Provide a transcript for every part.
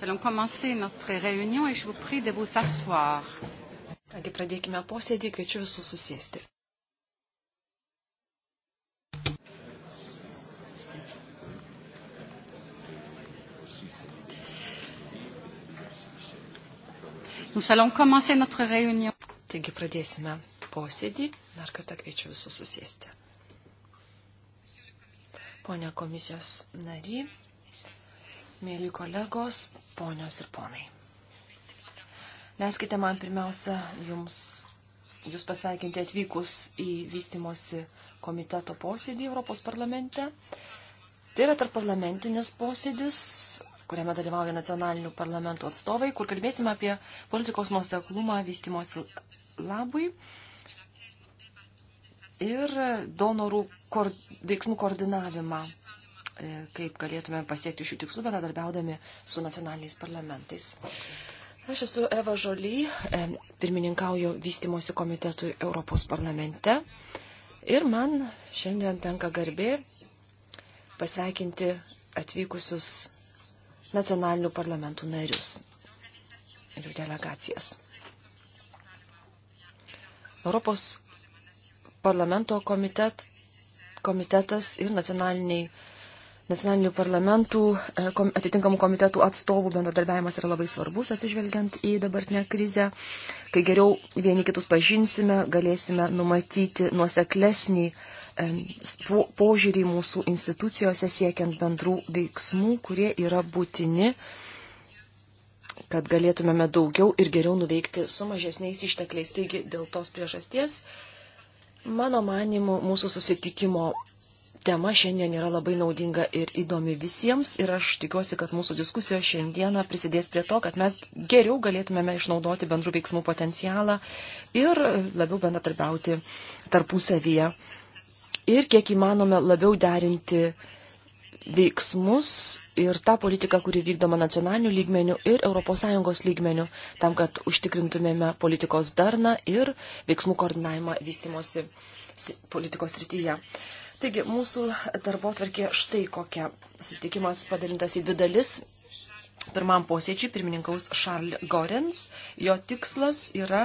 Nous allons commencer notre réunion et je vous prie de vous asseoir. Kągi pradėkime posėdį, kviečiu visus susėsti. Nous allons commencer notre réunion. Taigi pradėsime posėdį. Dar kartą kviečiu visus susėsti. Pone komisijos nary, mėly kolegos, ponios ir ponai. Leiskite man pirmiausia jums, jūs pasveikinti atvykus į vystimosi komiteto posėdį Europos parlamente. Tai yra tarp parlamentinis posėdis, kuriame dalyvauja nacionalinių parlamentų atstovai, kur kalbėsime apie politikos nuoseklumą vystimosi labui ir donorų kor, veiksmų koordinavimą E, kaip galėtume pasiekti šių tikslų, bendradarbiaudami su nacionaliniais parlamentais. Aš esu Eva Žoly, e, pirmininkauju vystimosi komitetui Europos parlamente ir man šiandien tenka garbė pasveikinti atvykusius nacionalinių parlamentų narius ir jų delegacijas. Europos parlamento komitet, komitetas ir nacionaliniai nacionalinių parlamentų e, atitinkamų komitetų atstovų bendradarbiavimas yra labai svarbus, atsižvelgiant į dabartinę krizę. Kai geriau vieni kitus pažinsime, galėsime numatyti nuoseklesnį e, požiūrį mūsų institucijose siekiant bendrų veiksmų, kurie yra būtini, kad galėtumėme daugiau ir geriau nuveikti su mažesniais ištekliais. Taigi dėl tos priežasties, mano manimu, mūsų susitikimo tema šiandien yra labai naudinga ir įdomi visiems ir aš tikiuosi, kad mūsų diskusijos šiandieną prisidės prie to, kad mes geriau galėtumėme išnaudoti bendrų veiksmų potencialą ir labiau bendratarbiauti tarpusavyje ir kiek įmanome labiau derinti veiksmus ir tą politiką, kuri vykdoma nacionaliniu lygmeniu ir ES lygmeniu, tam, kad užtikrintumėme politikos darną ir veiksmų koordinavimą vystimosi politikos srityje. Taigi, mūsų darbo tvarkė štai kokia. Susitikimas padalintas į dvi dalis. Pirmam posėdžiui pirmininkaus Charles Gorens. Jo tikslas yra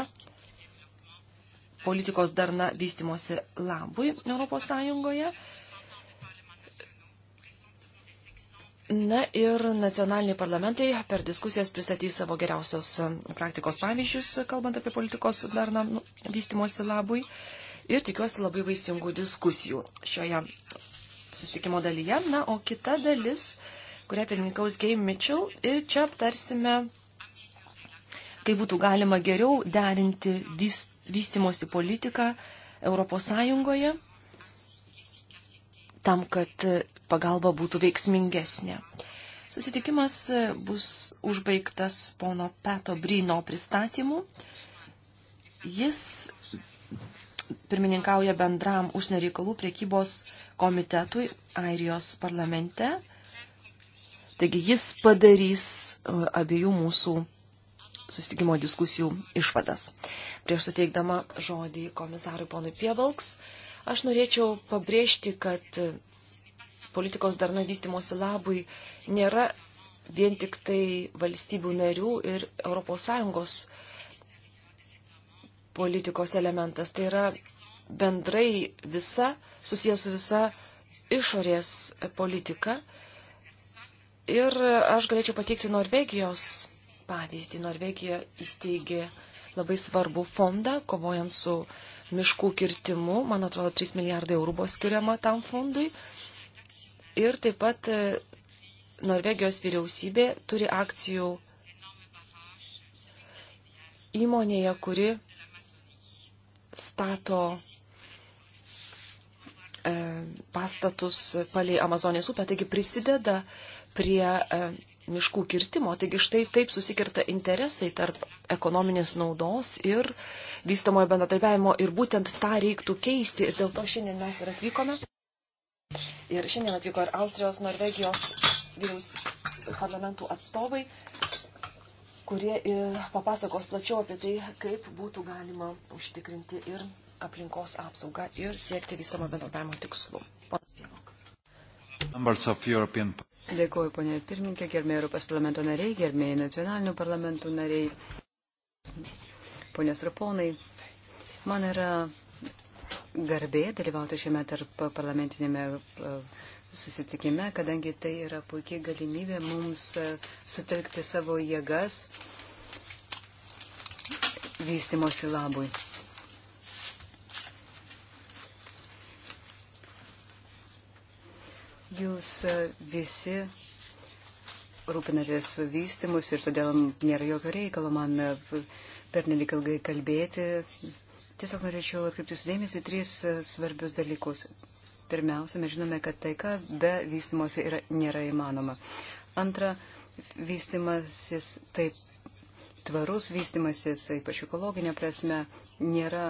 politikos darna vystimosi labui Europos Sąjungoje. Na ir nacionaliniai parlamentai per diskusijas pristatys savo geriausios praktikos pavyzdžius, kalbant apie politikos darną vystimosi labui. Uh, ir tikiuosi labai vaisingų diskusijų šioje susitikimo dalyje. Na, o kita dalis, kurią pirmininkaus Gay Mitchell ir čia aptarsime, kaip būtų galima geriau derinti vystimosi politiką Europos Sąjungoje tam, kad pagalba būtų veiksmingesnė. Susitikimas bus užbaigtas pono Peto Brino pristatymu. Jis pirmininkauja bendram užsienio reikalų priekybos komitetui Airijos parlamente. Taigi jis padarys e, abiejų mūsų susitikimo diskusijų išvadas. Prieš suteikdama žodį komisarui ponui Pievalks, aš norėčiau pabrėžti, kad e, politikos darno vystimosi labui nėra vien tik tai valstybių narių ir ES politikos elementas. Tai yra bendrai visa, susijęs su visa išorės politika. Ir aš galėčiau pateikti Norvegijos pavyzdį. Norvegija įsteigė labai svarbų fondą, kovojant su miškų kirtimu. Man atrodo, 3 milijardai eurų buvo skiriama tam fondui. Ir taip pat e, Norvegijos vyriausybė turi akcijų įmonėje, kuri stato e, pastatus palei Amazonės upę, taigi prisideda prie e, miškų kirtimo. Taigi štai taip susikirta interesai tarp ekonominės naudos ir vystamojo bendradarbiavimo ir būtent tą reiktų keisti ir dėl to šiandien mes ir atvykome. Ir šiandien atvyko ir Austrijos, Norvegijos vyriaus parlamentų atstovai kurie papasakos plačiau apie tai, kaip būtų galima užtikrinti ir aplinkos apsaugą ir siekti vystomo bendradarbiavimo tikslų. Dėkuoju, ponė pirmininkė, gerbėjai Europos parlamento nariai, gerbėjai nacionalinių parlamentų nariai, ponės ir ponai. Man yra garbė dalyvauti šiame tarp parlamentinėme uh, susitikime, kadangi tai yra puikiai galimybė mums e, sutelkti savo jėgas vystimosi labui. Jūs e, visi rūpinatės vystimus ir todėl nėra jokio reikalo man e, per nelik ilgai kalbėti. Tiesiog norėčiau atkreipti sudėmėsi tris svarbius dalykus. Pirmiausia, mes žinome, kad taika be vystimosi yra, nėra įmanoma. Antra, vystimasis taip. Tvarus vystimasis, ypač ekologinė prasme, nėra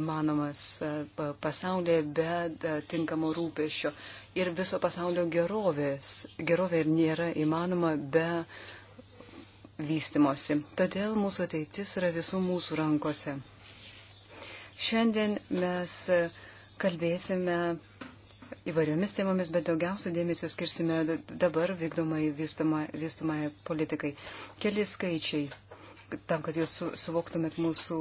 įmanomas e, pasaulyje be tinkamo rūpešio. Ir viso pasaulio gerovės, gerovė ir nėra įmanoma be vystimosi. Todėl mūsų ateitis yra visų mūsų rankose. Šiandien mes kalbėsime įvairiomis temomis, bet daugiausia dėmesio skirsime dabar vykdomai vystomai politikai. Keli skaičiai, tam, kad jūs suvoktumėt mūsų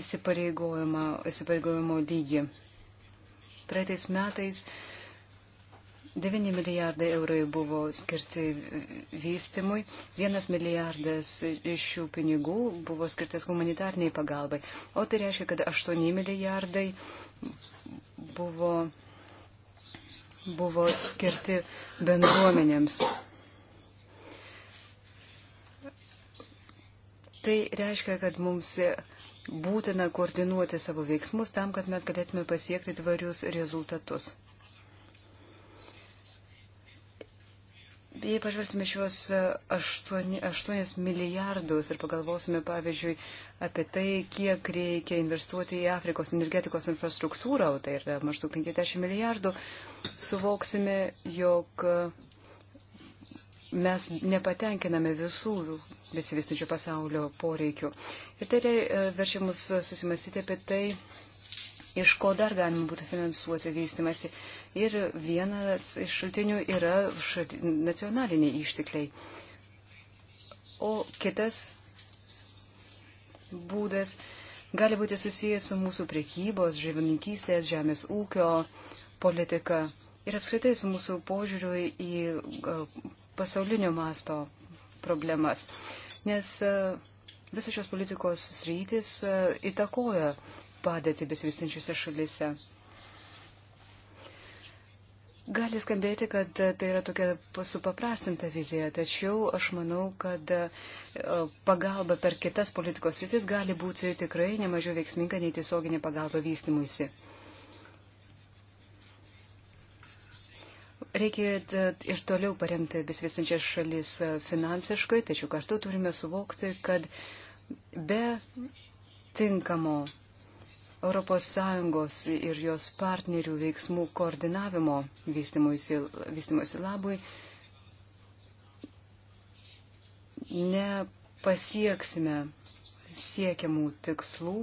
įsipareigojimo lygį. Praeitais metais 9 milijardai eurai buvo skirti vystimui, 1 milijardas iš šių pinigų buvo skirtas humanitarniai pagalbai, o tai reiškia, kad 8 milijardai buvo, buvo skirti bendruomenėms. Tai reiškia, kad mums būtina koordinuoti savo veiksmus tam, kad mes galėtume pasiekti tvarius rezultatus. Jei pažvelgsime šiuos 8, e, 8 milijardus ir pagalvosime, pavyzdžiui, apie tai, kiek reikia investuoti į Afrikos energetikos infrastruktūrą, o tai yra maždaug 50 milijardų, suvoksime, jog e, mes nepatenkiname visų besivystančių pasaulio poreikių. Ir tai e, verčia mus susimastyti apie tai, iš ko dar galima būtų finansuoti vystimasi. Uh, ir vienas iš šaltinių yra nacionaliniai ištikliai. O kitas būdas gali būti susijęs su mūsų priekybos, žemininkystės, žemės ūkio politika ir apskritai su mūsų požiūriu į e, pasaulinio masto problemas. Nes e, visos šios politikos srytis e, įtakoja padėti besivystančiose šalyse. Gali skambėti, kad tai yra tokia supaprastinta vizija, tačiau aš manau, kad e, pagalba per kitas politikos rytis gali būti tikrai nemažiau veiksminga nei tiesioginė pagalba vystimuisi. Reikia e, ir toliau paremti besvystančias šalis e, finansiškai, tačiau kartu turime suvokti, kad be tinkamo ES ir jos partnerių veiksmų koordinavimo vystimosi labui nepasieksime siekiamų tikslų,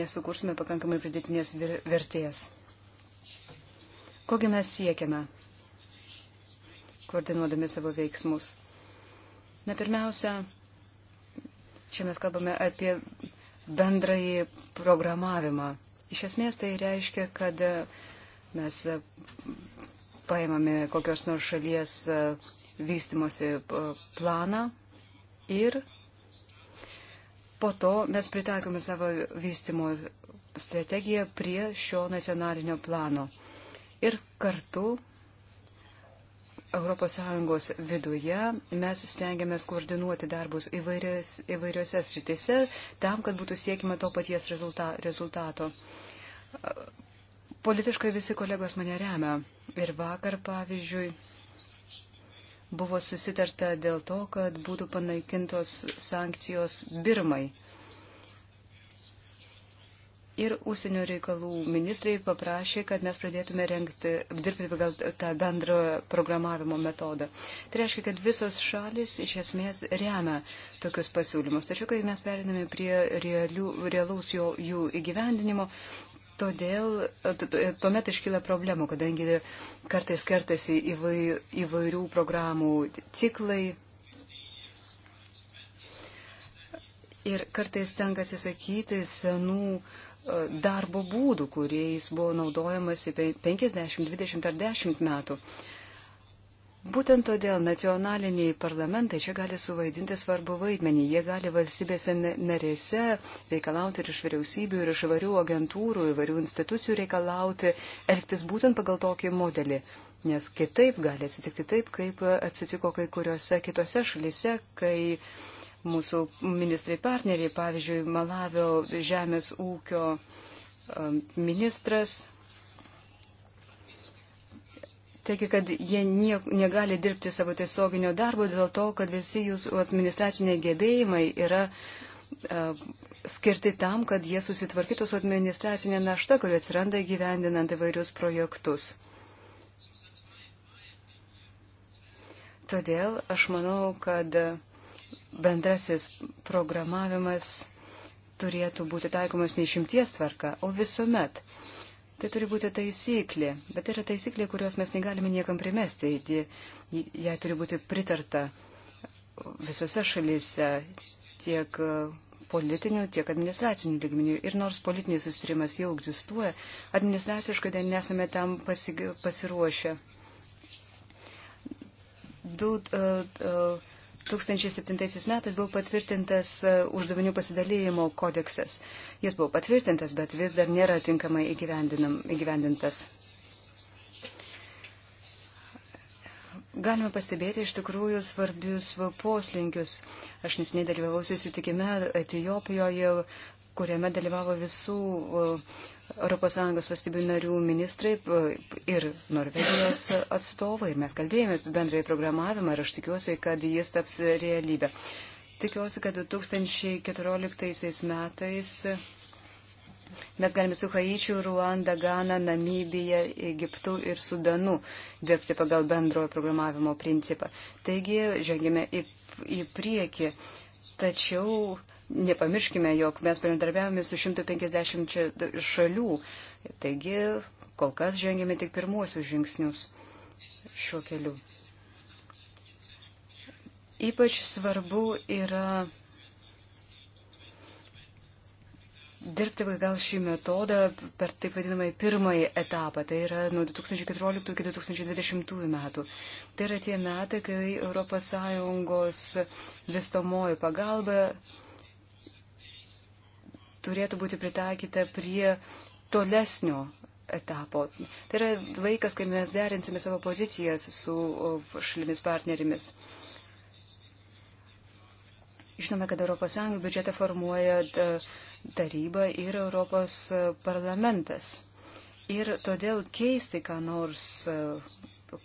nesukursime pakankamai pridėtinės vertės. Kogi mes siekiame, koordinuodami savo veiksmus? Na, pirmiausia, čia mes kalbame apie bendrąjį programavimą. Iš esmės tai reiškia, kad e, mes e, paimame kokios nors šalies e, vystimosi planą ir po to mes pritaikome savo vystimo strategiją prie šio nacionalinio plano. Ir kartu ES viduje mes stengiamės koordinuoti darbus įvairias, įvairiose sritise tam, kad būtų siekima to paties rezulta, rezultato. Politiškai visi kolegos mane remia. Ir vakar, pavyzdžiui, buvo susitarta dėl to, kad būtų panaikintos sankcijos Birmai ir užsienio reikalų ministrai paprašė, kad mes pradėtume rengti, dirbti pagal tą bendrą programavimo metodą. Tai reiškia, kad visos šalis iš esmės remia tokius pasiūlymus. Tačiau, kai mes periname prie realių, realaus jo, jų įgyvendinimo, todėl, tuomet iškyla problemų, kadangi kartais kertasi įvai, įvairių programų ciklai, Ir kartais tenka atsisakyti senų darbo būdų, kuriais buvo naudojamasi 50, 20 ar 10 metų. Būtent todėl nacionaliniai parlamentai čia gali suvaidinti svarbu vaidmenį. Jie gali valstybėse narėse reikalauti ir iš vyriausybių, ir iš įvairių agentūrų, įvairių institucijų reikalauti elgtis būtent pagal tokį modelį. Nes kitaip gali atsitikti taip, kaip atsitiko kai kuriuose kitose šalyse, kai uh, mūsų ministrai partneriai, pavyzdžiui, Malavio žemės ūkio um, ministras. Taigi, kad jie niek, negali dirbti savo tiesioginio darbo dėl to, kad visi jūsų administraciniai gebėjimai yra skirti tam, kad jie susitvarkytų su administracinė našta, kuri atsiranda gyvendinant įvairius projektus. Todėl aš manau, kad bendrasis programavimas turėtų būti taikomas neišimties tvarka, o visuomet. Tai turi būti taisyklė, bet yra taisyklė, kurios mes negalime niekam primesti, jai turi būti pritarta visose šalyse, tiek e, politinių, tiek administracinių lygmenių. Ir nors politinis sustarimas jau egzistuoja, administraciškai tai nesame tam pasig pasiruošę. Du, uh, uh, 2007 metais buvo patvirtintas e, uždavinių pasidalymo kodeksas. Jis buvo patvirtintas, bet vis dar nėra tinkamai įgyvendintas. Galime pastebėti iš tikrųjų svarbius poslinkius. Aš nesiniai dalyvavau susitikime Etijopijoje, kuriame dalyvavo visų ES valstybių narių ministrai ir Norvegijos atstovai. Mes kalbėjome apie bendrąjį programavimą ir aš tikiuosi, kad jis taps realybė. Tikiuosi, kad 2014 metais mes galime su Haičiu, Ruanda, Gana, Namibija, Egiptu ir Sudanu dirbti pagal bendrojo programavimo principą. Taigi žengėme į, į priekį. Tačiau uh, Nepamirškime, jog mes bendradarbiavome su 150 šalių, taigi kol kas žengėme tik pirmuosius žingsnius šiuo keliu. Ypač svarbu yra dirbti gal šį metodą per taip vadinamąjį pirmąjį etapą, tai yra nuo 2014 iki 2020 metų. Tai yra tie metai, kai ES vystomoji pagalba turėtų būti pritaikyta prie tolesnio etapo. Tai yra laikas, kai mes derinsime savo pozicijas su šalimis partnerimis. Žinome, kad ES biudžetą formuoja e, taryba ir Europos e, parlamentas. Ir todėl keisti, ką nors, e,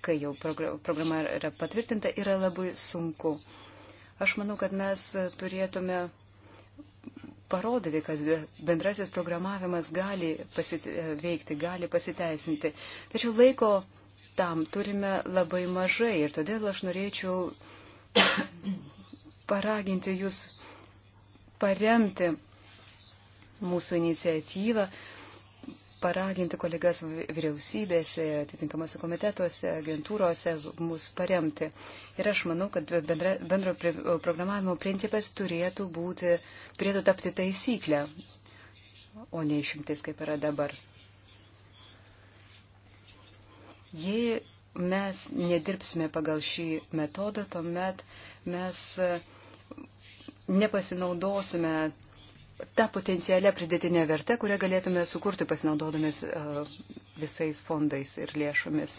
kai jau programa yra patvirtinta, yra labai sunku. Aš manau, kad mes turėtume parodyti, kad bendrasis programavimas gali veikti, gali pasiteisinti. Tačiau laiko tam turime labai mažai ir todėl aš norėčiau paraginti jūs paremti mūsų iniciatyvą, paraginti kolegas vyriausybėse, atitinkamuose komitetuose, agentūrose mus paremti. Ir aš manau, kad bendra, bendro programavimo principas turėtų, būti, turėtų tapti taisyklę, o ne išimtis, kaip yra dabar. Jei mes nedirbsime pagal šį metodą, tuomet mes e, nepasinaudosime tą potencialią pridėtinę vertę, kurią galėtume sukurti pasinaudodamis e, visais fondais ir lėšomis.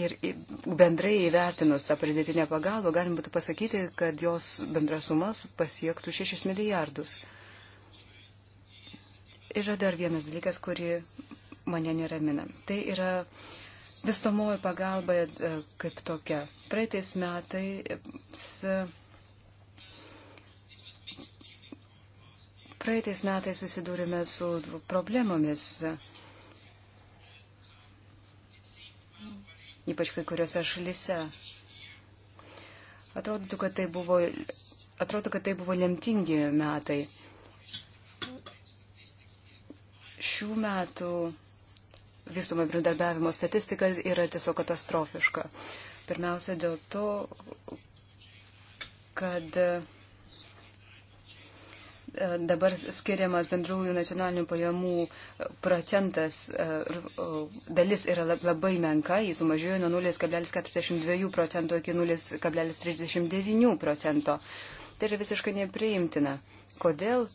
Ir bendrai įvertinus tą pridėtinę pagalbą, galim būtų pasakyti, kad jos bendra suma pasiektų 6 milijardus. Yra dar vienas dalykas, kurį mane neramina. Tai yra vystomoji pagalba e, kaip tokia. Praeitais metais Praeitais metais susidūrėme su problemomis, ypač kai kuriuose šalyse. Atrodytų, kad tai buvo, atrodo, kad tai buvo lemtingi metai. Šių metų vystumo bendradarbiavimo statistika yra tiesiog katastrofiška. Pirmiausia, dėl to, kad E, dabar skiriamas bendrųjų nacionalinių pajamų e, procentas e, dalis yra labai menka, jis sumažėjo nuo 0,42 procento iki 0,39 procento. Tai yra visiškai nepriimtina. Kodėl?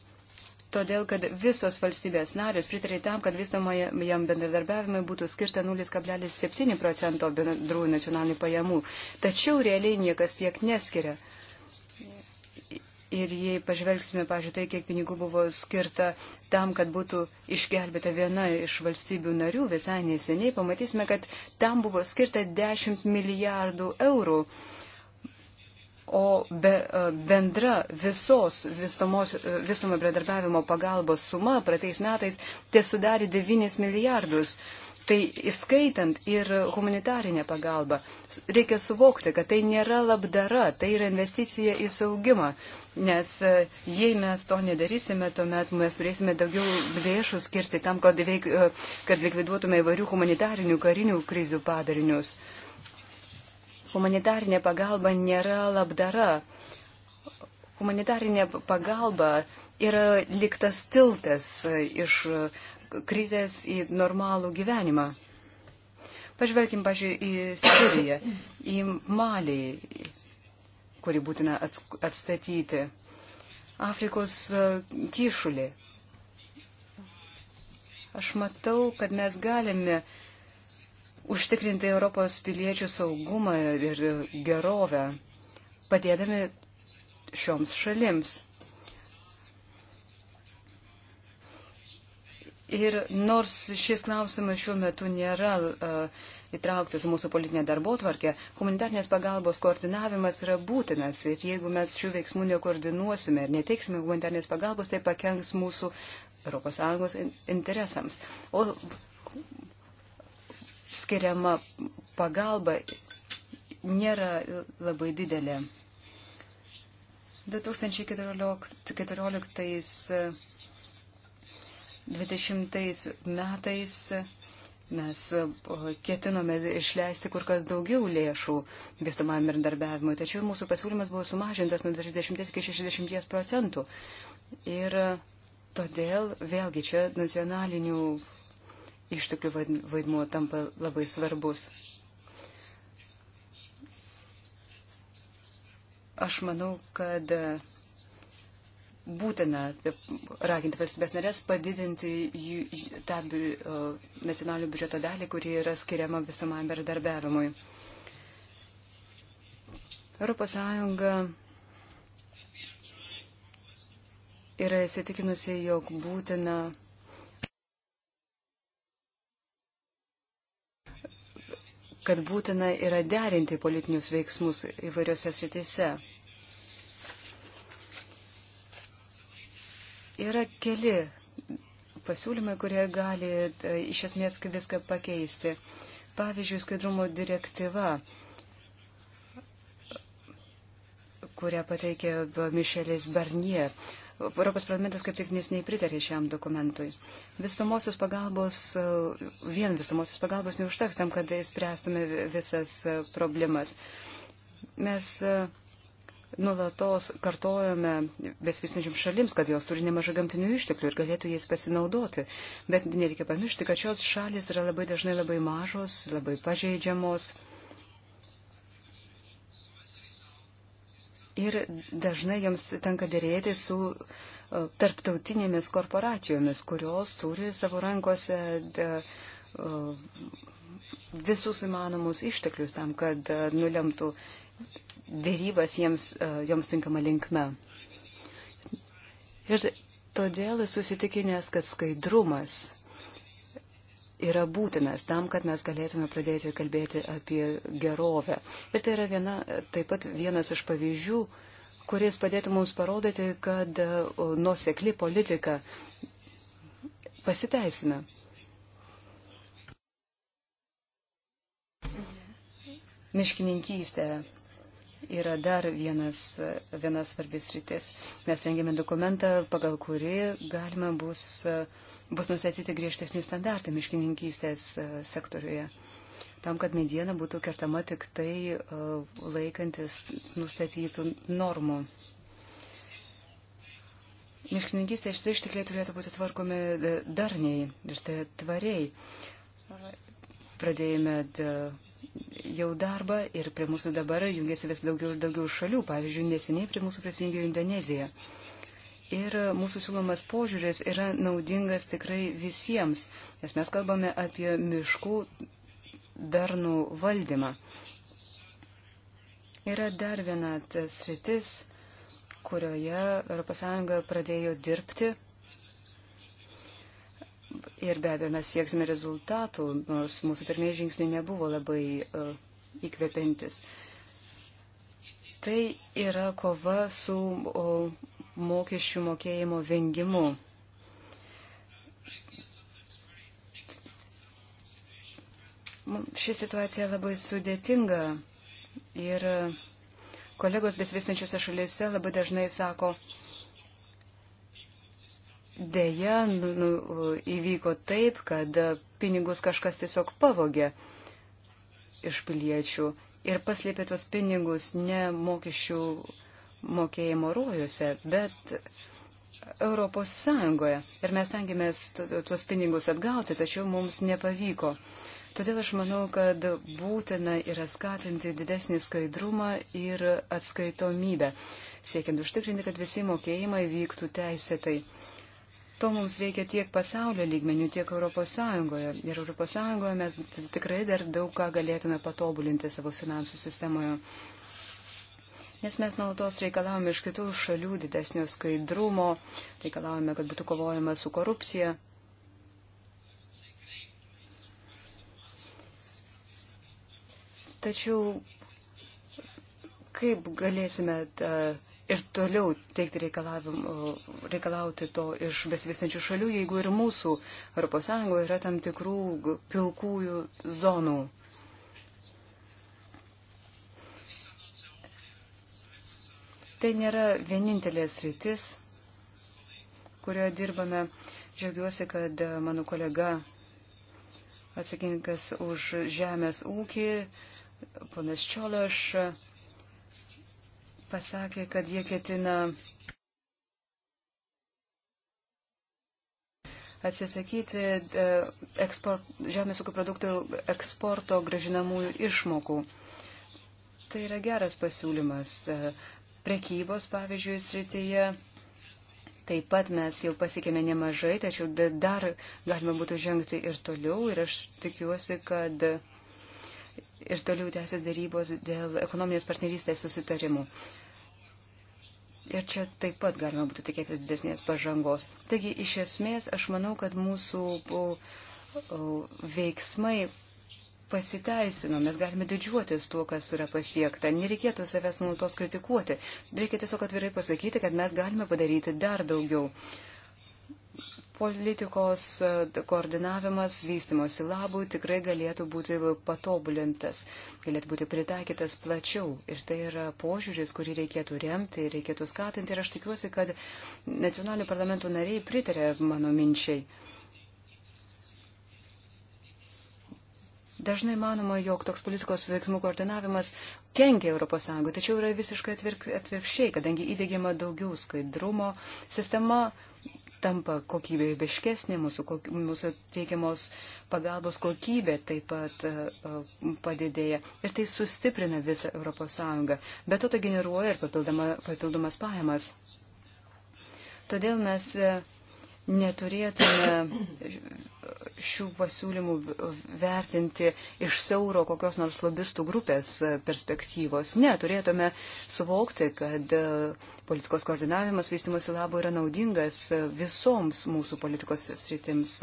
Todėl, kad visos valstybės narės pritarė tam, kad visomajam bendradarbiavimui būtų skirta 0,7 procento bendrųjų nacionalinių pajamų. Tačiau realiai niekas tiek neskiria. Ir jei pažvelgsime, pažiūrėjau, tai kiek pinigų buvo skirta tam, kad būtų išgelbėta viena iš valstybių narių visai neseniai, pamatysime, kad tam buvo skirta 10 milijardų eurų. O be, e, bendra visos e, vystomo bendradarbiavimo pagalbos suma pratais metais tie sudarė 9 milijardus. Uh, Tai įskaitant ir humanitarinę pagalbą, reikia suvokti, kad tai nėra labdara, tai yra investicija į saugimą. Nes e, jei mes to nedarysime, tuomet mes turėsime daugiau lėšų skirti tam, kad, veik, e, kad likviduotume įvairių humanitarinių karinių krizių padarinius. Humanitarinė pagalba nėra labdara. Humanitarinė pagalba yra liktas tiltas e, iš krizės į normalų gyvenimą. Pažvelkim, pažiūrėjau, į Siriją, į Malį, kurį būtina atstatyti, Afrikos e, kyšulį. Aš matau, kad mes galime užtikrinti Europos piliečių saugumą ir gerovę, padėdami šioms šalims. Ir nors šis klausimas šiuo metu nėra uh, įtrauktas į mūsų politinę darbo tvarkę, humanitarnės pagalbos koordinavimas yra būtinas ir jeigu mes šių veiksmų nekoordinuosime ir neteiksime humanitarnės pagalbos, tai pakenks mūsų ES interesams. O skiriama pagalba nėra labai didelė. 2014 20 metais mes e, ketinome išleisti kur kas daugiau lėšų vystamam ir darbiavimui, tačiau mūsų pasiūlymas buvo sumažintas nuo 30 iki 60 procentų. Ir todėl vėlgi čia nacionalinių išteklių vaidmuo tampa labai svarbus. Aš manau, kad būtina raginti valstybės narės padidinti jų, tą nacionalinio biudžeto dalį, kuri yra skiriama visamam bendradarbiavimui. Europos Sąjunga yra įsitikinusi, jog būtina kad būtina yra derinti politinius veiksmus įvairiose srityse. Yra keli pasiūlymai, kurie gali e, iš esmės viską pakeisti. Pavyzdžiui, skaidrumo direktyva, kurią pateikė Mišelis Barnie. Europos parlamentas kaip tik nesnei pritarė šiam dokumentui. Visumosios pagalbos, e, vien visumosios pagalbos neužteks tam, kad įspręstume visas e, problemas. Mes nulatos kartojame besvisnečiam šalims, kad jos turi nemažai gamtinių išteklių ir galėtų jais pasinaudoti. Bet nereikia pamiršti, kad šios šalis yra labai dažnai labai mažos, labai pažeidžiamos. Ir dažnai joms tenka dėrėti su e, tarptautinėmis korporacijomis, kurios turi savo rankose e, e, visus įmanomus išteklius tam, kad nulemtų dėrybas jiems, e, joms tinkama linkme. Ir todėl esu susitikinęs, kad skaidrumas yra būtinas tam, kad mes galėtume pradėti kalbėti apie gerovę. Ir tai yra viena, taip pat vienas iš pavyzdžių, kuris padėtų mums parodyti, kad e, nusekli politika pasiteisina. Miškininkystė yra dar vienas, vienas svarbis rytis. Mes rengėme dokumentą, pagal kurį galima bus, bus nusatyti griežtesnių standartų miškininkystės e, sektoriuje. Tam, kad mediena būtų kertama tik tai e, laikantis nustatytų normų. Miškininkystės tai ištekliai turėtų būti tvarkomi e, darniai ir tai tvariai. Pradėjome jau darbą ir prie mūsų dabar jungiasi vis daugiau ir daugiau šalių. Pavyzdžiui, neseniai prie mūsų prisijungė Indonezija. Ir mūsų siūlomas požiūris yra naudingas tikrai visiems, nes mes kalbame apie miškų darnų valdymą. Yra dar viena sritis, kurioje ES pradėjo dirbti Ir be abejo, mes sieksime rezultatų, nors mūsų pirmieji žingsniai nebuvo labai uh, įkvepiantis. Tai yra kova su uh, mokesčių mokėjimo vengimu. Ši situacija labai sudėtinga ir e, kolegos besvesnačiose šalyse labai dažnai sako, uh, Deja, nu, nu, įvyko taip, kad pinigus kažkas tiesiog pavogė iš piliečių ir paslėpė tos pinigus ne mokesčių mokėjimo rojuose, bet Europos Sąjungoje. Ir mes tengiamės tuos pinigus atgauti, tačiau mums nepavyko. Todėl aš manau, kad būtina yra skatinti didesnį skaidrumą ir atskaitomybę, siekiant užtikrinti, kad visi mokėjimai vyktų teisėtai. To mums reikia tiek pasaulio lygmenių, tiek Europos Sąjungoje. Ir Europos Sąjungoje mes tikrai dar daug ką galėtume patobulinti savo finansų sistemoje. Nes mes nuolatos reikalavome iš kitų šalių didesnio skaidrumo, reikalavome, kad būtų kovojama su korupcija. Tačiau kaip galėsime ta, uh, ir toliau teikti reikalauti to iš besivystančių šalių, jeigu ir mūsų ES yra tam tikrų pilkųjų zonų. Tai nėra vienintelės rytis, kurioje dirbame. Džiaugiuosi, kad mano kolega atsakingas už žemės ūkį, ponas Čiolaš, pasakė, kad jie ketina atsisakyti e, eksport, žemės ūkio produktų eksporto gražinamųjų išmokų. Tai yra geras pasiūlymas. E, prekybos, pavyzdžiui, srityje taip pat mes jau pasiekėme nemažai, tačiau dar galima būtų žengti ir toliau ir aš tikiuosi, kad ir toliau tęsis darybos dėl ekonominės partnerystės susitarimų. Ir čia taip pat galima būtų tikėtis didesnės pažangos. Taigi, iš esmės, aš manau, kad mūsų o, o, veiksmai pasiteisino, mes galime didžiuotis tuo, kas yra pasiekta. Nereikėtų savęs nuolatos kritikuoti. Reikia tiesiog atvirai pasakyti, kad mes galime padaryti dar daugiau. Uh, politikos e, koordinavimas vystimosi labui tikrai galėtų būti patobulintas, galėtų būti pritaikytas plačiau. Ir tai yra požiūris, kurį reikėtų remti, reikėtų skatinti. Ir aš tikiuosi, kad nacionalinių parlamentų nariai pritarė mano minčiai. Dažnai manoma, jog toks politikos veiksmų koordinavimas kenkia ES, tačiau yra visiškai atvirk, atvirkščiai, kadangi įdėgiama daugiau skaidrumo, sistema tampa kokybė beškesnė, mūsų, mūsų teikiamos pagalbos kokybė taip pat uh, padidėja ir tai sustiprina visą ES, bet to tai generuoja ir papildomas pajamas. Todėl mes uh, neturėtume šių pasiūlymų vertinti iš siauro kokios nors lobistų grupės perspektyvos. Ne, turėtume suvokti, kad e, politikos koordinavimas vystimosi labo yra naudingas visoms mūsų politikos sritims.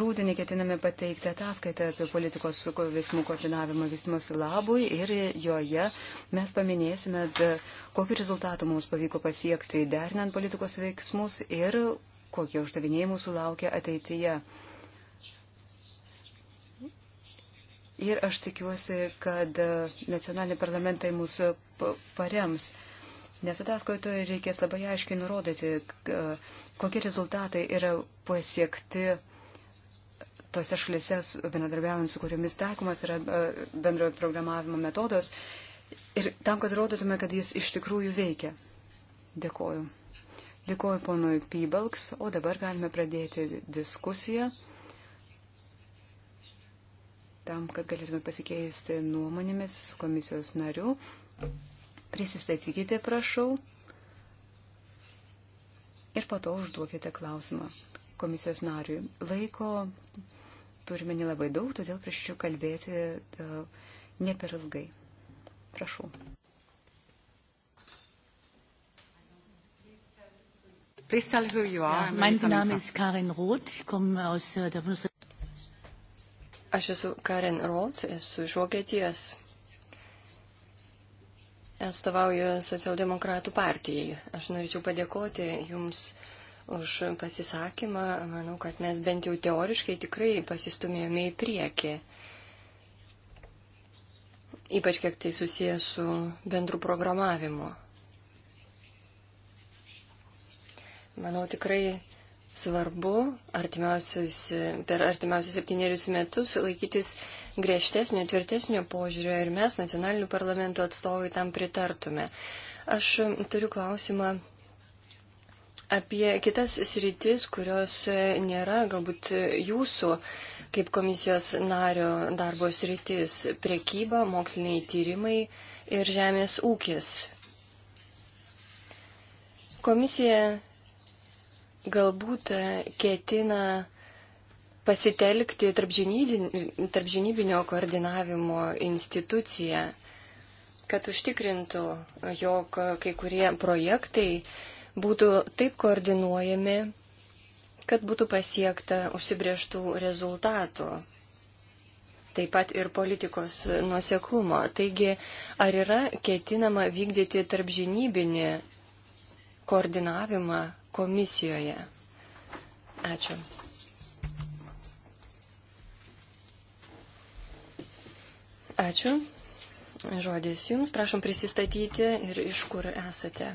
Rūdienį ketiname pateikti ataskaitą apie politikos veiksmų koordinavimą vystimosi labui ir joje mes paminėsime, kokiu rezultatu mums pavyko pasiekti dernant politikos veiksmus ir kokie uždaviniai mūsų laukia ateityje. Ir aš tikiuosi, kad e, nacionaliniai parlamentai mūsų parems. Nes ataskaitoje reikės labai aiškiai nurodyti, kokie rezultatai yra pasiekti tose šalise, bendradarbiaujant su kuriomis taikomas yra e, bendrojo programavimo metodas. Ir tam, kad rodytume, kad jis iš tikrųjų veikia. Dėkoju. Dėkoju ponui Pybalks, o dabar galime pradėti diskusiją tam, kad galėtume pasikeisti nuomonėmis su komisijos nariu. Prisistatykite, prašau, ir po to užduokite klausimą komisijos nariui. Laiko turime nelabai daug, todėl prašyčiau kalbėti e, ne per ilgai. Prašau. Mein Name ist Karin Roth, ich komme aus äh, der Bundesrepublik. Aš esu Karin Roth, esu iš Vokietijos. Atstovauju socialdemokratų partijai. Aš norėčiau padėkoti Jums už pasisakymą. Manau, kad mes bent jau teoriškai tikrai pasistumėjome į priekį. Ypač kiek tai susijęs su bendru programavimu. Manau, tikrai svarbu artimiausius, per artimiausius septynerius metus laikytis griežtesnio, tvirtesnio požiūrio ir mes, nacionalinių parlamento atstovai, tam pritartume. Aš turiu klausimą apie kitas sritis, kurios nėra galbūt jūsų kaip komisijos nario darbo sritis - priekyba, moksliniai tyrimai ir žemės ūkis. Komisija galbūt ketina pasitelkti tarpžinybinio koordinavimo instituciją, kad užtikrintų, jog kai kurie projektai būtų taip koordinuojami, kad būtų pasiekta užsibrieštų rezultatų. Taip pat ir politikos nuoseklumo. Taigi, ar yra ketinama vykdyti tarpžinybinį koordinavimą komisijoje? Ačiū. Ačiū. Žodis Jums, prašom prisistatyti ir iš kur esate.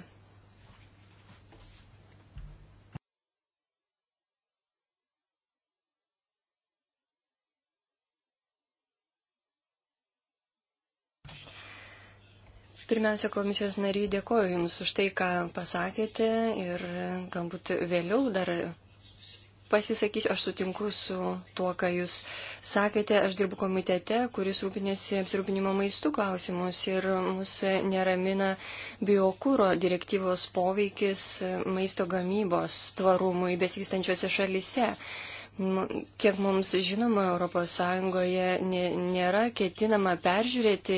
Pirmiausia, komisijos nariai dėkoju Jums už tai, ką pasakėte ir galbūt vėliau dar pasisakysiu, aš sutinku su tuo, ką Jūs sakėte. Aš dirbu komitete, kuris rūpinėsi apsirūpinimo maistų klausimus ir mūsų neramina biokūro direktyvos poveikis maisto gamybos tvarumui besivystančiuose šalise. Kiek mums žinoma, ES nėra ketinama peržiūrėti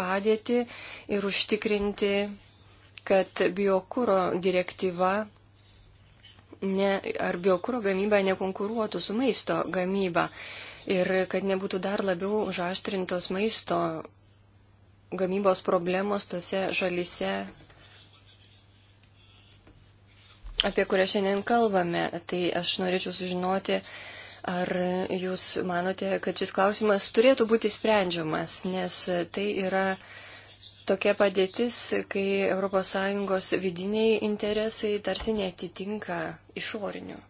padėtį ir užtikrinti, kad biokūro direktyva ne, ar biokūro gamyba nekonkuruotų su maisto gamyba ir kad nebūtų dar labiau užaštrintos maisto gamybos problemos tose šalise, apie kurią šiandien kalbame. Tai aš norėčiau sužinoti, ar jūs manote, kad šis klausimas turėtų būti sprendžiamas, nes tai yra tokia padėtis, kai ES vidiniai interesai tarsi netitinka išorinių.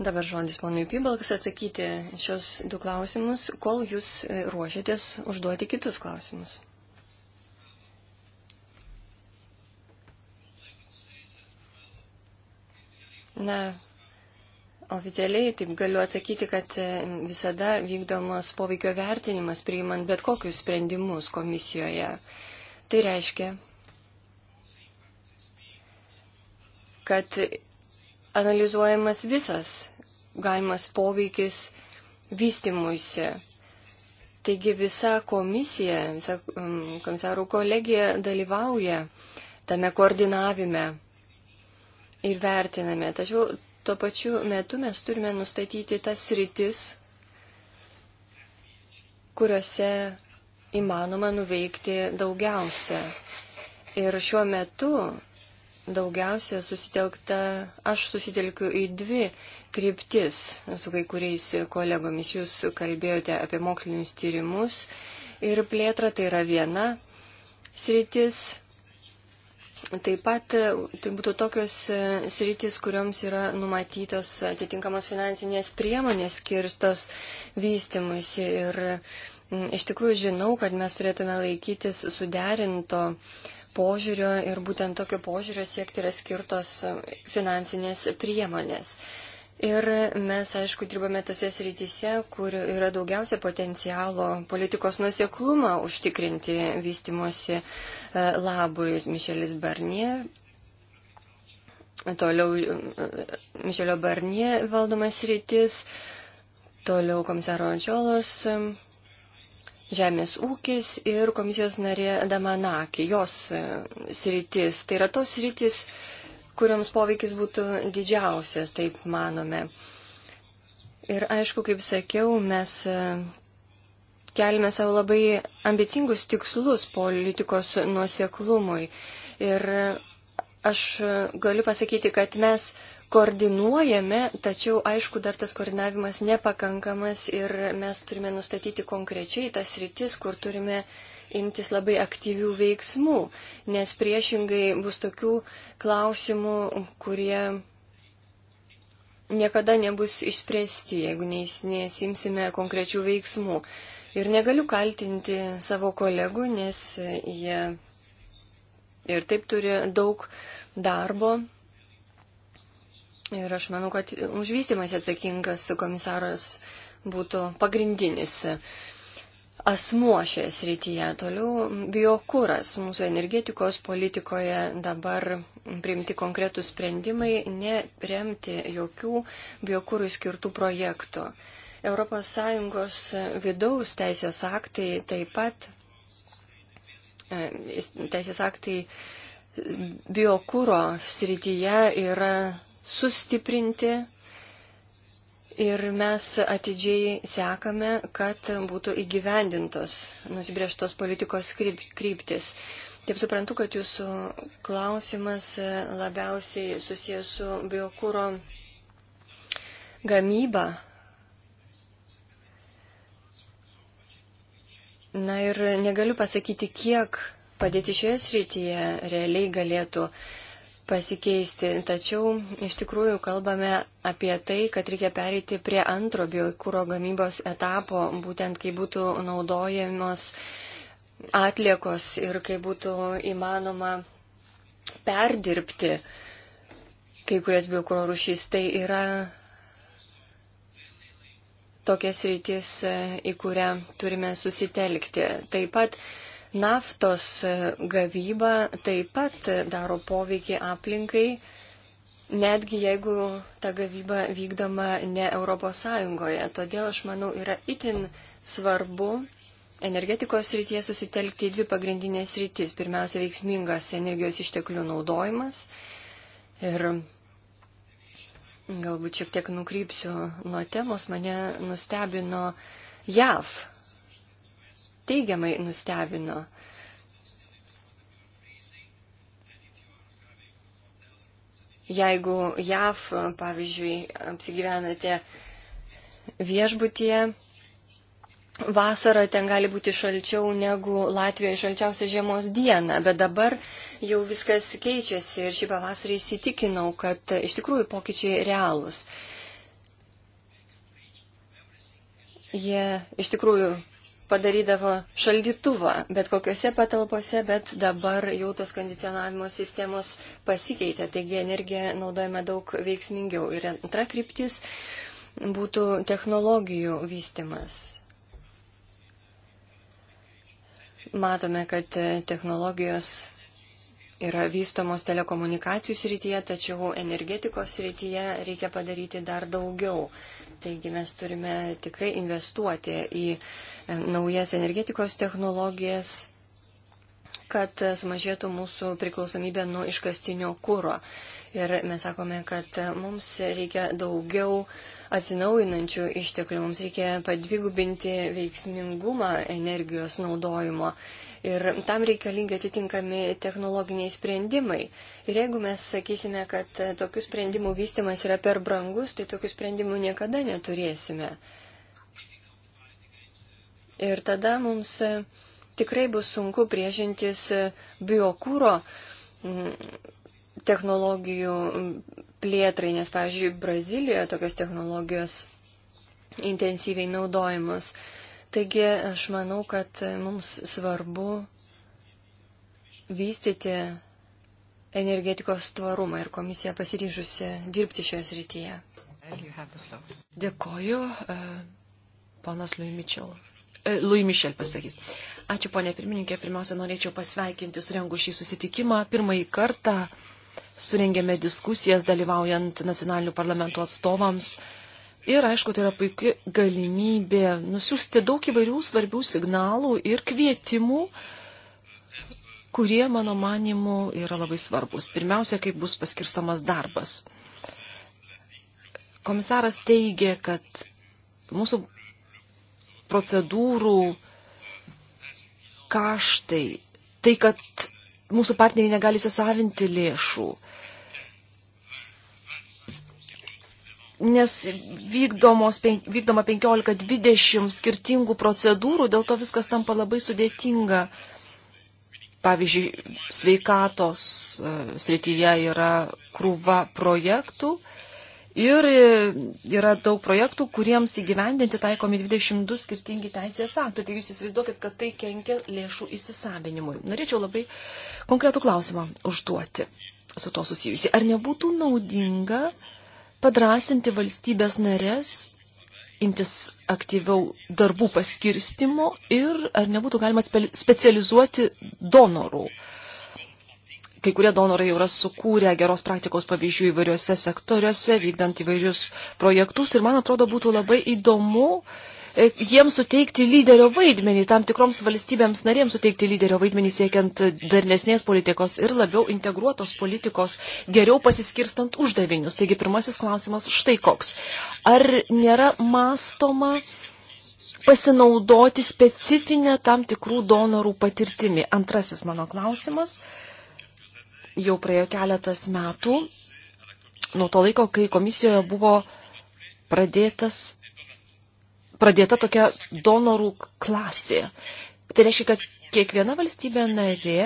Dabar žodis ponui Pibalkas atsakyti šios du klausimus, kol jūs e, ruošiatės užduoti kitus klausimus. Na, oficialiai taip galiu atsakyti, kad e, visada vykdomas poveikio vertinimas priimant bet kokius sprendimus komisijoje. Tai reiškia, kad analizuojamas visas galimas poveikis vystimuisi. Taigi visa komisija, visa mm, komisarų kolegija dalyvauja tame koordinavime ir vertiname. Tačiau tuo pačiu metu mes turime nustatyti tas rytis, kuriuose įmanoma nuveikti daugiausia. Ir šiuo metu daugiausia susitelkta, aš susitelkiu į dvi kryptis su kai kuriais kolegomis. Jūs kalbėjote apie mokslinius tyrimus ir plėtrą, tai yra viena sritis. Taip pat tai būtų tokios sritis, kurioms yra numatytos atitinkamos finansinės priemonės skirstos vystimuisi. Ir mm, iš tikrųjų žinau, kad mes turėtume laikytis suderinto uh, požiūrio ir būtent tokio požiūrio siekti yra skirtos e, finansinės priemonės. Ir mes, aišku, dirbame tose srityse, kur yra daugiausia potencialo politikos nuseklumą užtikrinti vystimosi e, labui. Mišelis Barnie, toliau e, Mišelio Barnie valdomas rytis, toliau komisaro Ančiolos žemės ūkis ir komisijos narė Damanakė, jos e, sritis. Tai yra tos sritis, kuriams poveikis būtų didžiausias, taip manome. Ir aišku, kaip sakiau, mes e, kelime savo labai ambicingus tikslus politikos nuoseklumui. Ir e, aš galiu pasakyti, kad mes koordinuojame, tačiau aišku, dar tas koordinavimas nepakankamas ir mes turime nustatyti konkrečiai tas rytis, kur turime imtis labai aktyvių veiksmų, nes priešingai bus tokių klausimų, kurie niekada nebus išspręsti, jeigu nesimsime konkrečių veiksmų. Ir negaliu kaltinti savo kolegų, nes jie ir taip turi daug darbo Ir aš manau, kad už vystimąsi atsakingas komisaras būtų pagrindinis asmuo šioje srityje. Toliau biokūras mūsų energetikos politikoje dabar priimti konkretų sprendimai, neremti jokių biokūrų skirtų projektų. ES vidaus teisės aktai taip pat, e, teisės aktai biokūro srityje yra sustiprinti ir mes atidžiai sekame, kad būtų įgyvendintos nusibrieštos politikos kryptis. Taip suprantu, kad jūsų klausimas labiausiai susijęs su biokūro gamyba. Na ir negaliu pasakyti, kiek padėti šioje srityje realiai galėtų uh, pasikeisti. Tačiau iš tikrųjų kalbame apie tai, kad reikia pereiti prie antro biokūro gamybos etapo, būtent kai būtų naudojamos atliekos ir kai būtų įmanoma perdirbti kai kurias biokūro rušys. Tai yra tokias rytis, į kurią turime susitelkti. Taip pat Naftos e, gavyba taip pat daro poveikį aplinkai, netgi jeigu ta gavyba vykdoma ne ES. Todėl aš manau yra itin svarbu energetikos rytyje susitelkti į dvi pagrindinės rytis. Pirmiausia, veiksmingas energijos išteklių naudojimas. Ir galbūt šiek tiek nukrypsiu nuo temos, mane nustebino JAV teigiamai nustebino. Jeigu JAV, pavyzdžiui, apsigyvenate viešbutyje, vasarą ten gali būti šalčiau negu Latvijoje šalčiausia žiemos diena, bet dabar jau viskas keičiasi ir šį pavasarį įsitikinau, kad iš tikrųjų pokyčiai realūs. Jie iš tikrųjų padarydavo šaldytuvą, bet kokiuose patalpose, bet dabar jau tos kondicionavimo sistemos pasikeitė, taigi energiją naudojame daug veiksmingiau. Ir antra kryptis būtų technologijų vystimas. Matome, kad technologijos yra vystomos telekomunikacijų srityje, tačiau energetikos srityje reikia padaryti dar daugiau. Taigi mes turime tikrai investuoti į uh, naujas energetikos technologijas, kad sumažėtų mūsų priklausomybė nuo iškastinio kūro. Ir mes sakome, kad mums reikia daugiau atsinaujinančių išteklių, mums reikia padvigubinti veiksmingumą energijos naudojimo. Ir tam reikalingi atitinkami technologiniai sprendimai. Ir jeigu mes sakysime, kad tokių sprendimų vystimas yra per brangus, tai tokių sprendimų niekada neturėsime. Ir tada mums e, tikrai bus sunku priešintis e, biokūro technologijų plėtrai, nes, pavyzdžiui, Brazilijoje tokios technologijos intensyviai naudojamos. Taigi aš manau, kad e, mums svarbu vystyti energetikos tvarumą ir komisija pasiryžusi dirbti šioje srityje. Dėkoju, uh, ponas Lui Mitchell. E, Louis Michel pasakys. Ačiū, ponė pirmininkė. Pirmiausia, norėčiau pasveikinti surengų šį susitikimą. Pirmąjį kartą surengėme diskusijas dalyvaujant nacionalinių parlamentų atstovams. Ir, aišku, tai yra puikia galimybė nusiųsti daug įvairių svarbių signalų ir kvietimų, kurie, mano manimu, yra labai svarbus. Pirmiausia, kaip bus paskirstamas darbas. Komisaras teigė, kad mūsų procedūrų kaštai, tai, kad mūsų partneriai negali įsisavinti lėšų, nes pen, vykdoma 15-20 skirtingų procedūrų, dėl to viskas tampa labai sudėtinga. Pavyzdžiui, sveikatos e, srityje yra krūva projektų, Ir yra daug projektų, kuriems įgyvendinti taikomi 22 skirtingi teisės aktai. Tai jūs įsivaizduokit, kad tai kenkia lėšų įsisavinimui. Norėčiau labai konkretų klausimą užduoti su to susijusi. Ar nebūtų naudinga padrasinti valstybės narės imtis aktyviau darbų paskirstimo ir ar nebūtų galima specializuoti donorų kai kurie donorai jau yra sukūrę geros praktikos pavyzdžių įvairiuose sektoriuose, vykdant įvairius projektus ir man atrodo būtų labai įdomu e, jiems suteikti lyderio vaidmenį, tam tikroms valstybėms narėms suteikti lyderio vaidmenį siekiant darnesnės politikos ir labiau integruotos politikos, geriau pasiskirstant uždavinius. Taigi pirmasis klausimas štai koks. Ar nėra mastoma pasinaudoti specifinę tam tikrų donorų patirtimi? Antrasis mano klausimas. Uh, jau praėjo keletas metų nuo to laiko, kai komisijoje buvo pradėtas, pradėta tokia donorų klasė. Tai reiškia, kad kiekviena valstybė narė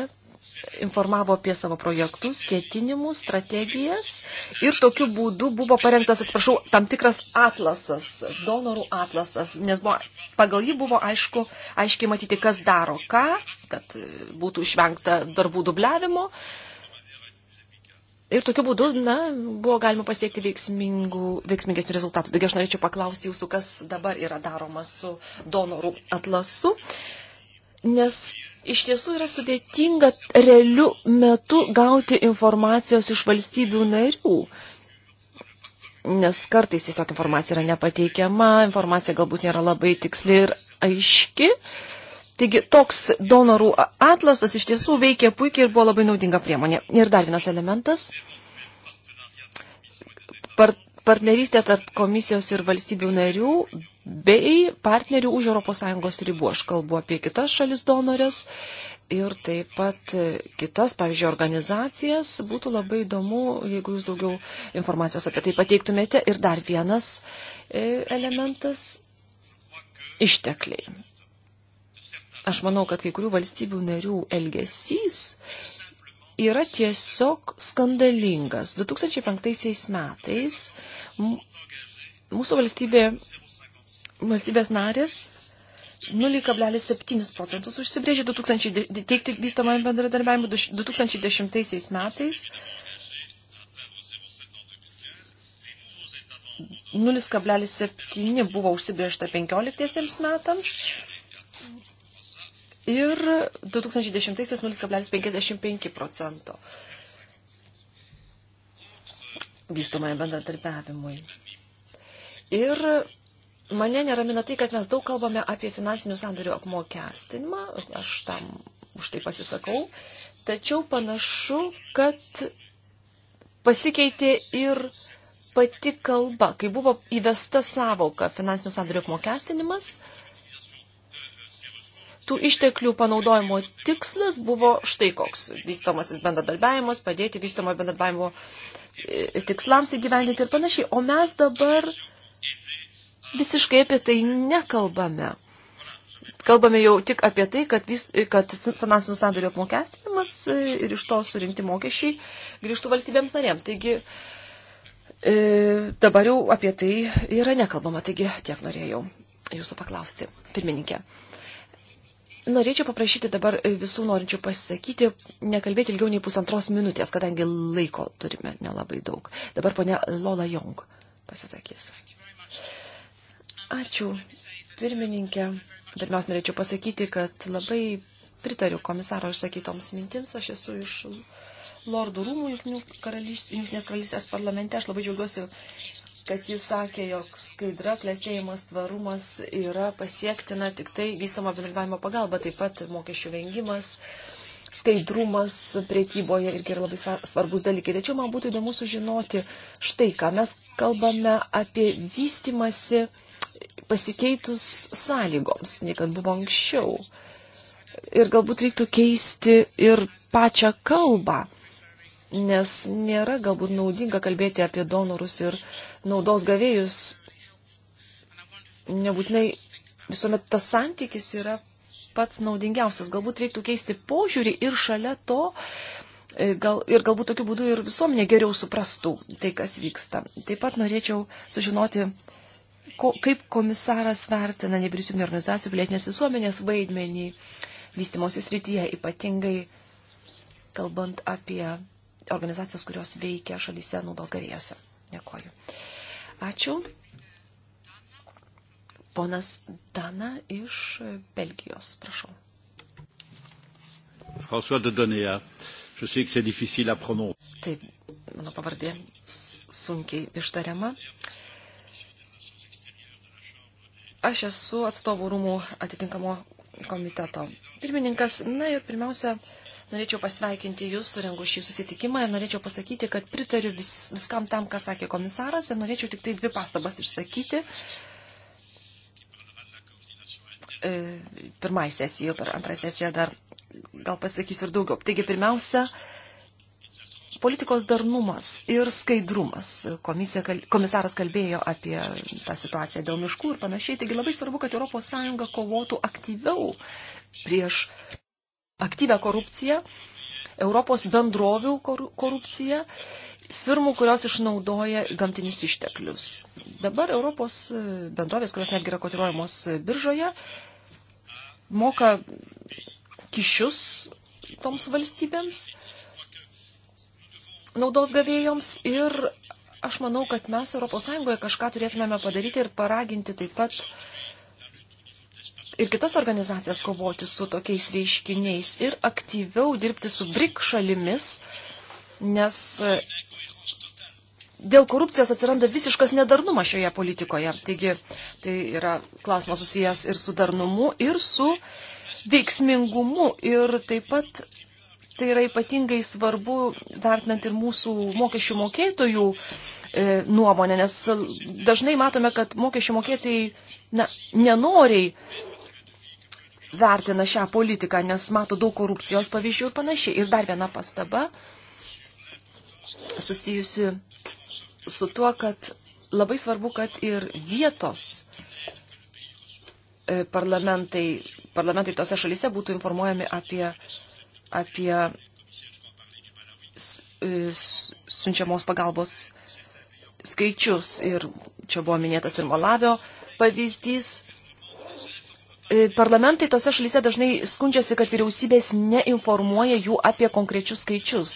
informavo apie savo projektus, ketinimus, strategijas ir tokiu būdu buvo parengtas, atsiprašau, tam tikras atlasas, donorų atlasas, nes buvo, pagal jį buvo aišku, aiškiai matyti, kas daro ką, kad būtų išvengta darbų dubliavimo, uh, Ir tokiu būdu, na, buvo galima pasiekti veiksmingesnių rezultatų. Taigi aš norėčiau paklausti jūsų, kas dabar yra daroma su donorų atlasu, nes iš tiesų yra sudėtinga realiu metu gauti informacijos iš valstybių narių nes kartais tiesiog informacija yra nepateikiama, informacija galbūt nėra labai tiksli ir aiški. Uh, Taigi toks donorų atlasas iš tiesų veikė puikiai ir buvo labai naudinga priemonė. Ir dar vienas elementas. Par partnerystė tarp komisijos ir valstybių narių bei partnerių už ES ribų. Aš kalbu apie kitas šalis donorės ir taip pat kitas, pavyzdžiui, organizacijas. Būtų labai įdomu, jeigu jūs daugiau informacijos apie tai pateiktumėte. Ir dar vienas e, elementas - ištekliai. Aš manau, kad kai kurių valstybių narių elgesys yra tiesiog skandalingas. 2005 metais mūsų valstybė, valstybės narės 0,7 procentus užsibrėžė 2000, teikti vystomam bendradarbiavimui 2010 metais. 0,7 buvo užsibriežta 15 metams, ir 2010 0,55 procento vystomai bendradarbiavimui. Ir mane neramina tai, kad mes daug kalbame apie finansinių sandarių apmokestinimą, aš tam už tai pasisakau, tačiau panašu, kad pasikeitė ir pati kalba, kai buvo įvesta savoka finansinių sandarių apmokestinimas, uh, tų išteklių panaudojimo tikslas buvo štai koks - vystomasis bendradarbiavimas, padėti vystomo bendradarbiavimo e, tikslams įgyvendinti ir panašiai. O mes dabar visiškai apie tai nekalbame. Kalbame jau tik apie tai, kad, vis, kad finansinių sandorių apmokestinimas e, ir iš to surinkti mokesčiai grįžtų valstybėms narėms. Taigi e, dabar jau apie tai yra nekalbama. Taigi tiek norėjau jūsų paklausti, pirmininkė. Norėčiau paprašyti dabar visų norinčių pasisakyti, nekalbėti ilgiau nei pusantros minutės, kadangi laiko turime nelabai daug. Dabar ponia Lola Jong pasisakys. Ačiū, pirmininkė. Pirmiausia, norėčiau pasakyti, kad labai pritariu komisaro išsakytoms mintims. Aš esu iš lordų rūmų Junktinės karalystės parlamente. Aš labai džiaugiuosi, kad jis sakė, jog skaidra, klėstėjimas, tvarumas yra pasiektina tik tai vystamo bendradarbiavimo pagalba, taip pat mokesčių vengimas. Skaidrumas priekyboje irgi yra labai svarbus dalykai. Tačiau man būtų įdomu sužinoti štai ką. Mes kalbame apie vystimasi pasikeitus sąlygoms, nei kad buvo anksčiau. Ir galbūt reiktų keisti ir pačią kalbą nes nėra galbūt naudinga kalbėti apie donorus ir naudos gavėjus. Nebūtinai visuomet tas santykis yra pats naudingiausias. Galbūt reiktų keisti požiūrį ir šalia to e, gal, ir galbūt tokiu būdu ir visuomenė geriau suprastų tai, kas vyksta. Taip pat norėčiau sužinoti, ko, kaip komisaras vertina nevyriausybinio organizacijų pilietinės visuomenės vaidmenį vystimosi srityje, ypatingai kalbant apie organizacijos, kurios veikia šalyse naudos gavėjose. Dėkoju. Ačiū. Ponas Dana iš Belgijos, prašau. François de Donea. Je sais que c'est difficile à prononcer. Taip, mano pavardė sunkiai ištariama. Aš esu atstovų rūmų atitinkamo komiteto pirmininkas. Na ir pirmiausia, uh, Norėčiau pasveikinti Jūs surengus šį susitikimą ir norėčiau pasakyti, kad pritariu vis, viskam tam, ką sakė komisaras ir norėčiau tik tai dvi pastabas išsakyti. E, pirmai sesijai, per antrą sesiją dar gal pasakysiu ir daugiau. Taigi, pirmiausia, politikos darnumas ir skaidrumas. Komisija, komisaras kalbėjo apie tą situaciją dėl miškų ir panašiai. Taigi labai svarbu, kad ES kovotų aktyviau prieš aktyvę korupciją, Europos bendrovių korupciją, firmų, kurios išnaudoja gamtinius išteklius. Dabar Europos e, bendrovės, kurios netgi yra kotiruojamos e, biržoje, moka kišius toms valstybėms, naudos gavėjoms ir aš manau, kad mes ES kažką turėtumėme padaryti ir paraginti taip pat uh, ir kitas organizacijas kovoti su tokiais reiškiniais ir aktyviau dirbti su BRIC šalimis, nes e, dėl korupcijos atsiranda visiškas nedarnumas šioje politikoje. Taigi tai yra klausimas susijęs ir su darnumu, ir su veiksmingumu. Ir taip pat tai yra ypatingai svarbu vertinant ir mūsų mokesčių mokėtojų e, nuomonę, nes dažnai matome, kad mokesčių mokėtojai na, nenoriai vertina šią politiką, nes mato daug korupcijos pavyzdžių ir panašiai. Ir dar viena pastaba susijusi su tuo, kad labai svarbu, kad ir vietos e, parlamentai, parlamentai tose šalyse būtų informuojami apie, apie e, siunčiamos pagalbos skaičius. Ir čia buvo minėtas ir Malavio pavyzdys. E, parlamentai tose šalyse dažnai skundžiasi, kad vyriausybės neinformuoja jų apie konkrečius skaičius,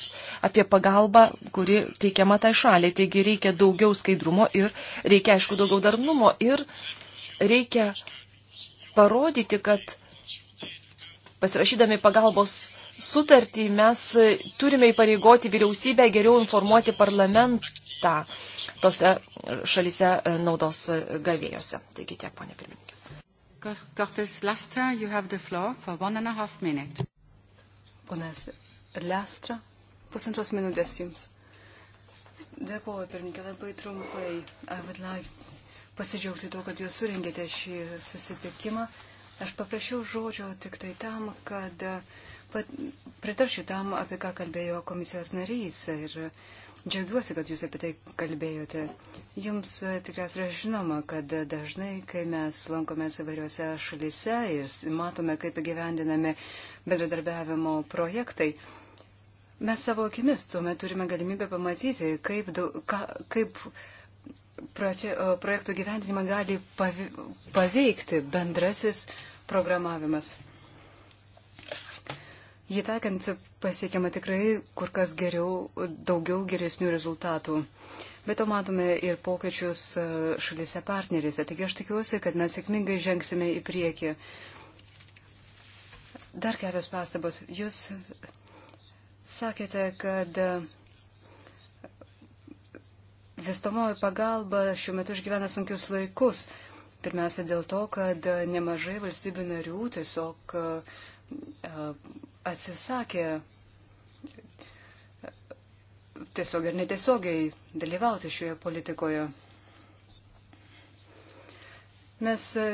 apie pagalbą, kuri teikiama tai šaliai. Taigi reikia daugiau skaidrumo ir reikia, aišku, daugiau darnumo ir reikia parodyti, kad pasirašydami pagalbos sutartį mes turime įpareigoti vyriausybę geriau informuoti parlamentą tose šalise e, naudos e, gavėjose. Taigi tiek, ponė pirmininkė. Cortes Lastra, you have the floor for one and a half minute. Ponas Lastra, pusantros minutės jums. Dėkuoju, pirmininkė, labai trumpai. I would like pasidžiaugti tuo, kad jūs suringėte šį susitikimą. Aš paprašiau žodžio tik tai tam, kad pat, pritaršiu tam, apie ką kalbėjo komisijos narys. Ir Džiaugiuosi, kad jūs apie tai kalbėjote. Jums tikriausiai yra žinoma, kad dažnai, kai mes lankomės įvairiuose šalise ir matome, kaip gyvendinami bendradarbiavimo projektai, mes savo akimis tuomet turime galimybę pamatyti, kaip, daug, ka, kaip projektų gyvendinimą gali paveikti bendrasis programavimas. Jį takiant pasiekiama tikrai kur kas geriau, daugiau geresnių rezultatų. Bet to matome ir pokyčius e, šalyse partnerėse. Taigi aš tikiuosi, kad mes sėkmingai žengsime į priekį. Dar kelios pastabos. Jūs sakėte, kad e, vystomoji pagalba šiuo metu išgyvena sunkius laikus. Pirmiausia dėl to, kad nemažai valstybių narių tiesiog e, atsisakė tiesiog ir netiesiogiai dalyvauti šioje politikoje. Mes e,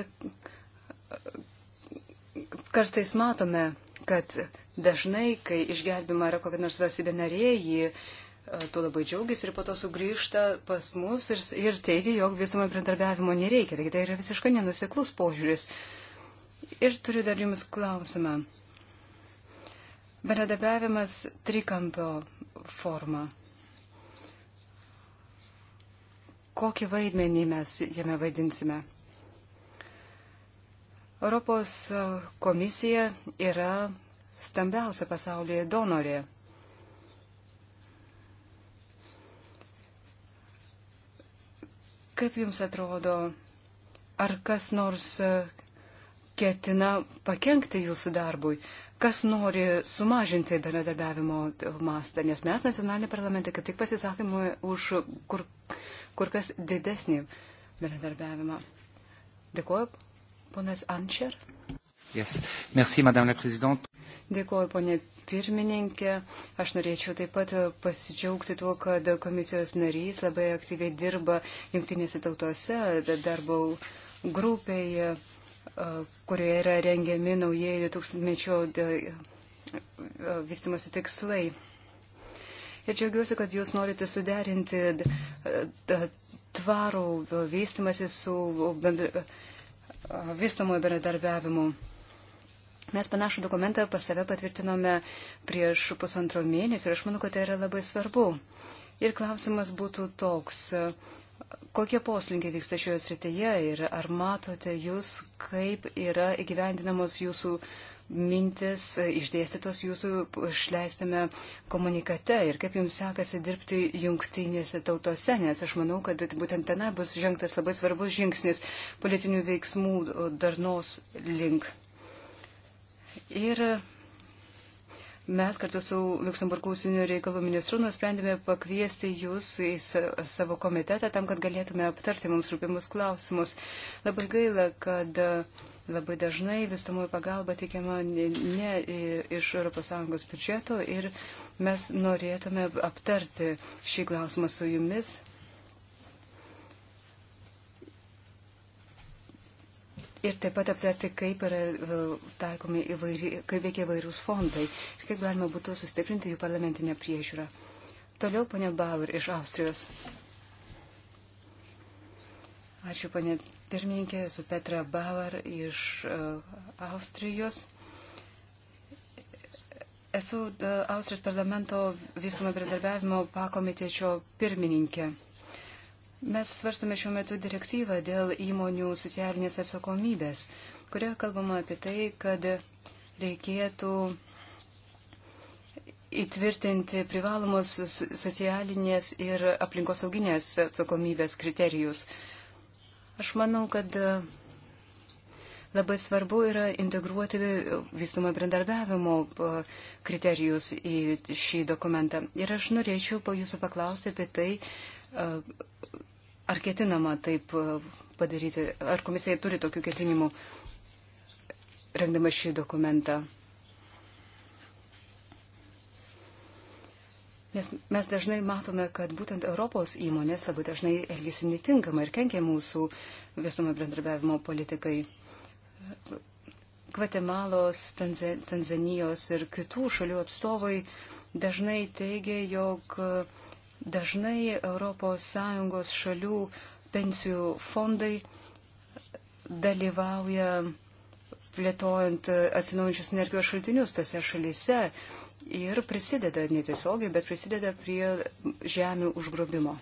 kartais matome, kad dažnai, kai išgelbima yra kokia nors valstybė narė, ji e, tuo labai džiaugiasi ir po to sugrįžta pas mus ir, ir teigia, jog visuomet bendradarbiavimo nereikia. Taigi tai yra visiškai nenuseklus požiūris. Ir turiu dar jums klausimą. Bendradarbiavimas trikampio forma. Kokį vaidmenį mes jame vaidinsime? Europos komisija yra stambiausia pasaulyje donorė. Kaip Jums atrodo, ar kas nors ketina pakengti Jūsų darbui? kas nori sumažinti bendradarbiavimo mastą, nes mes nacionalinė parlamentė kaip tik pasisakymui už kur, kur kas didesnį bendradarbiavimą. Dėkuoju, ponas Ančer. Yes. Merci, Dėkuoju, ponė pirmininkė. Aš norėčiau taip pat pasidžiaugti tuo, kad komisijos narys labai aktyviai dirba jungtinėse tautose darbo grupėje kurioje yra rengiami naujieji tūkstantmečio vystimosi tikslai. Ir džiaugiuosi, kad jūs norite suderinti tvarų vystimasi su bendra, vystomojo bendradarbiavimu. Mes panašų dokumentą pas save patvirtinome prieš pusantro mėnesio ir aš manau, kad tai yra labai svarbu. Ir klausimas būtų toks. Uh, Kokie poslinkiai vyksta šioje srityje ir ar matote jūs, kaip yra įgyvendinamos jūsų mintis išdėstytos jūsų išleistame komunikate ir kaip jums sekasi dirbti jungtinėse tautose, nes aš manau, kad būtent tenai bus žengtas labai svarbus žingsnis politinių veiksmų darnos link. Ir Mes kartu su Luksemburgo užsienio reikalų ministru nusprendėme pakviesti jūs į savo komitetą tam, kad galėtume aptarti mums rūpimus klausimus. Labai gaila, kad e, labai dažnai vystamoji pagalba teikiama ne, ne iš ES biudžeto ir mes norėtume aptarti šį klausimą su jumis Ir taip pat aptarti, kaip yra e, taikomi įvairi, kaip veikia įvairūs fondai ir kaip galima būtų sustiprinti jų parlamentinę priežiūrą. Toliau ponia Bauer iš Austrijos. Ačiū ponia pirmininkė, su Petra Bauer iš uh, Austrijos. Esu e, Austrijos parlamento vystumo bendradarbiavimo pakomitečio pirmininkė. Mes svarstame šiuo metu direktyvą dėl įmonių socialinės atsakomybės, kurioje kalbama apie tai, kad reikėtų įtvirtinti privalomos socialinės ir aplinkosauginės atsakomybės kriterijus. Aš manau, kad labai svarbu yra integruoti vystumą bendarbiavimo kriterijus į šį dokumentą. Ir aš norėčiau po jūsų paklausti apie tai, Ar ketinama taip e, padaryti? Ar komisija turi tokių ketinimų, rengdama šį dokumentą? Nes mes dažnai matome, kad būtent Europos įmonės labai dažnai elgesi netinkamai ir kenkia mūsų visumo bendradarbiavimo politikai. Gvatemalos, Tanzanijos ir kitų šalių atstovai dažnai teigia, jog uh, Dažnai ES šalių pensijų fondai dalyvauja plėtojant atsinaujančius energijos šaltinius tose šalyse ir prisideda netiesiogiai, bet prisideda prie žemių užgrobimo.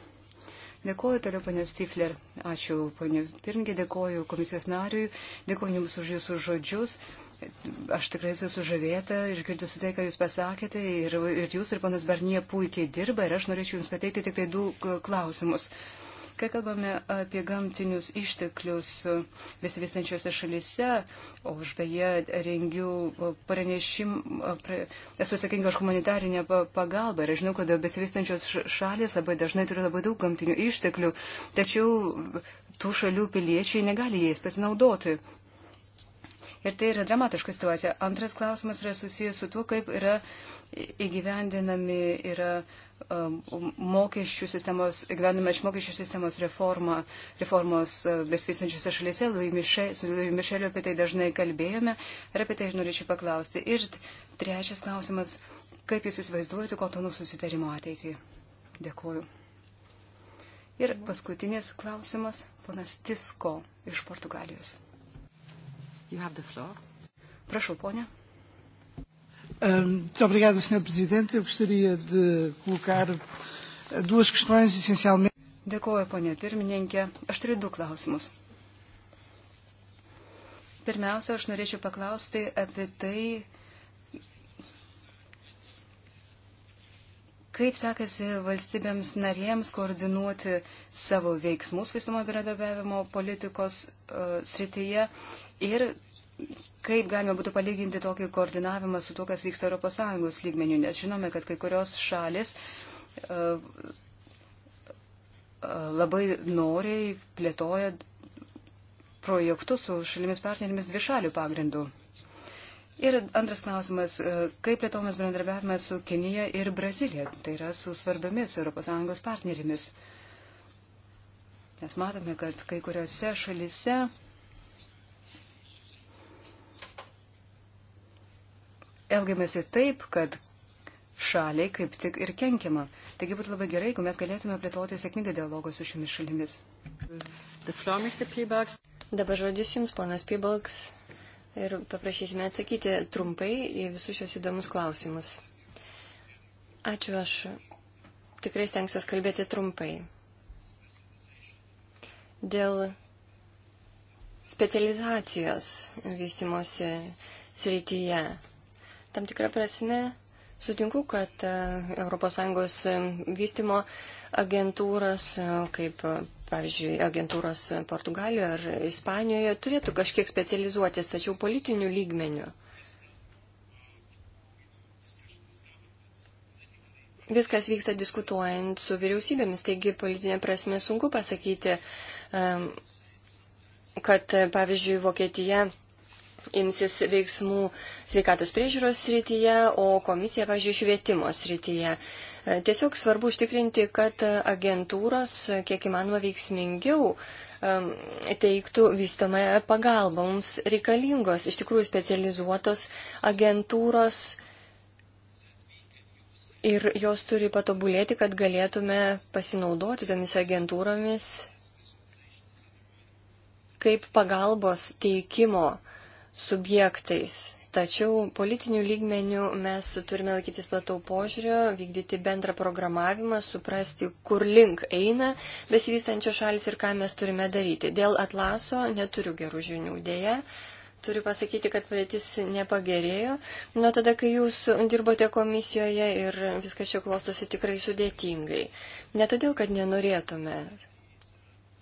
Dėkuoju toliau, panė Stifler. Ačiū, panė Pirngė, dėkuoju komisijos nariui, dėkuoju Jums už Jūsų žodžius. Aš tikrai esu sužavėta, išgirdusi tai, ką Jūs pasakėte, ir, ir Jūs, ir panas Barnie puikiai dirba, ir aš norėčiau Jums pateikti tik tai du klausimus. Kai kalbame apie gamtinius išteklius e, besivystančiose šalise, o aš beje rengiu e, pranešim, e, pra, esu atsakinga už humanitarinę pagalbą ir aš žinau, kad besivystančios šalis labai dažnai turi labai daug gamtinių išteklių, tačiau tų šalių piliečiai negali jais pasinaudoti. Ir tai yra dramatiška situacija. Antras klausimas yra susijęs su tuo, kaip yra įgyvendinami yra um, mokesčių sistemos, gyvenime iš mokesčių sistemos reforma, reformos uh, besvystančiose šalyse. Louis Michel, su Louis Micheliu apie tai dažnai kalbėjome ir apie tai norėčiau paklausti. Ir trečias klausimas, kaip jūs įsivaizduojate kontonų susitarimo ateitį? Dėkuoju. Ir paskutinis klausimas, ponas Tisko iš Portugalijos. Prašau, ponia. Ehm, muito obrigada, Sr. Presidente. Eu gostaria de colocar duas questões, essencialmente. Dėkuoju, ponia pirmininkė. Aš turiu du klausimus. Pirmiausia, aš norėčiau paklausti apie tai, kaip sekasi valstybėms narėms koordinuoti savo veiksmus visumo bendradarbiavimo politikos uh, srityje ir kaip galima būtų palyginti tokį koordinavimą su to, kas vyksta ES lygmeniu, nes žinome, kad kai kurios šalis uh, labai noriai plėtoja projektus su šalimis partnerėmis dvišalių pagrindų. Ir antras klausimas, e, kaip plėtomas bendradarbiavimas su Kinija ir Brazilija, tai yra su svarbiamis ES partnerėmis. Nes matome, kad kai kuriuose šalise uh, elgiamasi taip, kad šaliai kaip tik ir kenkiama. Taigi būtų labai gerai, jeigu mes galėtume plėtoti sėkmingą dialogą su šiomis šalimis. Dabar žodis Jums, ponas Pibalks, ir paprašysime atsakyti trumpai į visus šios įdomus klausimus. Ačiū, aš tikrai stengsiuosi kalbėti trumpai. Dėl specializacijos vystimosi srityje Tam tikrą prasme sutinku, kad ES e, vystimo agentūros, e, kaip e, pavyzdžiui, agentūros Portugalijoje ar Ispanijoje, turėtų kažkiek specializuotis, tačiau politinių lygmenių. Viskas vyksta diskutuojant su vyriausybėmis, taigi politinė prasme sunku pasakyti, kad, pavyzdžiui, Vokietija imsis veiksmų sveikatos priežiūros srityje, o komisija, važiuoju, švietimo srityje. E, tiesiog svarbu užtikrinti, kad agentūros kiek įmanoma veiksmingiau teiktų vystamąją pagalbą. Mums reikalingos iš tikrųjų specializuotos agentūros ir jos turi patobulėti, kad galėtume pasinaudoti tomis agentūromis kaip pagalbos teikimo uh, subjektais. Tačiau politinių lygmenių mes turime laikytis platau požiūrio, vykdyti bendrą programavimą, suprasti, kur link eina besivystančios šalis ir ką mes turime daryti. Dėl atlaso neturiu gerų žinių dėja. Turiu pasakyti, kad padėtis nepagerėjo. Nuo tada, kai jūs dirbote komisijoje ir viskas čia klostosi tikrai sudėtingai. Ne todėl, kad nenorėtume.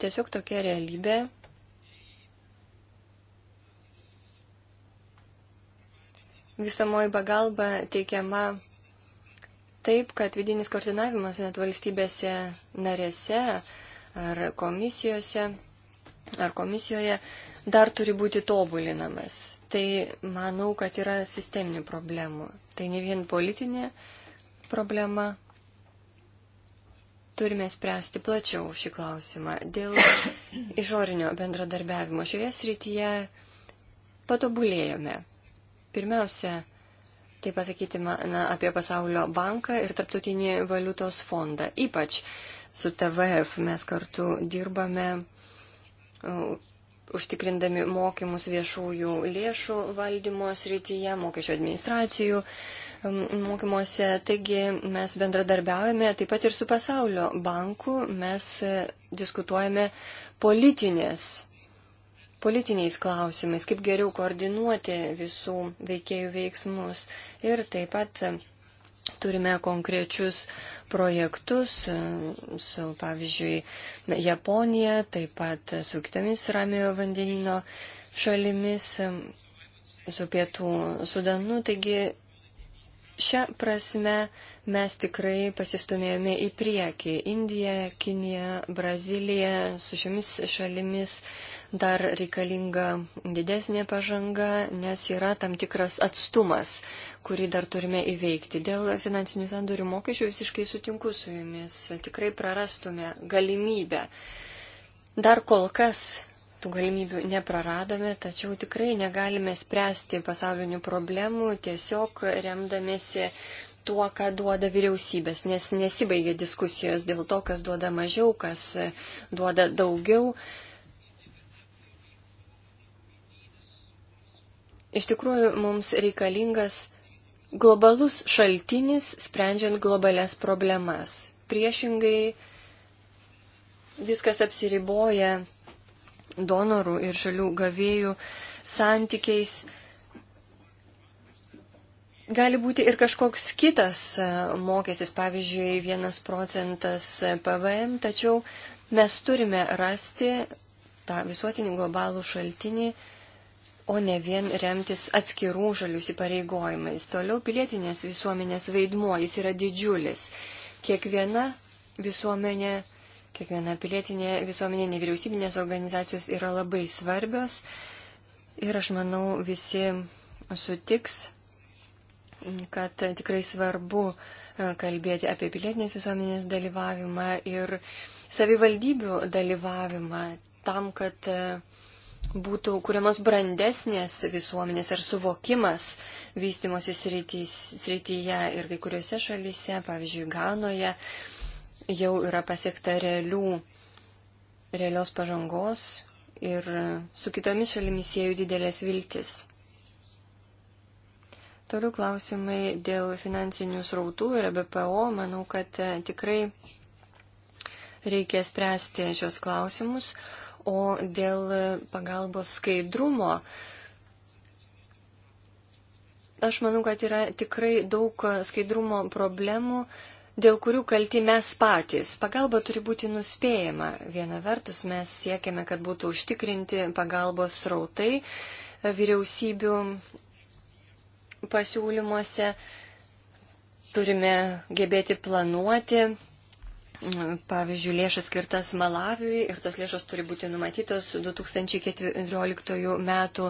Tiesiog tokia realybė Visamoji pagalba teikiama taip, kad vidinis koordinavimas net valstybėse narėse ar komisijose ar komisijoje dar turi būti tobulinamas. Tai manau, kad yra sisteminių problemų. Tai ne vien politinė problema. Turime spręsti plačiau šį klausimą. Dėl išorinio bendradarbiavimo šioje srityje patobulėjome. Pirmiausia, tai pasakyti na, apie Pasaulio banką ir Tarptautinį valiutos fondą. Ypač su TVF mes kartu dirbame užtikrindami mokymus viešųjų lėšų valdymo srityje, mokesčio administracijų mokymuose. Taigi mes bendradarbiaujame taip pat ir su pasaulio banku, mes e, diskutuojame politinės politiniais klausimais, kaip geriau koordinuoti visų veikėjų veiksmus. Ir taip pat turime konkrečius projektus su, pavyzdžiui, Japonija, taip pat su kitomis Ramiojo vandenino šalimis, su pietų Sudanu. Taigi Šią prasme mes tikrai pasistumėjome į priekį. Indija, Kinija, Brazilija, su šiomis šalimis dar reikalinga didesnė pažanga, nes yra tam tikras atstumas, kurį dar turime įveikti. Dėl finansinių sandorių mokesčių visiškai sutinku su jumis. Tikrai prarastume galimybę. Dar kol kas tų galimybių nepraradome, tačiau tikrai negalime spręsti pasaulinių problemų tiesiog remdamėsi tuo, ką duoda vyriausybės, nes nesibaigia diskusijos dėl to, kas duoda mažiau, kas duoda daugiau. Iš tikrųjų, mums reikalingas globalus šaltinis sprendžiant globales problemas. Priešingai viskas apsiriboja donorų ir šalių gavėjų santykiais gali būti ir kažkoks kitas e, mokestis, pavyzdžiui, vienas procentas PVM, tačiau mes turime rasti tą visuotinį globalų šaltinį, o ne vien remtis atskirų šalių įsipareigojimais. Toliau pilietinės visuomenės vaidmuo, jis yra didžiulis. Kiekviena visuomenė Kiekviena pilietinė visuomenė, nevyriausybinės organizacijos yra labai svarbios ir aš manau visi sutiks, kad tikrai svarbu e, kalbėti apie pilietinės visuomenės dalyvavimą ir savivaldybių dalyvavimą tam, kad e, būtų kuriamos brandesnės visuomenės ar suvokimas vystimosi srityje ir kai kuriuose šalyse, pavyzdžiui, Ganoje, jau yra pasiekta realių, realios pažangos ir su kitomis šalimis sieju didelės viltis. Toliau klausimai dėl finansinių srautų ir BPO. Manau, kad e, tikrai reikia spręsti šios klausimus. O dėl pagalbos skaidrumo, aš manau, kad yra tikrai daug skaidrumo problemų dėl kurių kalti mes patys. Pagalba turi būti nuspėjama. Viena vertus mes siekiame, kad būtų užtikrinti pagalbos srautai e, vyriausybių pasiūlymuose. Turime gebėti planuoti, pavyzdžiui, lėšas skirtas Malaviui ir tos lėšos turi būti numatytos 2014 metų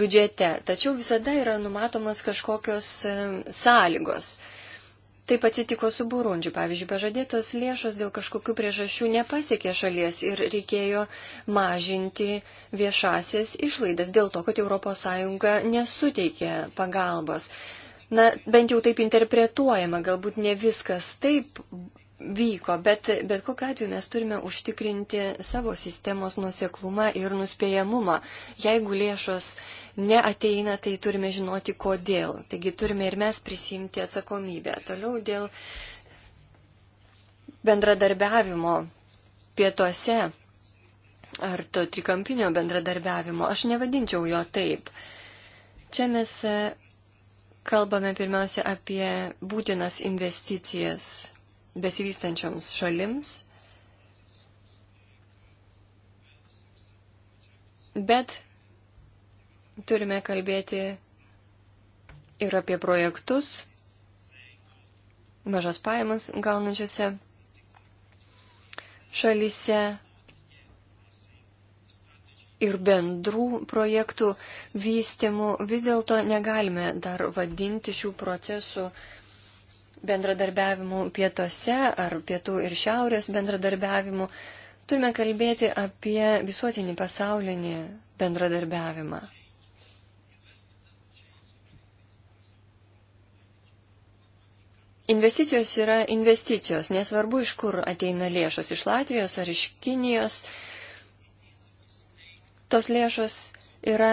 biudžete. Tačiau visada yra numatomas kažkokios e, sąlygos. Taip atsitiko su Burundžiu. Pavyzdžiui, pažadėtos lėšos dėl kažkokių priežasčių nepasiekė šalies ir reikėjo mažinti viešasias išlaidas dėl to, kad ES nesuteikė pagalbos. Na, bent jau taip interpretuojama, galbūt ne viskas taip vyko, bet bet kokiu atveju mes turime užtikrinti savo sistemos nuseklumą ir nuspėjamumą. Jeigu lėšos neateina, tai turime žinoti kodėl. Taigi turime ir mes prisimti atsakomybę. Toliau dėl bendradarbiavimo pietuose ar to trikampinio bendradarbiavimo. Aš nevadinčiau jo taip. Čia mes e, kalbame pirmiausia apie būtinas investicijas besivystančioms šalims, bet turime kalbėti ir apie projektus mažas pajamas gaunančiose šalyse ir bendrų projektų vystimų, vis dėlto negalime dar vadinti šių procesų uh, bendradarbiavimu pietuose ar pietų ir šiaurės bendradarbiavimu, turime kalbėti apie visuotinį pasaulinį bendradarbiavimą. Investicijos yra investicijos, nesvarbu iš kur ateina lėšos, iš Latvijos ar iš Kinijos. Tos lėšos yra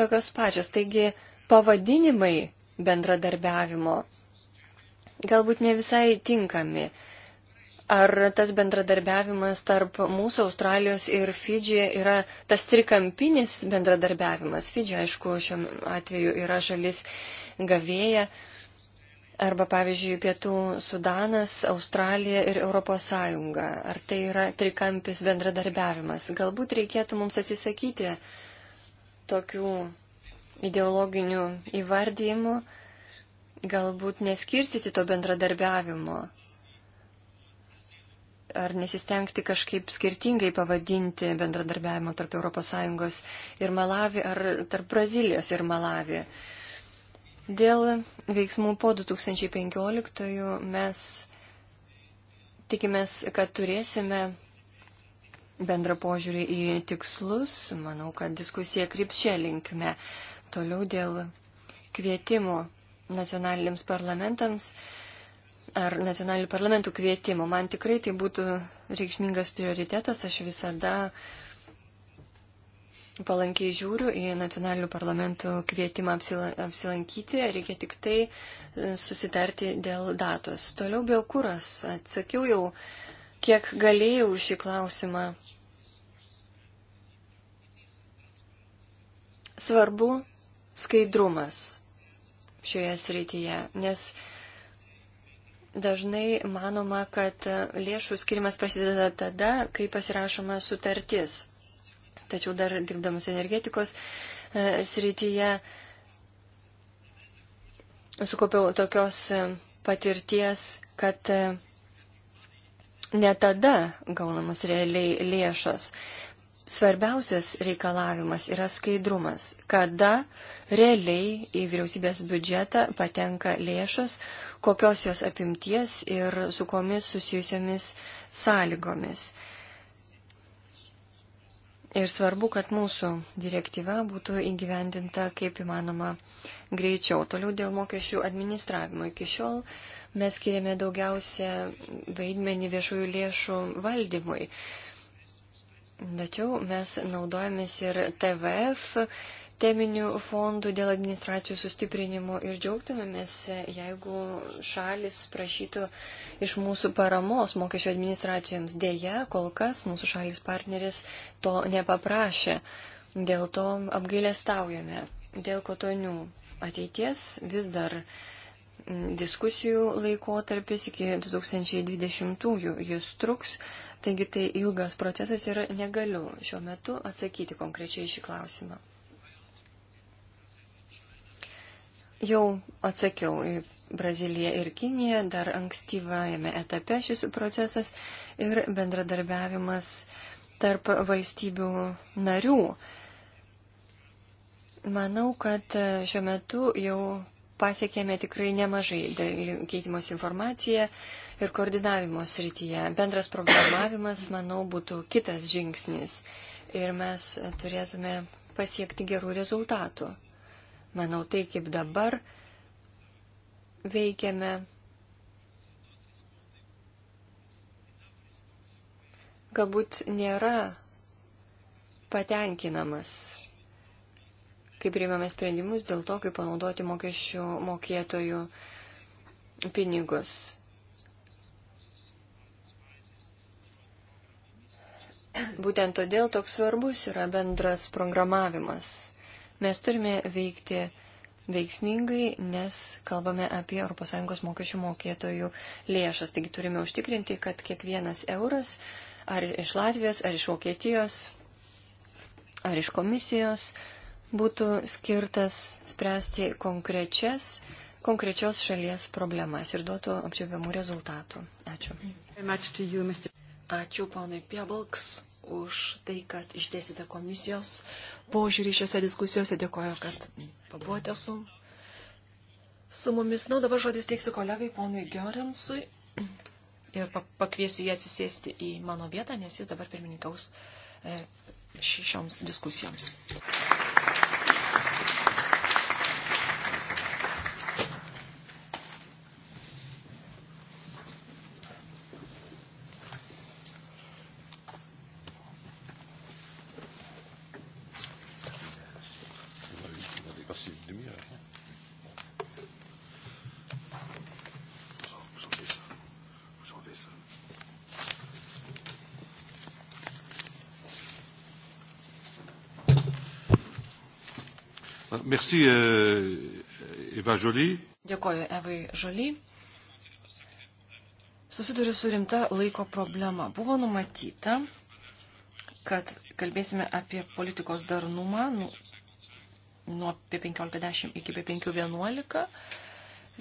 tokios pačios, taigi pavadinimai bendradarbiavimo galbūt ne visai tinkami. Ar tas bendradarbiavimas tarp mūsų Australijos ir Fidži yra tas trikampinis bendradarbiavimas? Fidži, aišku, šiuo atveju yra šalis gavėja. Arba, pavyzdžiui, Pietų Sudanas, Australija ir Europos Sąjunga. Ar tai yra trikampis bendradarbiavimas? Galbūt reikėtų mums atsisakyti tokių ideologinių įvardyjimų galbūt neskirstyti to bendradarbiavimo ar nesistengti kažkaip skirtingai pavadinti bendradarbiavimo tarp ES ir Malavi ar tarp Brazilijos ir Malavi. Dėl veiksmų po 2015 mes tikimės, kad turėsime bendrą požiūrį į tikslus. Manau, kad diskusija kryps šią linkme. Toliau dėl kvietimo nacionaliniams parlamentams ar nacionalinių parlamentų kvietimų. Man tikrai tai būtų reikšmingas prioritetas. Aš visada palankiai žiūriu į nacionalinių parlamentų kvietimą apsilankyti, reikia tik tai e, susitarti dėl datos. Toliau biokūras. Atsakiau jau, kiek galėjau šį klausimą. Svarbu skaidrumas šioje srityje, nes dažnai manoma, kad lėšų skirimas prasideda tada, kai pasirašoma sutartis. Tačiau dar dirbdamas energetikos e, srityje sukopiau tokios e, patirties, kad e, ne tada gaunamos realiai lėšos. Svarbiausias reikalavimas yra skaidrumas, kada realiai į vyriausybės biudžetą patenka lėšos, kokios jos apimties ir su komis susijusiamis sąlygomis. Ir svarbu, kad mūsų direktyva būtų įgyvendinta kaip įmanoma greičiau. Toliau dėl mokesčių administravimo. Iki šiol mes skiriame daugiausia vaidmenį viešųjų lėšų valdymui. Tačiau mes naudojamės ir TVF teminių fondų dėl administracijų sustiprinimo ir džiaugtumėmės, e, jeigu šalis prašytų iš mūsų paramos mokesčio administracijoms. Deja, kol kas mūsų šalis partneris to nepaprašė. Dėl to apgailestaujame. Dėl kotonių ateities vis dar diskusijų laikotarpis iki 2020-ųjų jis truks. Taigi tai ilgas procesas ir negaliu šiuo metu atsakyti konkrečiai šį klausimą. Jau atsakiau į Braziliją ir Kiniją, dar ankstyvajame etape šis procesas ir bendradarbiavimas tarp valstybių narių. Manau, kad šiuo metu jau pasiekėme tikrai nemažai keitimos informaciją ir koordinavimo srityje. Bendras programavimas, manau, būtų kitas žingsnis ir mes turėtume pasiekti gerų rezultatų. Manau, tai kaip dabar veikiame. Galbūt nėra patenkinamas, kai priimame sprendimus dėl to, kaip panaudoti mokesčių mokėtojų pinigus. Būtent todėl toks svarbus yra bendras programavimas. Mes turime veikti veiksmingai, nes kalbame apie ES mokesčių mokėtojų lėšas. Taigi turime užtikrinti, kad kiekvienas euras ar iš Latvijos, ar iš Vokietijos, ar iš komisijos būtų skirtas spręsti konkrečias, konkrečios šalies problemas ir duotų apčiopiamų rezultatų. Ačiū. Ačiū, ponai Piebalks už tai, kad išdėstėte komisijos požiūrį šiose diskusijose. Dėkoju, kad pabuvote su, su mumis. Na, dabar žodis teiksiu kolegai ponui Gerensui ir pakviesiu jį atsisėsti į mano vietą, nes jis dabar pirmininkaus e, šioms diskusijoms. Merci, euh, Eva Jolie. Dėkoju Evai Žaly. Susiduriu su rimta laiko problema. Buvo numatyta, kad kalbėsime apie politikos darnumą nu, nuo apie 15.10 iki apie 5.11.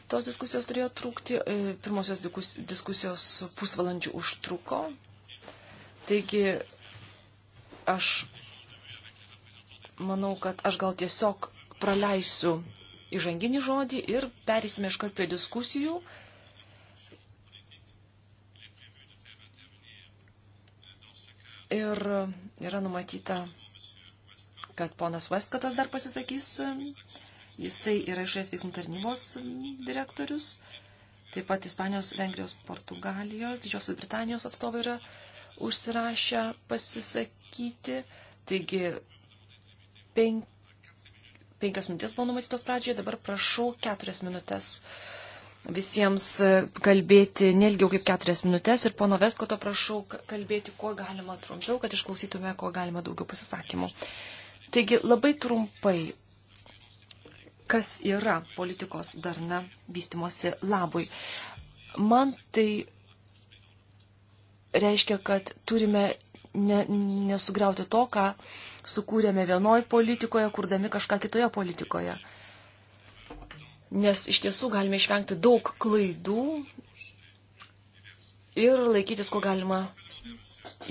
Tos diskusijos turėjo trūkti, e, pirmosios diskusijos pusvalandžių užtruko. Taigi aš manau, kad aš gal tiesiog praleisiu įžanginį žodį ir perėsime iškart prie diskusijų. Ir yra numatyta, kad ponas Vestkatas dar pasisakys. Jisai yra išės teismų tarnybos direktorius. Taip pat Ispanijos, Vengrijos, Portugalijos, Didžiosios Britanijos atstovai yra užsirašę pasisakyti. Taigi, penki penkios minutės buvo numatytos pradžioje, dabar prašau keturias minutės visiems e, kalbėti nelgiau kaip keturias minutės ir pono Vestkoto prašau kalbėti kuo galima trumpiau, kad išklausytume kuo galima daugiau pasisakymų. Taigi labai trumpai, kas yra politikos darna vystimosi labui. Man tai reiškia, kad turime ne, nesugriauti to, ką sukūrėme vienoje politikoje, kurdami kažką kitoje politikoje. Nes iš tiesų galime išvengti daug klaidų ir laikytis, ko galima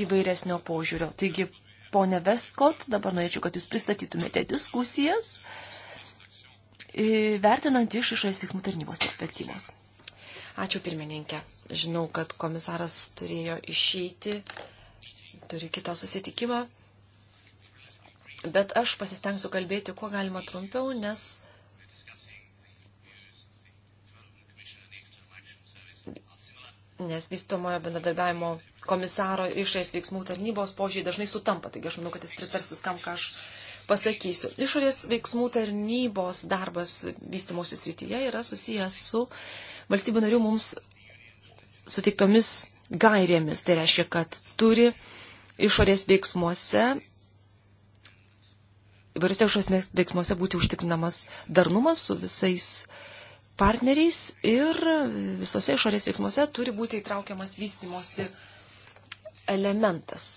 įvairesnio požiūrio. Taigi, ponė Vestkot, dabar norėčiau, kad jūs pristatytumėte diskusijas, vertinant iš išorės veiksmų tarnybos perspektyvos. Ačiū pirmininkė. Žinau, kad komisaras turėjo išeiti turi kitą susitikimą. Bet aš pasistengsiu kalbėti kuo galima trumpiau, nes nes vystomojo bendradarbiavimo komisaro išorės veiksmų tarnybos požiūrį dažnai sutampa, taigi aš manau, kad jis pritars viskam, ką aš pasakysiu. Išorės veiksmų tarnybos darbas vystimosi srityje yra susijęs su valstybių narių mums suteiktomis gairėmis. Tai reiškia, kad turi išorės veiksmuose, įvairiose išorės veiksmuose būti užtikrinamas darnumas su visais partneriais ir visose išorės veiksmuose turi būti įtraukiamas vystimosi elementas.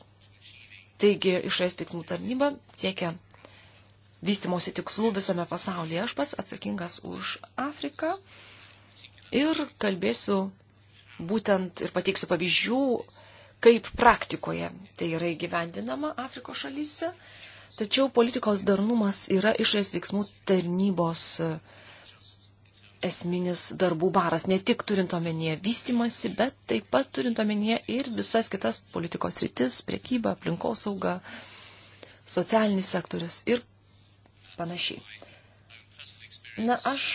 Taigi išorės veiksmų tarnyba siekia vystimosi tikslų visame pasaulyje. Aš pats atsakingas už Afriką ir kalbėsiu būtent ir pateiksiu pavyzdžių kaip praktikoje tai yra įgyvendinama Afrikos šalyse. Tačiau politikos darnumas yra išorės veiksmų tarnybos e, esminis darbų baras, ne tik turint omenyje vystimasi, bet taip pat turint omenyje ir visas kitas politikos rytis, priekybą, aplinkosauga, socialinis sektorius ir panašiai. Na, aš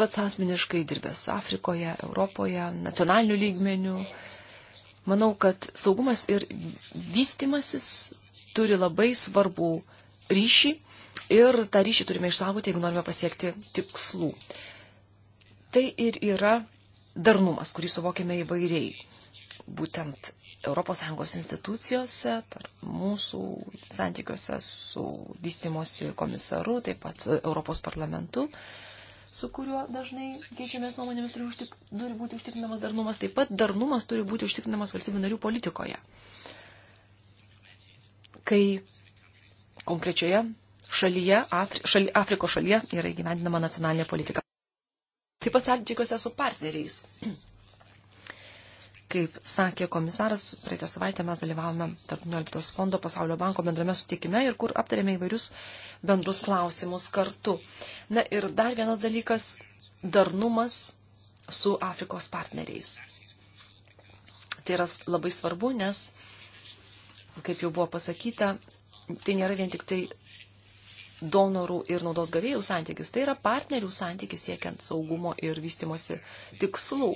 pats asmeniškai dirbęs Afrikoje, Europoje, nacionaliniu lygmeniu, uh, Manau, kad saugumas ir vystimasis turi labai svarbų ryšį ir tą ryšį turime išsaugoti, jeigu norime pasiekti tikslų. Tai ir yra darnumas, kurį suvokiame įvairiai. Būtent ES institucijose, tarp mūsų santykiuose su vystimosi komisaru, taip pat Europos parlamentu. Uh, su kuriuo dažnai keičiamės nuomonėmis, turi, užtik, turi būti užtikrinamas darnumas. Taip pat darnumas turi būti užtikrinamas valstybių narių politikoje. Kai konkrečioje šalyje, Afri, šali, Afrikos šalyje yra įgyvendinama nacionalinė politika. Taip pat santykiuose su partneriais. Kaip sakė komisaras, praeitą savaitę mes dalyvavome Tarptautinio Elbitos fondo pasaulio banko bendrame sutikime ir kur aptarėme įvairius bendrus klausimus kartu. Na ir dar vienas dalykas - darnumas su Afrikos partneriais. Tai yra labai svarbu, nes, kaip jau buvo pasakyta, tai nėra vien tik tai donorų ir naudos gavėjų santykis, tai yra partnerių santykis siekiant saugumo ir vystimosi tikslų.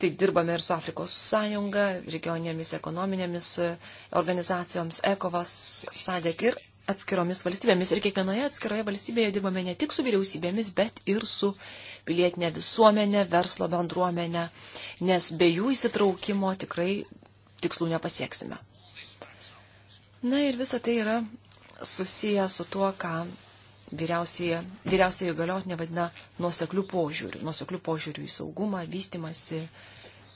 Taip dirbame ir su Afrikos sąjunga, regioninėmis ekonominėmis organizacijoms, ECOVAS, SADEK ir atskiromis valstybėmis. Ir kiekvienoje atskiroje valstybėje dirbame ne tik su vyriausybėmis, bet ir su pilietinė visuomenė, verslo bendruomenė, nes be jų įsitraukimo tikrai tikslų nepasieksime. Na ir visa tai yra susiję su tuo, ką vyriausiojo galiotinė vadina nuoseklių požiūrių. Nuoseklių požiūrių į saugumą, vystimasi,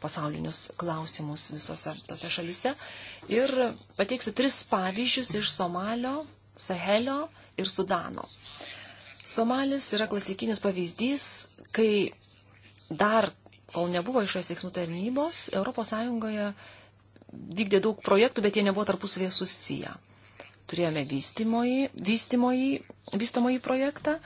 pasaulinius klausimus visose tose šalyse. Ir pateiksiu tris pavyzdžius iš Somalio, Sahelio ir Sudano. Somalis yra klasikinis pavyzdys, kai dar, kol nebuvo išorės veiksmų tarnybos, ES vykdė daug projektų, bet jie nebuvo tarpusavėje susiję. Turėjome vystymoji, vystymoji, vystomoji projektą,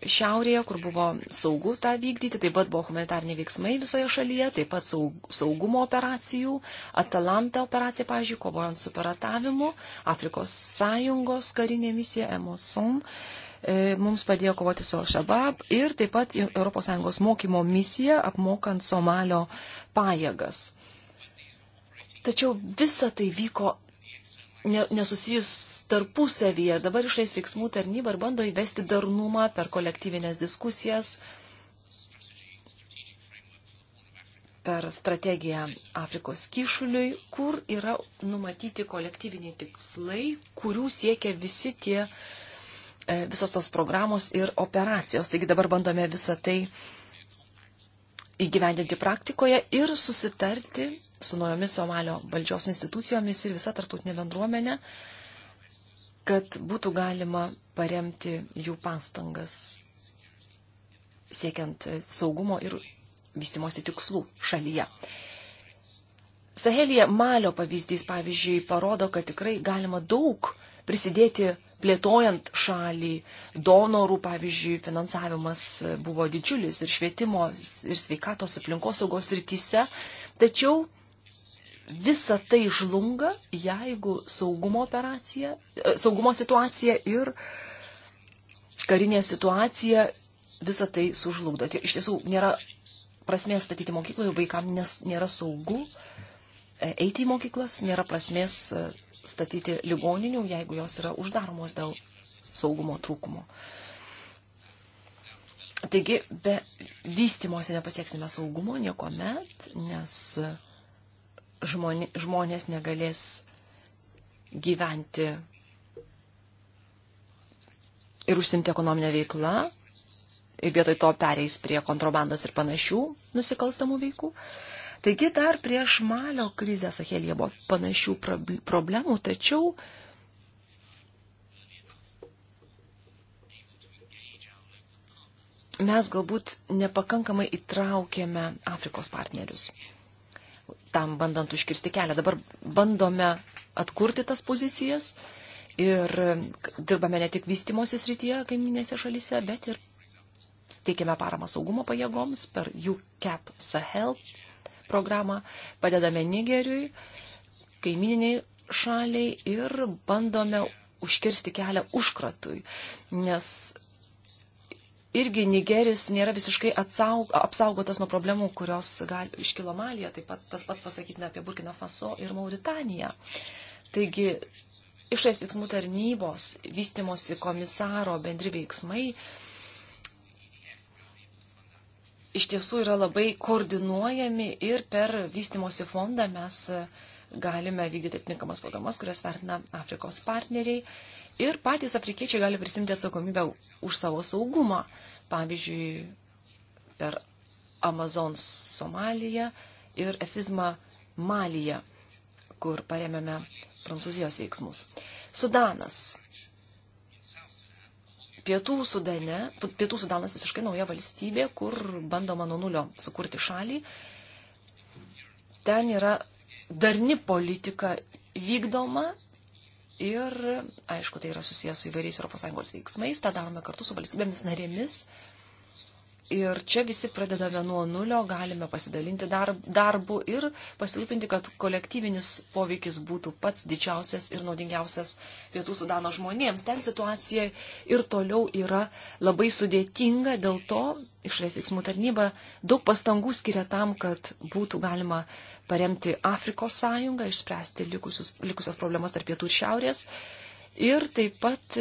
šiaurėje, kur buvo saugu tą vykdyti, taip pat buvo humanitarniai veiksmai visoje šalyje, taip pat saug, saugumo operacijų, Atalanta operacija, pavyzdžiui, kovojant su piratavimu, Afrikos sąjungos karinė misija Emoson e, mums padėjo kovoti su Al-Shabaab ir taip pat ES mokymo misija apmokant Somalio pajėgas. Tačiau visa tai vyko nesusijus tarpusavyje. Dabar išais veiksmų tarnyba ir bando įvesti darnumą per kolektyvinės diskusijas, per strategiją Afrikos kišuliui, kur yra numatyti kolektyviniai tikslai, kurių siekia visi tie, e, visos tos programos ir operacijos. Taigi dabar bandome visą tai uh, įgyvendinti praktikoje ir susitarti su naujomis Somalio valdžios institucijomis ir visa tartutinė bendruomenė, kad būtų galima paremti jų pastangas siekiant saugumo ir vystimosi tikslų šalyje. Sahelija Malio pavyzdys, pavyzdžiui, parodo, kad tikrai galima daug prisidėti plėtojant šalį. Donorų, pavyzdžiui, finansavimas buvo didžiulis ir švietimo, ir sveikatos aplinkosaugos rytise. Tačiau visa tai žlunga, jeigu saugumo, operacija, e, saugumo situacija ir karinė situacija visą tai sužlugdo. Iš tiesų nėra prasmės statyti mokykloje, vaikams nėra saugu e, eiti į mokyklas, nėra prasmės e, statyti ligoninių, jeigu jos yra uždaromos dėl saugumo trūkumo. Taigi, be vystimosi nepasieksime saugumo nieko met, nes žmoni, žmonės negalės gyventi ir užsimti ekonominę veiklą, ir vietoj to pereis prie kontrabandos ir panašių nusikalstamų veikų. Uh, Taigi dar prieš Malio krizę Sahelėje buvo panašių problemų, tačiau mes galbūt nepakankamai įtraukėme Afrikos partnerius. Tam bandant užkirsti kelią. Dabar bandome atkurti tas pozicijas ir dirbame ne tik vystimosi srityje kaiminėse šalyse, bet ir teikiame paramą saugumo pajėgoms per UCAP Sahel programą, padedame Nigeriui, kaimininiai šaliai ir bandome užkirsti kelią užkratui, nes irgi Nigeris nėra visiškai atsaug, apsaugotas nuo problemų, kurios gal, iškilo Malija, taip pat tas pats pasakytina apie Burkina Faso ir Mauritaniją. Taigi, išės veiksmų tarnybos, vystimosi komisaro bendri veiksmai iš tiesų yra labai koordinuojami ir per vystimosi fondą mes e, galime vykdyti atitinkamas programas, kurias vertina Afrikos partneriai. Ir patys afrikiečiai gali prisimti atsakomybę už savo saugumą. Pavyzdžiui, per Amazon Somaliją ir Efizmą Maliją, kur paremėme prancūzijos veiksmus. Sudanas. Pietų, Sudane, Pietų Sudanas visiškai nauja valstybė, kur bandoma nuo nulio sukurti šalį. Ten yra darni politika vykdoma ir, aišku, tai yra susijęs su įvairiais ES veiksmais, tą darome kartu su valstybėmis narėmis. Ir čia visi pradedame nuo nulio, galime pasidalinti dar, darbu ir pasirūpinti, kad kolektyvinis poveikis būtų pats didžiausias ir naudingiausias Pietų Sudano žmonėms. Ten situacija ir toliau yra labai sudėtinga, dėl to išorės veiksmų tarnyba daug pastangų skiria tam, kad būtų galima paremti Afrikos sąjungą, išspręsti likusius, likusias problemas tarp pietų ir šiaurės. Ir taip pat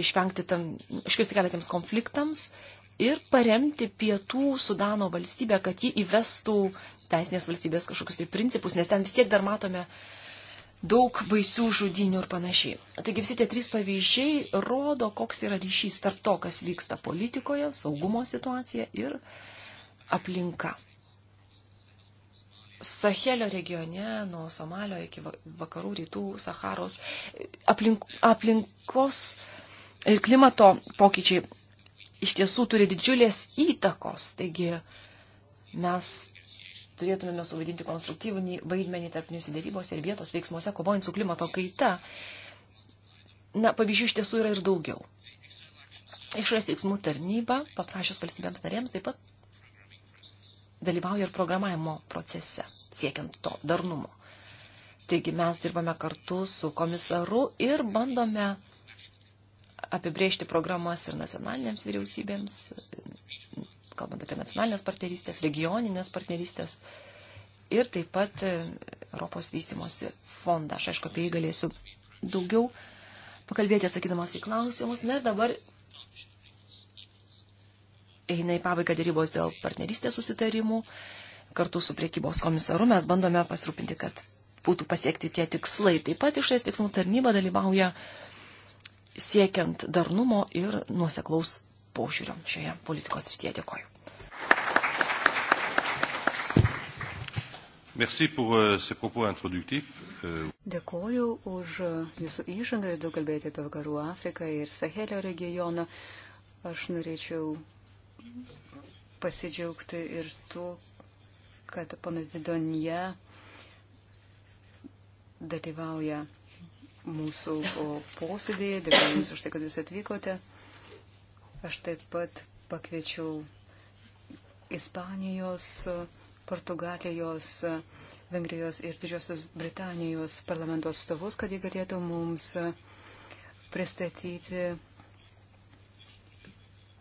išvengti tam, iškirsti keliatiems konfliktams ir paremti pietų Sudano valstybę, kad ji įvestų teisinės valstybės kažkokius tai principus, nes ten vis tiek dar matome daug baisių žudinių ir panašiai. Taigi visi tie trys pavyzdžiai rodo, koks yra ryšys tarp to, kas vyksta politikoje, saugumo situacija ir aplinka. Sahelio regione, nuo Somalio iki vakarų rytų Saharos, aplink, aplinkos ir klimato pokyčiai iš tiesų turi didžiulės įtakos. Taigi mes turėtumėme suvaidinti konstruktyvinį vaidmenį tarp nusidėrybose ir vietos veiksmuose, kovojant su klimato kaita. Na, pavyzdžių iš tiesų yra ir daugiau. Išorės veiksmų tarnyba, paprašęs valstybėms narėms, taip pat dalyvauja ir programavimo procese, siekiant to darnumo. Taigi mes dirbame kartu su komisaru ir bandome apibriežti programas ir nacionalinėms vyriausybėms, kalbant apie nacionalinės partnerystės, regioninės partnerystės ir taip pat e, Europos vystimosi fondą. Aš aišku, apie jį galėsiu daugiau pakalbėti atsakydamas į klausimus. Na ir dabar eina į pabaigą dėrybos dėl partnerystės susitarimų. Kartu su priekybos komisaru mes bandome pasirūpinti, kad būtų pasiekti tie tikslai. Taip pat išorės veiksmų tarnyba dalyvauja uh, siekiant darnumo ir nuoseklaus požiūrio šioje politikos srityje. Dėkoju. Euh, euh, Dėkoju už euh, Jūsų įžangą ir daug kalbėjote apie Vakarų Afriką ir Sahelio regioną. Aš norėčiau pasidžiaugti ir tuo, kad ponas Didonija dalyvauja mūsų posėdėje. Dėkuoju Jums už tai, kad Jūs atvykote. Aš taip pat pakviečiau Ispanijos, Portugalijos, Vengrijos ir Didžiosios Britanijos parlamento atstovus, kad jie galėtų mums pristatyti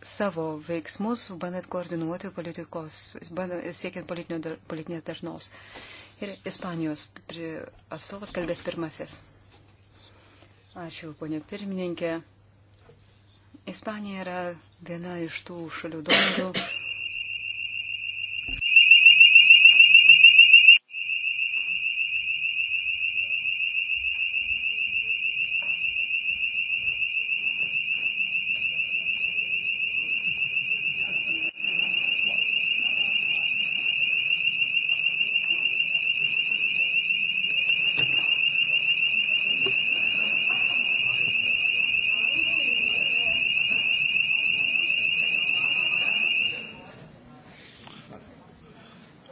savo veiksmus, bandant koordinuoti politikos, bandant, siekiant politinės darnos. Ir Ispanijos atstovas kalbės pirmasis. Ačiū, ponė pirmininkė. Ispanija yra viena iš tų šalių donorių,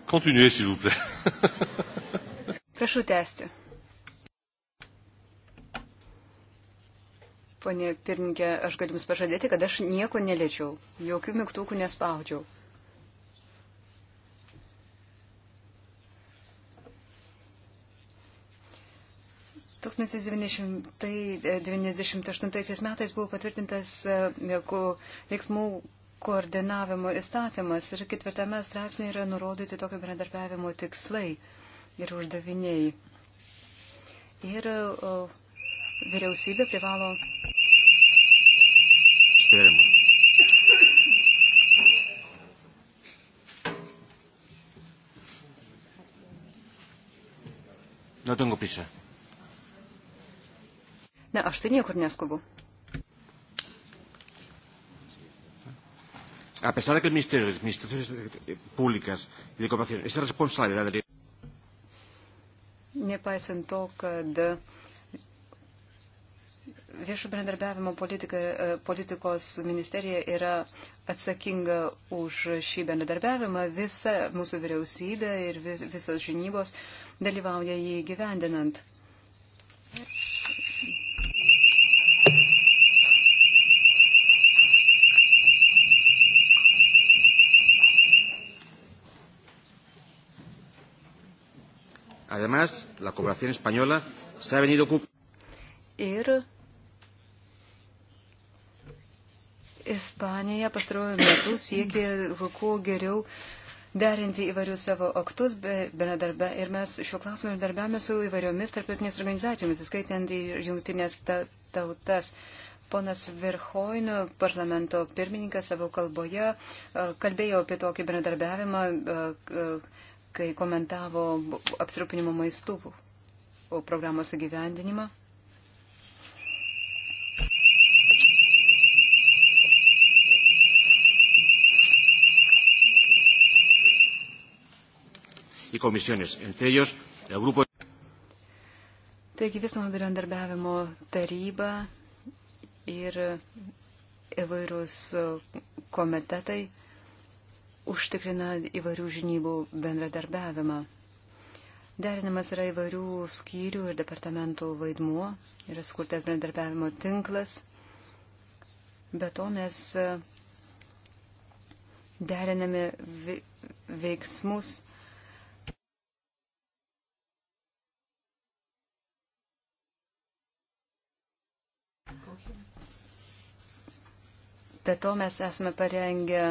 Continuez, s'il vous plaît. Prašau tęsti. Pone pirmininkė, aš galiu Jums pažadėti, kad aš nieko neliečiau, jokių mygtukų nespaudžiau. Tūkstantis 1998 e, metais buvo patvirtintas e, veiksmų koordinavimo įstatymas ir ketvirtame straipsnėje yra nurodyti tokio bendradarbiavimo tikslai ir uždaviniai. Ir o, vyriausybė privalo. Spėrimas. No tengo prisa. Ne, aš tai niekur neskubu. a pesar de que el Ministerio de Administraciones Públicas y de Cooperación es responsable de la Nepaisant to, kad viešo bendradarbiavimo politika, e, politikos ministerija yra atsakinga už šį bendradarbiavimą, visa mūsų vyriausybė ir visos žinybos dalyvauja jį gyvendinant. Además, la cooperación española se ha venido Ir Ispanija pastarojų metų siekia kuo geriau derinti įvairius savo aktus bendradarbe. Ir mes šiuo klausimu darbiame su įvairiomis tarptautinės organizacijomis, skaitant ir jungtinės ta, tautas. Ponas Verhoinio parlamento pirmininkas savo kalboje kalbėjo apie tokį bendradarbiavimą kai komentavo apsirūpinimo maistų programos įgyvendinimą. y comisiones, entre ellos el grupo. Taigi viso bendradarbiavimo taryba ir įvairūs komitetai užtikrina įvairių žinybų bendradarbiavimą. Derinamas yra įvairių skyrių ir departamentų vaidmuo, yra skurtas bendradarbiavimo tinklas. Be to mes e, deriname veiksmus Be to mes esame parengę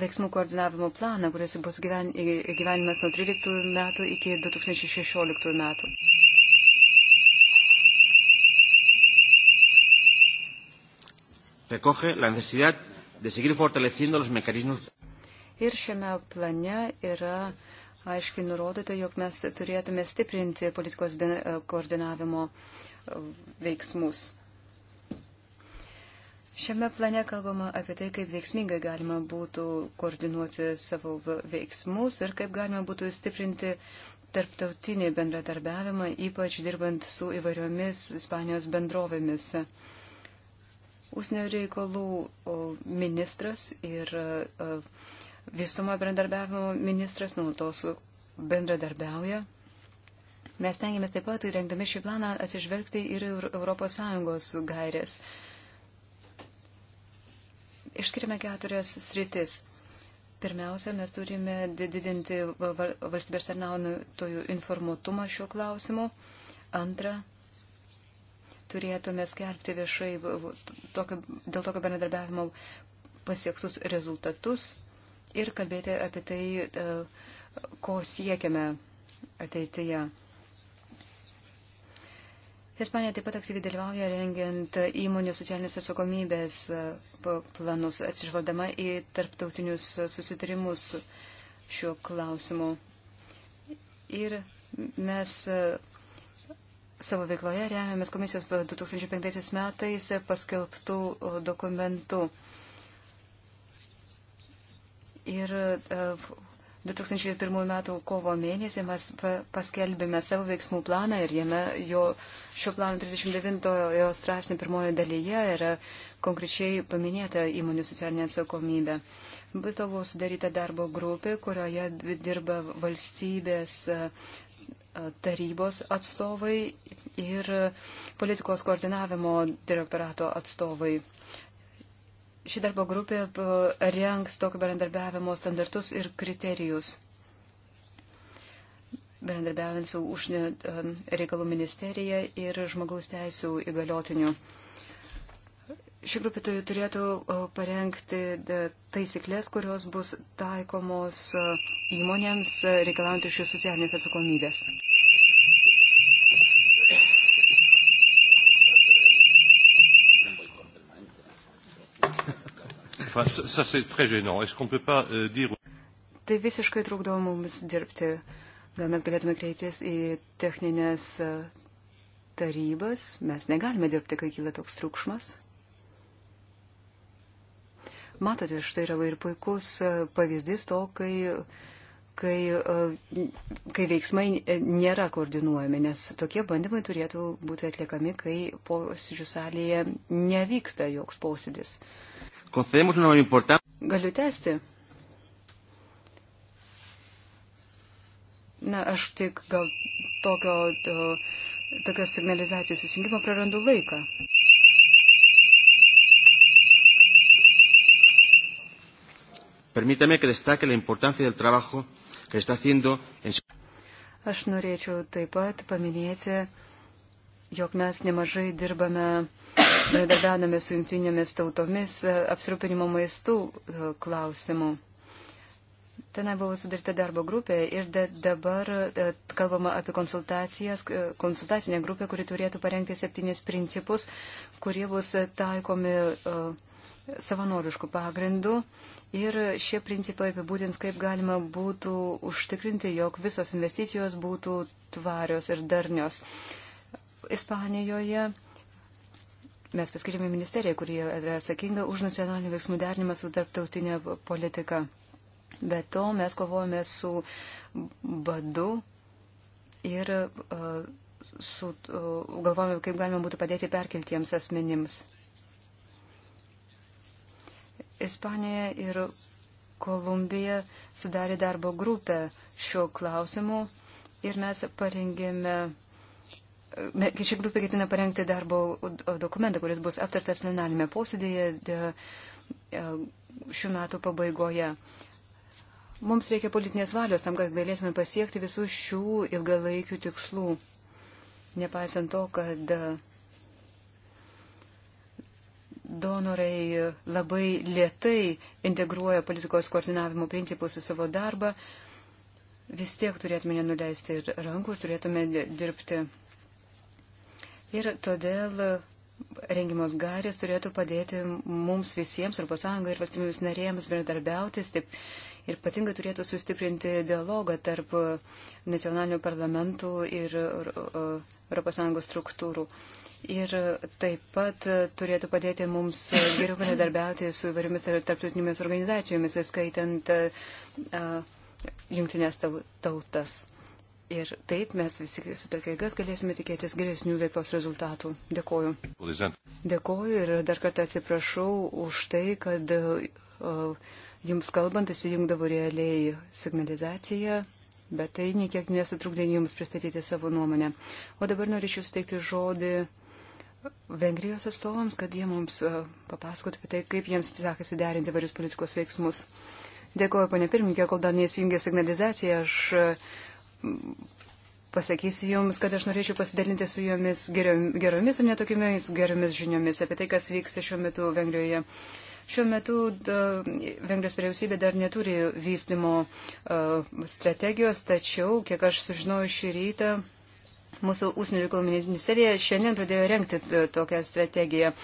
veiksmų koordinavimo planą, kuris bus gyven, gyvenimas nuo 13 metų iki 2016 metų. Recoge la necesidad de seguir fortaleciendo los mecanismos. Ir šiame plane yra aiškiai nurodyta, jog mes turėtume stiprinti politikos koordinavimo e, veiksmus. Šiame plane kalbama apie tai, kaip veiksmingai galima būtų koordinuoti savo veiksmus ir kaip galima būtų stiprinti tarptautinį bendradarbiavimą, ypač dirbant su įvairiomis Ispanijos bendrovėmis. Užsienio reikalų ministras ir visumo bendradarbiavimo ministras nuolatos bendradarbiauja. Mes tengiamės taip pat, rengdami šį planą, atsižvelgti ir ES gairės. Išskiriame keturias sritis. Pirmiausia, mes turime didinti valstybės tarnautojų informuotumą šiuo klausimu. Antra, turėtume skelbti viešai tokio, dėl tokio bendradarbiavimo pasiektus rezultatus ir kalbėti apie tai, e, ko siekiame ateityje. Ispanija taip pat aktyviai dalyvauja rengiant įmonių socialinės atsakomybės e, planus, atsižvaldama į tarptautinius susitarimus šiuo klausimu. Ir mes e, savo veikloje remiamės komisijos 2005 metais paskelbtų dokumentų. Ir e, 2001 m. kovo mėnesį mes paskelbėme savo veiksmų planą ir jame jo šio plano 39 straipsnio pirmojo dalyje yra konkrečiai paminėta įmonių socialinė atsakomybė. Be to buvo sudaryta darbo grupė, kurioje dirba valstybės tarybos atstovai ir politikos koordinavimo direktorato atstovai. Ši darbo grupė rengs tokio bendradarbiavimo standartus ir kriterijus. Bendradarbiavant su užsienio e, reikalų ministerija ir žmogaus teisų įgaliotiniu. Ši grupė turėtų e, parengti e, taisyklės, kurios bus taikomos įmonėms reikalaujant iš jų socialinės atsakomybės. Enfin, ça, c'est très gênant. Est-ce qu'on peut pas euh, dire. Tai visiškai trukdo mums dirbti. Gal mes galėtume kreiptis į techninės e, tarybas. Mes negalime dirbti, kai kyla toks triukšmas. Matote, štai yra ir puikus e, pavyzdys to, kai, kai, e, kai veiksmai nėra koordinuojami, nes tokie bandymai turėtų būti atliekami, kai posėdžių salėje nevyksta joks posėdis. Uh, concedemos una importante. Galiu tęsti. Na, aš tik gal tokio, to, tokios signalizacijos įsijungimo prarandu laiką. Permítame que destaque la importancia del trabajo que está haciendo en su. Aš norėčiau taip pat paminėti, jog mes nemažai dirbame bendradarbiavome su jungtinėmis tautomis e, apsirūpinimo maistų e, klausimu. Tenai buvo sudaryta darbo grupė ir da, dabar da, e, kalbama apie konsultacijas, konsultacinę grupę, kuri turėtų parengti septynis principus, kurie bus taikomi uh, savanoriškų pagrindų. Ir šie principai apibūdins, kaip galima būtų užtikrinti, jog visos investicijos būtų tvarios ir darnios. Ispanijoje Mes paskirėme ministeriją, kuri yra atsakinga už nacionalinį veiksmų derinimą su tarptautinė politika. Be to mes kovojame su badu ir uh, su, uh, galvojame, kaip galima būtų padėti perkeltiems asmenims. Ispanija ir Kolumbija sudarė darbo grupę šiuo klausimu ir mes parengėme Ši grupė ketina parengti darbo dokumentą, kuris bus aptartas plenarinėme posėdėje e, šių metų pabaigoje. Mums reikia politinės valios tam, kad galėsime pasiekti visų šių ilgalaikių tikslų. Nepaisant to, kad e, donorai labai lietai integruoja politikos koordinavimo principus į savo darbą, vis tiek turėtume nenuleisti rankų ir turėtume dirbti Ir todėl rengimos garės turėtų padėti mums visiems, Europos Sąjungai ir valstybėms narėms bendradarbiauti. Taip, ir patingai turėtų sustiprinti dialogą tarp nacionalinių parlamentų ir Europos Sąjungos struktūrų. Ir taip pat turėtų padėti mums geriau bendradarbiauti su įvairiomis tarptautinėmis organizacijomis, skaitant uh, jungtinės tautas. Ir taip mes visi sutelkę jėgas galėsime tikėtis geresnių veiklos rezultatų. Dėkoju. Dėkoju ir dar kartą atsiprašau už tai, kad uh, jums kalbant įsijungdavo realiai signalizacija, bet tai niekiek nesutrukdė jums pristatyti savo nuomonę. O dabar norėčiau suteikti žodį Vengrijos atstovams, kad jie mums papasakotų apie tai, kaip jiems sekasi derinti varius politikos veiksmus. Dėkuoju, ponė pirmininkė, kol dar neįsijungė signalizacija, aš pasakysiu Jums, kad aš norėčiau pasidalinti su Jumis geromis ir netokiamis geromis žiniomis apie tai, kas vyksta šiuo metu Vengrijoje. Šiuo metu da, Vengrijos vyriausybė dar neturi vystimo uh, strategijos, tačiau, kiek aš sužinojau šį rytą, mūsų ūsinių reikalų ministerija šiandien pradėjo renkti tokią strategiją.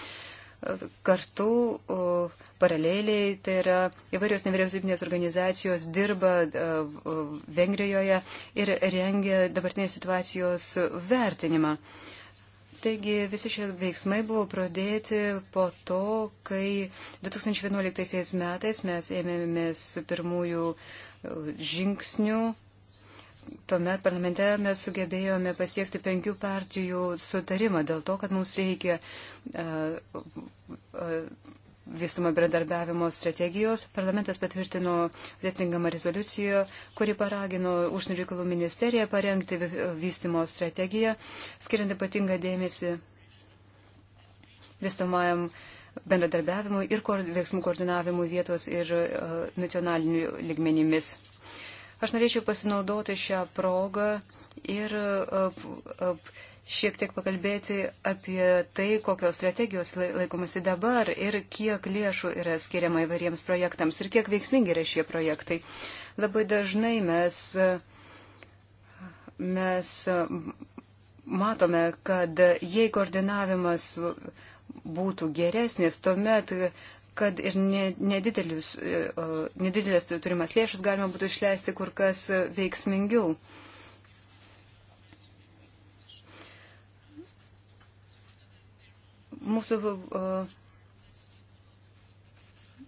Kartu uh, paraleliai, tai yra įvairios nevyriausybinės organizacijos dirba e, Vengrijoje ir rengia dabartinės situacijos vertinimą. Taigi visi šie veiksmai buvo pradėti po to, kai 2011 metais mes ėmėmės pirmųjų e, žingsnių. Tuomet parlamente mes sugebėjome pasiekti penkių partijų sutarimą dėl to, kad mums reikia uh, uh, vystumo bendradarbiavimo strategijos, parlamentas patvirtino vietingamą rezoliuciją, kuri paragino užsienio reikalų ministeriją parengti vystumo strategiją, skiriant ypatingą dėmesį vystumajam bendradarbiavimui ir veiksmų koordinavimui vietos ir uh, nacionalinių lygmenimis. Aš norėčiau pasinaudoti šią progą ir uh, uh, šiek tiek pakalbėti apie tai, kokios strategijos laikomasi dabar ir kiek lėšų yra skiriama įvariems projektams ir kiek veiksmingi yra šie projektai. Labai dažnai mes, mes matome, kad jei koordinavimas būtų geresnis, tuomet kad ir nedidelis, e, nedidelės turimas lėšas galima būtų išleisti kur kas veiksmingiau. Mūsų uh, e,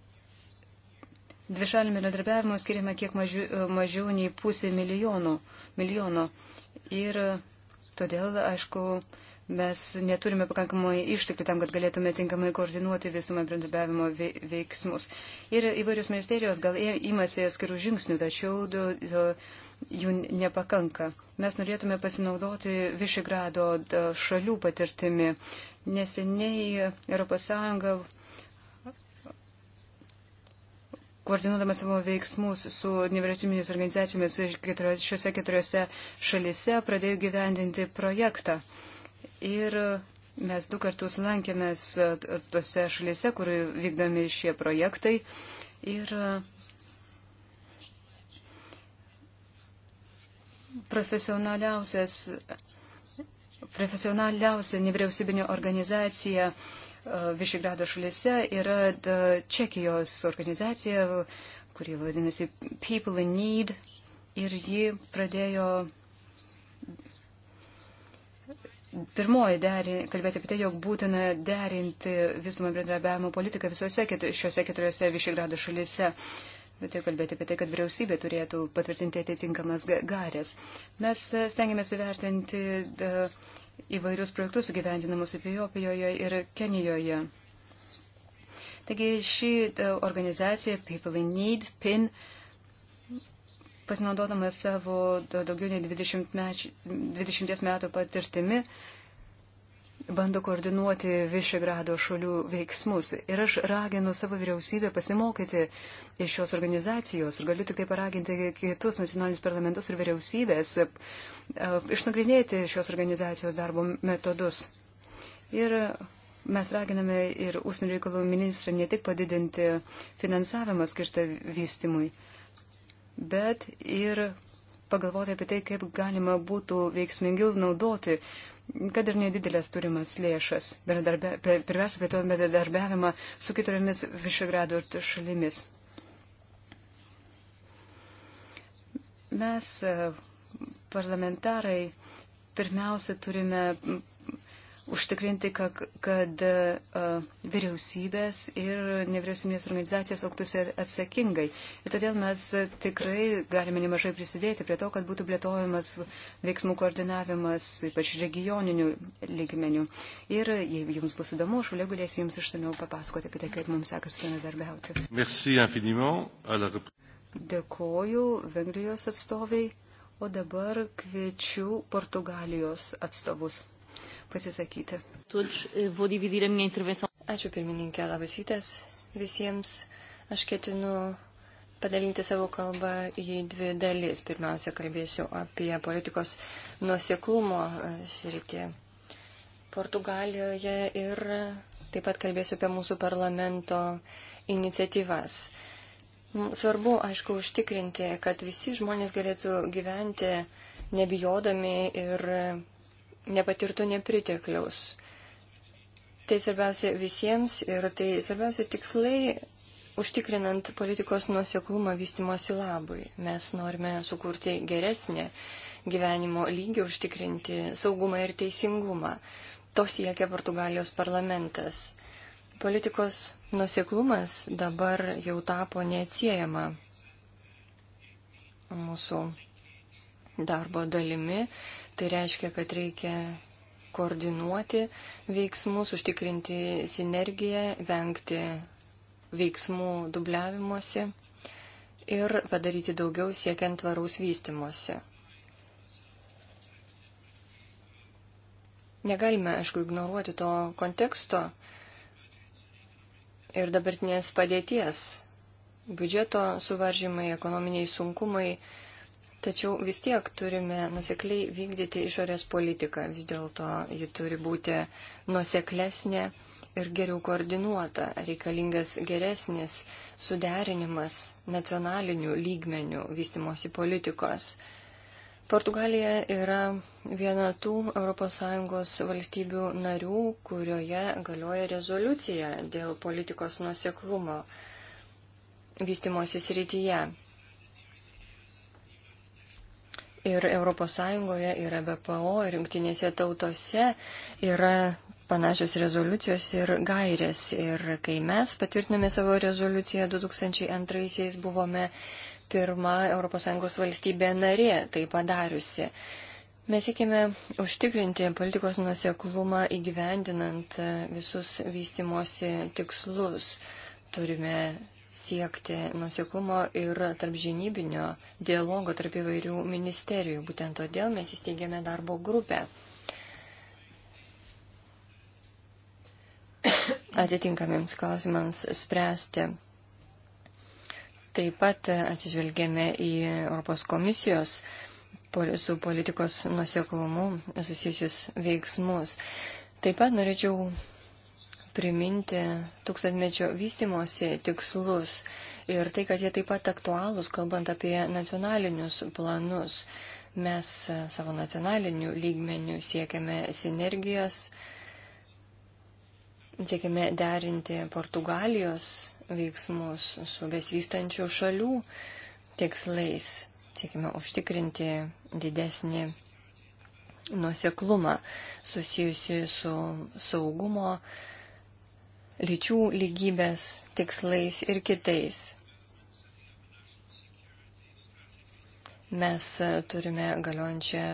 dvišalim bendradarbiavimui skiriame kiek mažiau, e, mažiau nei pusė milijono, milijono. Ir todėl, aišku, mes neturime pakankamai išteklių tam, kad galėtume tinkamai koordinuoti visumą bendradarbiavimo veiksmus. Ir įvairios ministerijos gal imasi skirų žingsnių, tačiau do, do, jų nepakanka. Mes norėtume pasinaudoti Višigrado šalių patirtimi Neseniai ES koordinuodama savo veiksmus su nevyriausybinės organizacijomis šiuose keturiose šalise pradėjo gyvendinti projektą. Ir mes du kartus lankėmės tose šalise, kur vykdomi šie projektai. Ir profesionaliausias profesionaliausia nevyriausybinė organizacija e, Višigrado šalise yra e, Čekijos organizacija, kuri vadinasi People in Need ir ji pradėjo pirmoji derin, kalbėti apie tai, jog būtina derinti visumo bendradarbiavimo politiką visuose šiuose keturiose Višigrado šalise. Bet jau kalbėti apie tai, kad vyriausybė turėtų patvirtinti atitinkamas garės. Mes e, stengiamės įvertinti. Uh, įvairius projektus gyvendinamus Etiopijoje ir Kenijoje. Taigi ši e, organizacija People in Need, PIN, pasinaudodamas savo daugiau nei 20, meč, 20 metų patirtimi, bando koordinuoti Višegrado šalių veiksmus. Ir aš raginu savo vyriausybę pasimokyti iš šios organizacijos ir galiu tik tai paraginti kitus nacionalinius parlamentus ir vyriausybės e, išnagrinėti šios organizacijos darbo metodus. Ir mes raginame ir ūsnių reikalų ministrą ne tik padidinti finansavimą skirtą vystimui, bet ir pagalvoti apie tai, kaip galima būtų veiksmingiau naudoti kad ir nedidelės turimas lėšas, pirmiausia, plėtojame bendradarbiavimą su keturiomis Višegrado šalimis. Mes, e, parlamentarai, pirmiausia, turime užtikrinti, kad, kad vyriausybės ir nevyriausybinės organizacijos elgtųsi atsakingai. Ir todėl mes tikrai galime nemažai prisidėti prie to, kad būtų plėtojamas veiksmų koordinavimas, ypač regioninių lygmenių. Ir jeigu jums bus įdomu, aš vėliau galėsiu jums išsameu papasakoti apie tai, kaip mums sekasi bendradarbiauti. Dėkoju Vengrijos atstoviai, o dabar kviečiu Portugalijos atstovus pasisakyti. E, Ačiū pirmininkė, labas rytas visiems. Aš ketinu padalinti savo kalbą į dvi dalis. Pirmiausia, kalbėsiu apie politikos nuoseklumo e, sritį Portugalijoje ir taip pat kalbėsiu apie mūsų parlamento iniciatyvas. Svarbu, aišku, užtikrinti, kad visi žmonės galėtų gyventi nebijodami ir nepatirtų nepritekliaus. Tai svarbiausia visiems ir tai svarbiausia tikslai Užtikrinant politikos nuoseklumą vystimosi labui, mes norime sukurti geresnę gyvenimo lygį, užtikrinti saugumą ir teisingumą. To siekia Portugalijos parlamentas. Politikos nuoseklumas dabar jau tapo neatsiejama mūsų darbo dalimi Tai reiškia, kad reikia koordinuoti veiksmus, užtikrinti sinergiją, vengti veiksmų dubliavimuose ir padaryti daugiau siekiant tvaraus vystimuose. Negalime, aišku, ignoruoti to konteksto ir dabartinės padėties. Biudžeto suvaržymai, ekonominiai sunkumai Tačiau vis tiek turime nusekliai vykdyti išorės politiką. Vis dėlto ji turi būti nuseklesnė ir geriau koordinuota. Reikalingas geresnis suderinimas nacionalinių lygmenių vystimosi politikos. Portugalija yra viena tų ES valstybių narių, kurioje galioja rezoliucija dėl politikos nuseklumo vystimosi srityje ir ES, ir e BPO, ir jungtinėse tautose yra panašios rezoliucijos ir gairės. Ir kai mes patvirtinome savo rezoliuciją 2002-aisiais, buvome pirma ES valstybė narė tai padariusi. Mes siekime užtikrinti politikos nuseklumą įgyvendinant visus vystimosi tikslus. Turime siekti nusiklumo ir tarp žinybinio dialogo tarp įvairių ministerijų. Būtent todėl mes įsteigėme darbo grupę. Atitinkamiems klausimams spręsti. Taip pat atsižvelgėme į Europos komisijos su politikos nuseklumu susijusius veiksmus. Taip pat norėčiau priminti tūkstantmečio vystimosi tikslus ir tai, kad jie taip pat aktualūs, kalbant apie nacionalinius planus. Mes savo nacionalinių lygmenių siekiame sinergijos, siekiame derinti Portugalijos veiksmus su besvystančių šalių tikslais, siekime užtikrinti didesnį nuoseklumą susijusi su saugumo lyčių lygybės tikslais ir kitais. Mes turime galiojančią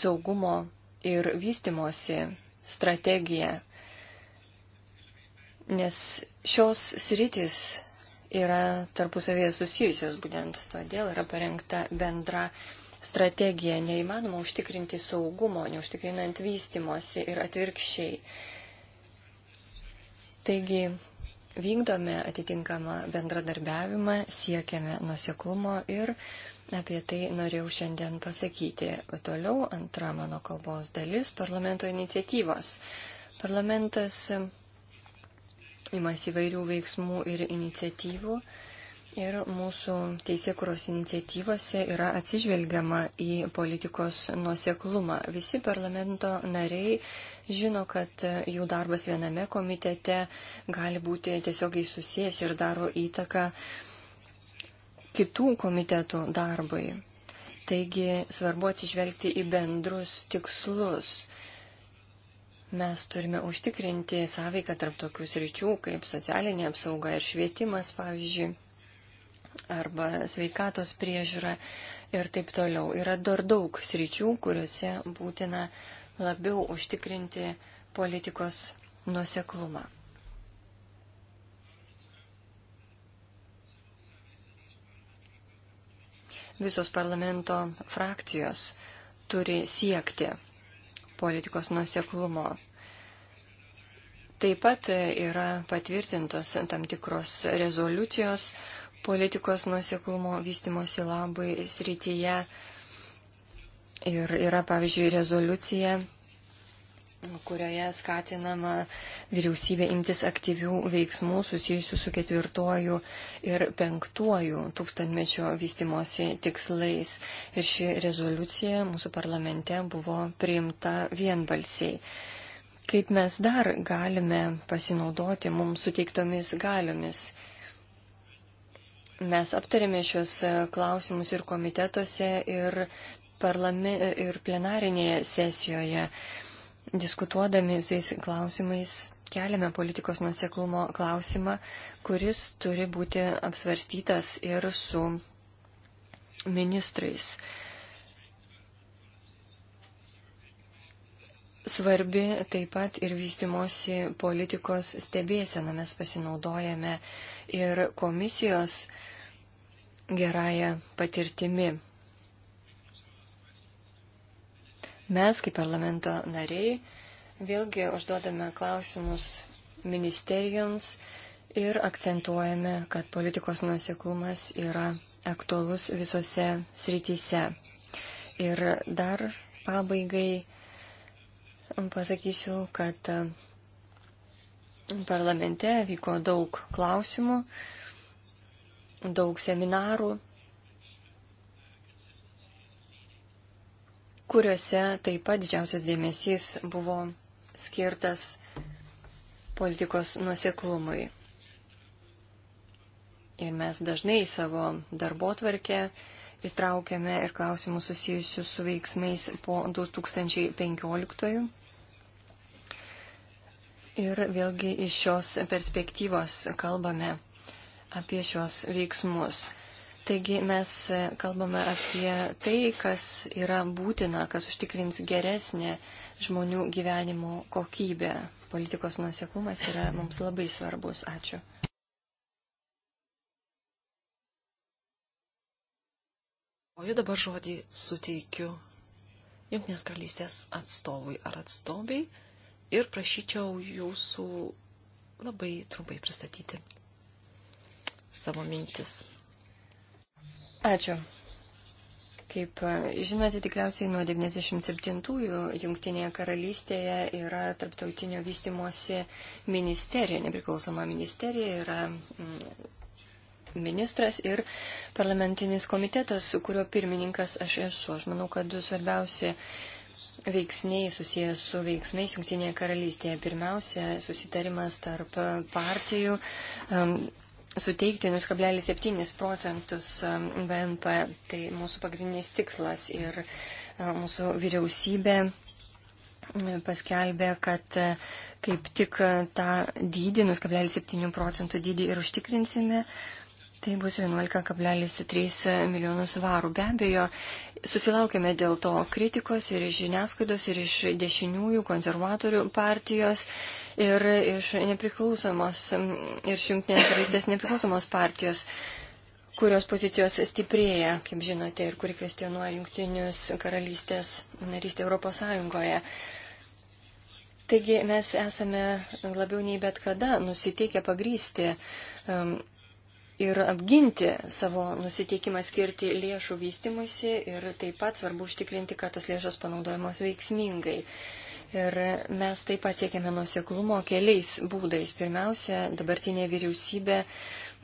saugumo ir vystimosi strategiją, nes šios sritis yra tarpusavėje susijusios, būtent todėl yra parengta bendra strategija. Neįmanoma užtikrinti saugumo, neužtikrinant vystimosi ir atvirkščiai. Taigi vykdome atitinkamą bendradarbiavimą, siekiame nuseklumo ir apie tai norėjau šiandien pasakyti. Toliau antra mano kalbos dalis - parlamento iniciatyvos. Parlamentas imasi įvairių veiksmų ir iniciatyvų. Uh, Ir mūsų teisėkuros iniciatyvose yra atsižvelgiama į politikos nuoseklumą. Visi parlamento nariai žino, kad jų darbas viename komitete gali būti tiesiogiai susijęs ir daro įtaką kitų komitetų darbui. Taigi svarbu atsižvelgti į bendrus tikslus. Mes turime užtikrinti sąveiką tarp tokių sričių kaip socialinė apsauga ir švietimas, pavyzdžiui arba sveikatos priežiūra ir taip toliau. Yra dar daug sričių, kuriuose būtina labiau užtikrinti politikos nuoseklumą. Visos parlamento frakcijos turi siekti politikos nuoseklumo. Taip pat yra patvirtintos tam tikros rezoliucijos, politikos nuseklumo vystimosi labai srityje. Ir yra, pavyzdžiui, rezoliucija, kurioje skatinama vyriausybė imtis aktyvių veiksmų susijusių su ketvirtuoju ir penktuoju tūkstantmečio vystimosi tikslais. Ir ši rezoliucija mūsų parlamente buvo priimta vienbalsiai kaip mes dar galime pasinaudoti mums suteiktomis galiomis Mes aptarėme šios e, klausimus ir komitetuose, ir, parlami, ir plenarinėje sesijoje. Diskutuodami visais klausimais keliame politikos nuseklumo klausimą, kuris turi būti apsvarstytas ir su ministrais. Svarbi taip pat ir vystimosi politikos stebėsena. Mes pasinaudojame ir komisijos uh, gerąją patirtimi. Mes, kaip parlamento nariai, vėlgi užduodame klausimus ministerijoms ir akcentuojame, kad politikos nuoseklumas yra aktualus visose srityse. Ir dar pabaigai pasakysiu, kad e, parlamente vyko daug klausimų daug seminarų, kuriuose taip pat didžiausias dėmesys buvo skirtas politikos nuseklumui. Ir mes dažnai savo darbo tvarkę įtraukiame ir klausimus susijusius su veiksmais po 2015. Ir vėlgi iš šios perspektyvos kalbame apie šios veiksmus. Taigi mes e, kalbame apie tai, kas yra būtina, kas užtikrins geresnį žmonių gyvenimo kokybę. Politikos nuoseklumas yra mums labai svarbus. Ačiū. O jau dabar žodį suteikiu Junktinės karalystės atstovui ar atstoviai ir prašyčiau jūsų labai trumpai pristatyti savo mintis. Ačiū. Kaip žinote, tikriausiai nuo 97-ųjų Junktinėje karalystėje yra tarptautinio vystimosi ministerija, nepriklausoma ministerija, yra mm, ministras ir parlamentinis komitetas, kurio pirmininkas aš esu. Aš manau, kad du svarbiausi veiksniai susijęs su veiksmais Junktinėje karalystėje. Pirmiausia, susitarimas tarp partijų mm, suteikti 0,7 procentus um, BNP. Tai mūsų pagrindinis tikslas ir uh, mūsų vyriausybė uh, paskelbė, kad uh, kaip tik tą dydį, 0,7 procentų dydį ir užtikrinsime Tai bus 11,3 milijonus svarų. Be abejo, susilaukėme dėl to kritikos ir iš žiniasklaidos, ir iš dešiniųjų konservatorių partijos, ir iš nepriklausomos, ir iš jungtinės karalystės nepriklausomos partijos, kurios pozicijos stiprėja, kaip žinote, ir kuri kvestionuoja jungtinius karalystės narystę Europos Sąjungoje. Taigi mes esame labiau nei bet kada nusiteikę pagrysti um, ir apginti savo nusiteikimą skirti lėšų vystimuisi ir taip pat svarbu užtikrinti, kad tos lėšos panaudojamos veiksmingai. Ir mes taip pat siekiame nuseklumo keliais būdais. Pirmiausia, dabartinė vyriausybė m,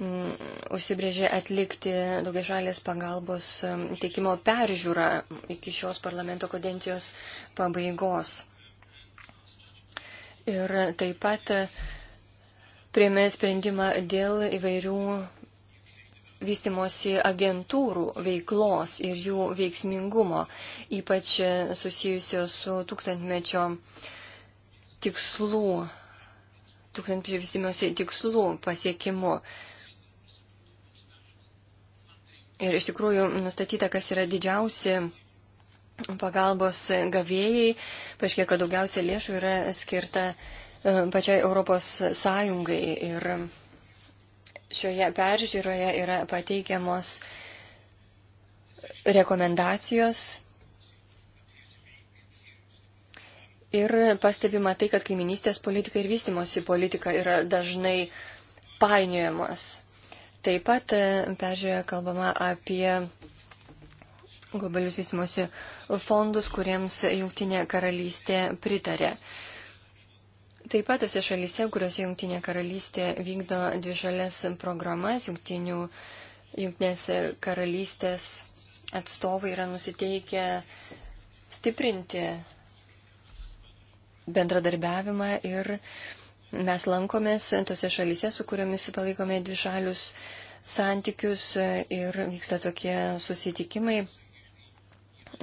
mm, užsibrėžė atlikti daugiašalės pagalbos mm, teikimo peržiūrą iki šios parlamento kadencijos pabaigos. Ir taip pat priėmė sprendimą dėl įvairių vystimosi agentūrų veiklos ir jų veiksmingumo, ypač susijusio su tūkstantmečio tikslų, tūkstantmečio vystimosi tikslų pasiekimu. Ir iš tikrųjų nustatyta, kas yra didžiausi pagalbos gavėjai. Paaiškėjo, kad daugiausia lėšų yra skirta e, pačiai Europos Sąjungai. Ir šioje peržiūroje yra pateikiamos rekomendacijos. Ir pastebima tai, kad kaiminystės politika ir vystimosi politika yra dažnai painiojamos. Taip pat e, peržiūrėje kalbama apie globalius vystimosi fondus, kuriems Jungtinė karalystė pritarė. Taip pat tose šalyse, kuriuose Junktinė karalystė vykdo dvišalės programas, jungtinių, Junktinės karalystės atstovai yra nusiteikę stiprinti bendradarbiavimą ir mes lankomės tose šalyse, su kuriomis palaikome dvišalius santykius ir vyksta tokie susitikimai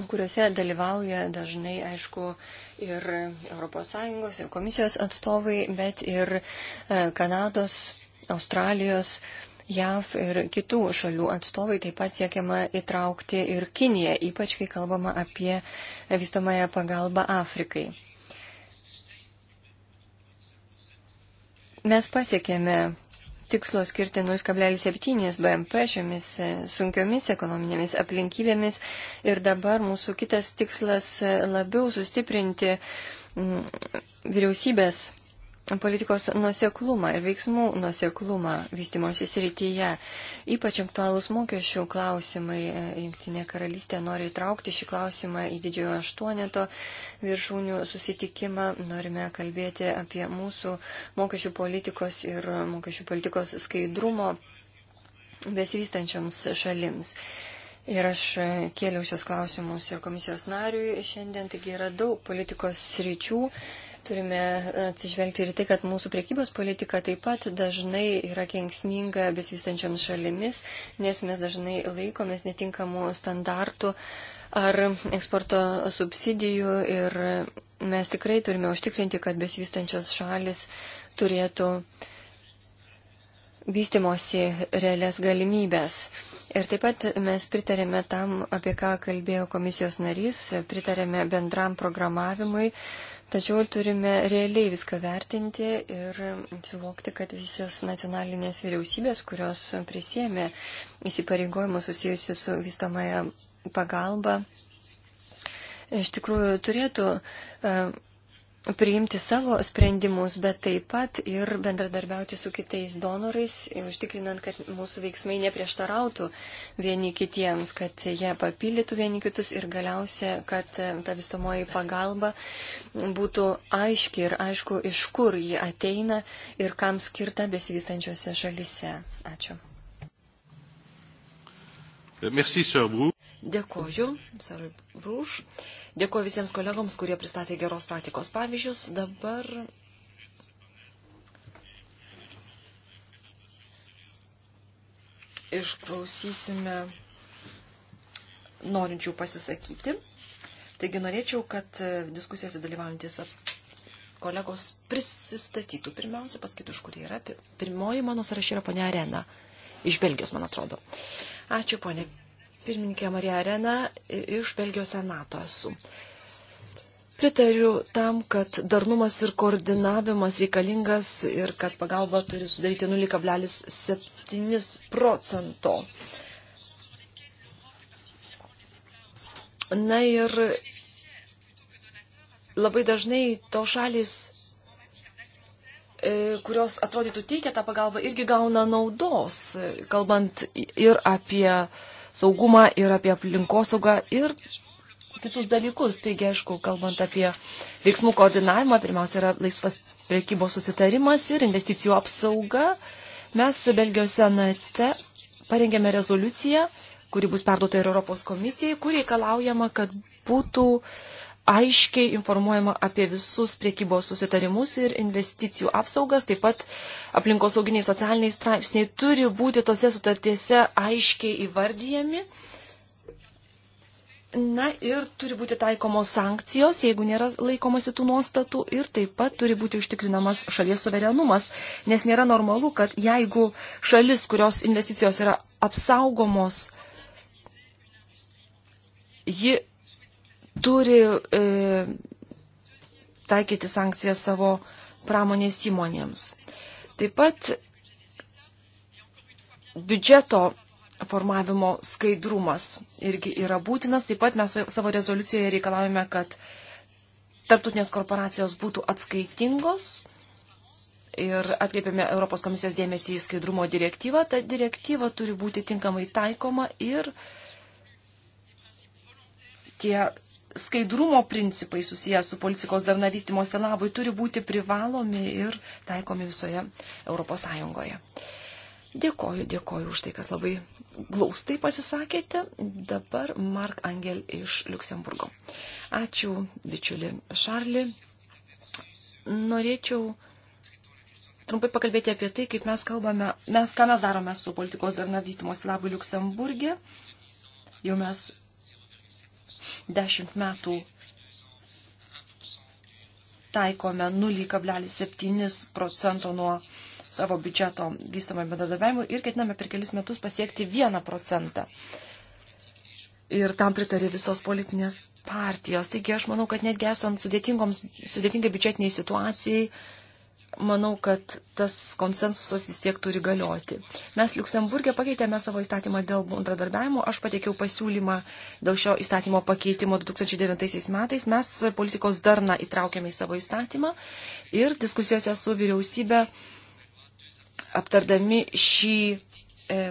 kuriuose dalyvauja dažnai, aišku, ir ES, ir komisijos atstovai, bet ir e, Kanados, Australijos, JAV ir kitų šalių atstovai. Taip pat siekiama įtraukti ir Kiniją, ypač kai kalbama apie vystomąją pagalbą Afrikai. Mes pasiekėme tikslo skirti 0,7 BMP šiomis e, sunkiomis ekonominėmis aplinkybėmis ir dabar mūsų kitas tikslas e, labiau sustiprinti mm, vyriausybės politikos nuseklumą ir veiksmų nuseklumą vystimosi srityje. Ypač aktualūs mokesčių klausimai. E, Junktinė karalystė nori įtraukti šį klausimą į didžiojo aštuoneto viršūnių susitikimą. Norime kalbėti apie mūsų mokesčių politikos ir mokesčių politikos skaidrumo besivystančioms šalims. Ir aš e, kėliau šios klausimus ir komisijos nariui šiandien, taigi yra daug politikos sričių, Turime atsižvelgti ir tai, kad mūsų priekybos politika taip pat dažnai yra kengsminga besivystančioms šalimis, nes mes dažnai laikomės netinkamų standartų ar eksporto subsidijų ir mes tikrai turime užtikrinti, kad besivystančios šalis turėtų vystimosi realias galimybės. Ir taip pat mes pritarėme tam, apie ką kalbėjo komisijos narys, pritarėme bendram programavimui, Tačiau turime realiai viską vertinti ir suvokti, kad visos nacionalinės vyriausybės, kurios prisėmė įsipareigojimus susijusius su vystomąją pagalbą, iš tikrųjų turėtų priimti savo sprendimus, bet taip pat ir bendradarbiauti su kitais donorais, užtikrinant, kad mūsų veiksmai neprieštarautų vieni kitiems, kad jie papildytų vieni kitus ir galiausia, kad e, ta vistomoji pagalba būtų aiški ir aišku, iš kur ji ateina ir kam skirta besivystančiose šalise. Ačiū. Merci, Dėkoju, Sarui Brūš. Dėkuoju visiems kolegoms, kurie pristatė geros praktikos pavyzdžius. Dabar išklausysime norinčių pasisakyti. Taigi norėčiau, kad diskusijose dalyvaujantis atstovai kolegos prisistatytų pirmiausia, pasakytų, iš kur jie yra. Pirmoji mano sąrašė yra ponia Arena. Iš Belgijos, man atrodo. Ačiū, ponė Pirmininkė Marija Arena iš Belgijos senato esu. Pritariu tam, kad darnumas ir koordinavimas reikalingas ir kad pagalba turi sudaryti 0,7 procento. Na ir labai dažnai to šalis, e, kurios atrodytų teikia tą pagalbą, irgi gauna naudos, kalbant ir apie uh, saugumą, ir apie aplinkosaugą, ir kitus dalykus. Taigi, aišku, kalbant apie veiksmų koordinavimą, pirmiausia yra laisvas priekybos susitarimas ir investicijų apsauga. Mes Belgijos senate parengėme rezoliuciją, kuri bus perduota ir Europos komisijai, kur reikalaujama, kad būtų uh, aiškiai informuojama apie visus priekybos susitarimus ir investicijų apsaugas, taip pat aplinkosauginiai socialiniai straipsniai turi būti tose sutartėse aiškiai įvardyjami. Na ir turi būti taikomos sankcijos, jeigu nėra laikomasi tų nuostatų ir taip pat turi būti užtikrinamas šalies suverenumas, nes nėra normalu, kad jeigu šalis, kurios investicijos yra apsaugomos, ji turi e, taikyti sankcijas savo pramonės įmonėms. Taip pat biudžeto formavimo skaidrumas irgi yra būtinas. Taip pat mes savo rezoliucijoje reikalavome, kad tarptautinės korporacijos būtų atskaitingos ir atkreipėme Europos komisijos dėmesį į skaidrumo direktyvą. Ta direktyva turi būti tinkamai taikoma ir tie skaidrumo principai susijęs su politikos darnavystymosi labui turi būti privalomi ir taikomi visoje ES. Dėkoju, dėkoju už tai, kad labai glaustai pasisakėte. Dabar Mark Angel iš Luksemburgo. Ačiū, bičiuli Šarli. Norėčiau trumpai pakalbėti apie tai, kaip mes kalbame, mes, ką mes darome su politikos darnavystymosi labui Luksemburgė. Jau mes dešimt metų taikome 0,7 procento nuo savo biudžeto vystomai bendradarbiavimui ir ketiname per kelis metus pasiekti 1 procentą. Ir tam pritarė visos politinės partijos. Taigi aš manau, kad netgi esant sudėtingai biudžetiniai situacijai, manau, kad tas konsensusas vis tiek turi galioti. Mes Luksemburgė pakeitėme savo įstatymą dėl bendradarbiavimo, aš pateikiau pasiūlymą dėl šio įstatymo pakeitimo 2009 metais, mes politikos darną įtraukėme į savo įstatymą ir diskusijose su vyriausybė aptardami šį. E,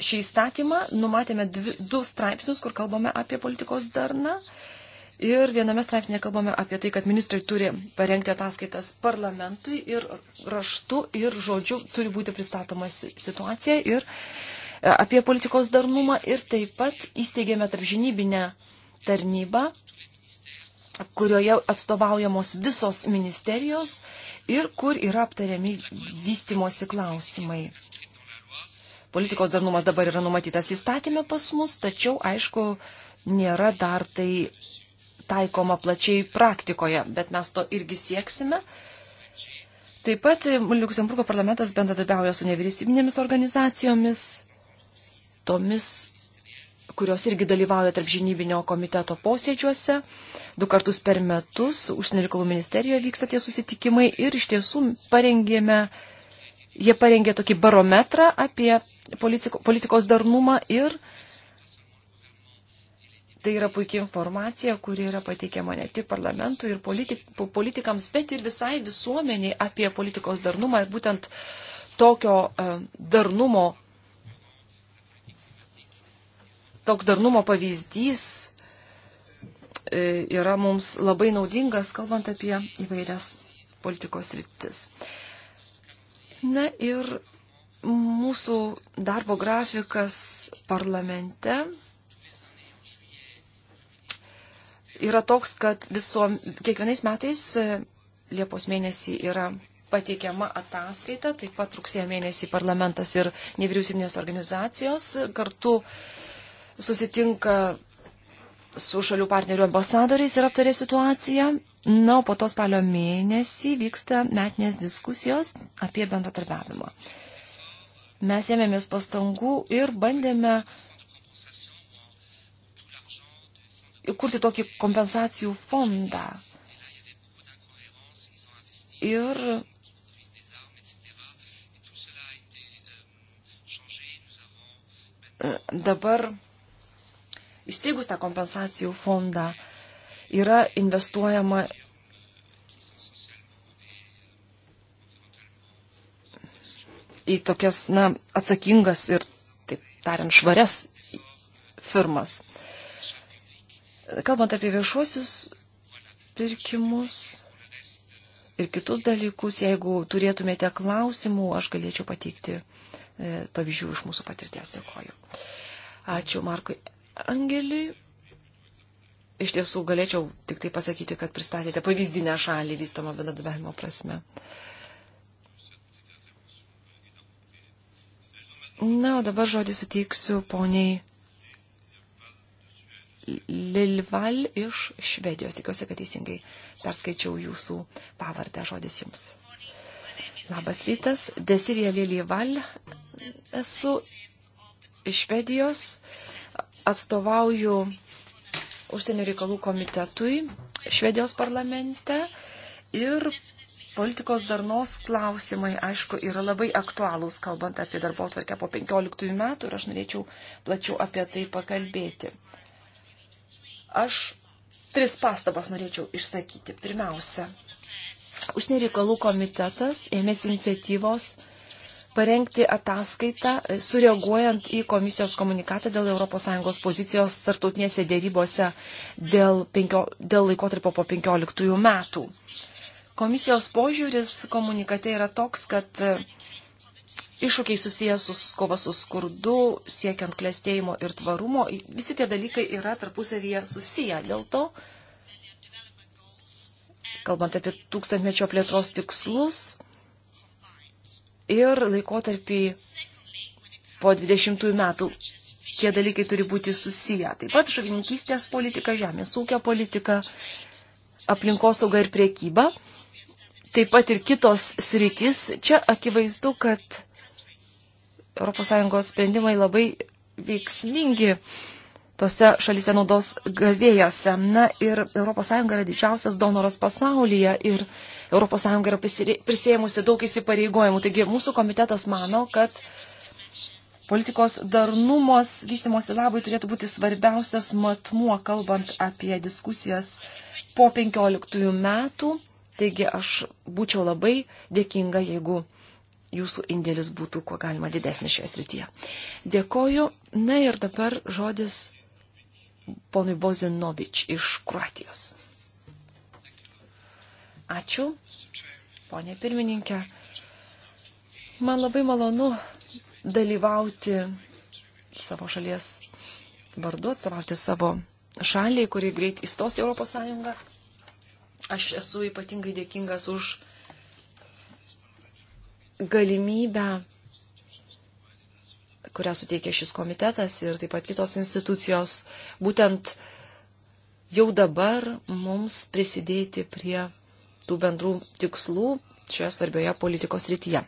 Šį įstatymą numatėme dvi, du straipsnius, kur kalbame apie politikos darną. E, Ir viename straipsnėje kalbame apie tai, kad ministrai turi parengti ataskaitas parlamentui ir raštu ir žodžiu turi būti pristatoma situacija ir e, apie politikos darnumą ir taip pat įsteigėme tarpžinybinę tarnybą, kurioje atstovaujamos visos ministerijos ir kur yra aptariami vystimosi klausimai. Politikos darnumas dabar yra numatytas įstatymė pas mus, tačiau, aišku, nėra dar tai taikoma plačiai praktikoje, bet mes to irgi sieksime. Taip pat Luksemburgo parlamentas bendradarbiauja su nevyriausybinėmis organizacijomis, tomis, kurios irgi dalyvauja tarp žinybinio komiteto posėdžiuose. Du kartus per metus užsienio reikalų ministerijoje vyksta tie susitikimai ir iš tiesų parengėme, jie parengė tokį barometrą apie politiko, politikos darnumą ir uh, Tai yra puikia informacija, kuri yra pateikiama ne tik parlamentui ir politik, politikams, bet ir visai visuomeniai apie politikos darnumą ir būtent tokio e, darnumo, toks darnumo pavyzdys e, yra mums labai naudingas, kalbant apie įvairias politikos rytis. Na ir mūsų darbo grafikas parlamente yra toks, kad viso, kiekvienais metais e, Liepos mėnesį yra pateikiama ataskaita, taip pat rugsėjo mėnesį parlamentas ir nevyriausybinės organizacijos kartu susitinka su šalių partnerių ambasadoriais ir aptarė situaciją. Na, o po to spalio mėnesį vyksta metinės diskusijos apie bendradarbiavimą. Mes ėmėmės pastangų ir bandėme uh, įkurti tokį kompensacijų fondą. Ir dabar įsteigus tą kompensacijų fondą yra investuojama į tokias, na, atsakingas ir, taip tariant, švarias firmas. Kalbant apie viešuosius pirkimus ir kitus dalykus, jeigu turėtumėte klausimų, aš galėčiau pateikti e, pavyzdžių iš mūsų patirties. Dėkoju. Ačiū Markui Angeliui. Iš tiesų galėčiau tik tai pasakyti, kad pristatėte pavyzdinę šalį vystomo bendradarbiavimo prasme. Na, o dabar žodį suteiksiu poniai Lilval iš Švedijos. Tikiuosi, kad teisingai perskaičiau jūsų pavardę. Žodis jums. Labas rytas. Desirija Lilval. Esu iš Švedijos. Atstovauju užsienio reikalų komitetui Švedijos parlamente. Ir politikos darnos klausimai, aišku, yra labai aktualūs, kalbant apie darbo tvarkę po 15 metų ir aš norėčiau plačiau apie tai pakalbėti. Aš tris pastabas norėčiau išsakyti. Pirmiausia, užsienio reikalų komitetas ėmėsi iniciatyvos parengti ataskaitą, e, sureaguojant į komisijos komunikatą dėl ES pozicijos tartautinėse dėrybose dėl, penkio, dėl laikotarpio po 15 metų. Komisijos požiūris komunikate yra toks, kad e, iššūkiai susijęs su kova su skurdu, siekiant klėstėjimo ir tvarumo, visi tie dalykai yra tarpusavyje susiję. Dėl to, kalbant apie tūkstantmečio plėtros tikslus ir laikotarpį po 20 metų, tie dalykai turi būti susiję. Taip pat žuvininkystės politika, žemės ūkio politika, aplinkosauga ir priekyba taip pat ir kitos sritys, čia akivaizdu, kad ES sprendimai labai veiksmingi tose šalise naudos gavėjose. Na ir ES yra didžiausias donoras pasaulyje ir ES yra prisėmusi daug įsipareigojimų. Taigi mūsų komitetas mano, kad politikos darnumos vystimosi labai turėtų būti svarbiausias matmuo, kalbant apie diskusijas po 15 metų. Taigi aš būčiau labai dėkinga, jeigu jūsų indėlis būtų kuo galima didesnis šioje srityje. Dėkoju. Na ir dabar žodis ponui Bozinovič iš Kroatijos. Ačiū, ponė pirmininkė. Man labai malonu dalyvauti savo šalies vardu, atstovauti savo šaliai, kuri greit įstos į Europos Sąjungą. Aš esu ypatingai dėkingas už galimybę, kurią suteikė šis komitetas ir taip pat kitos institucijos, būtent jau dabar mums prisidėti prie tų bendrų tikslų šioje svarbioje politikos rytyje.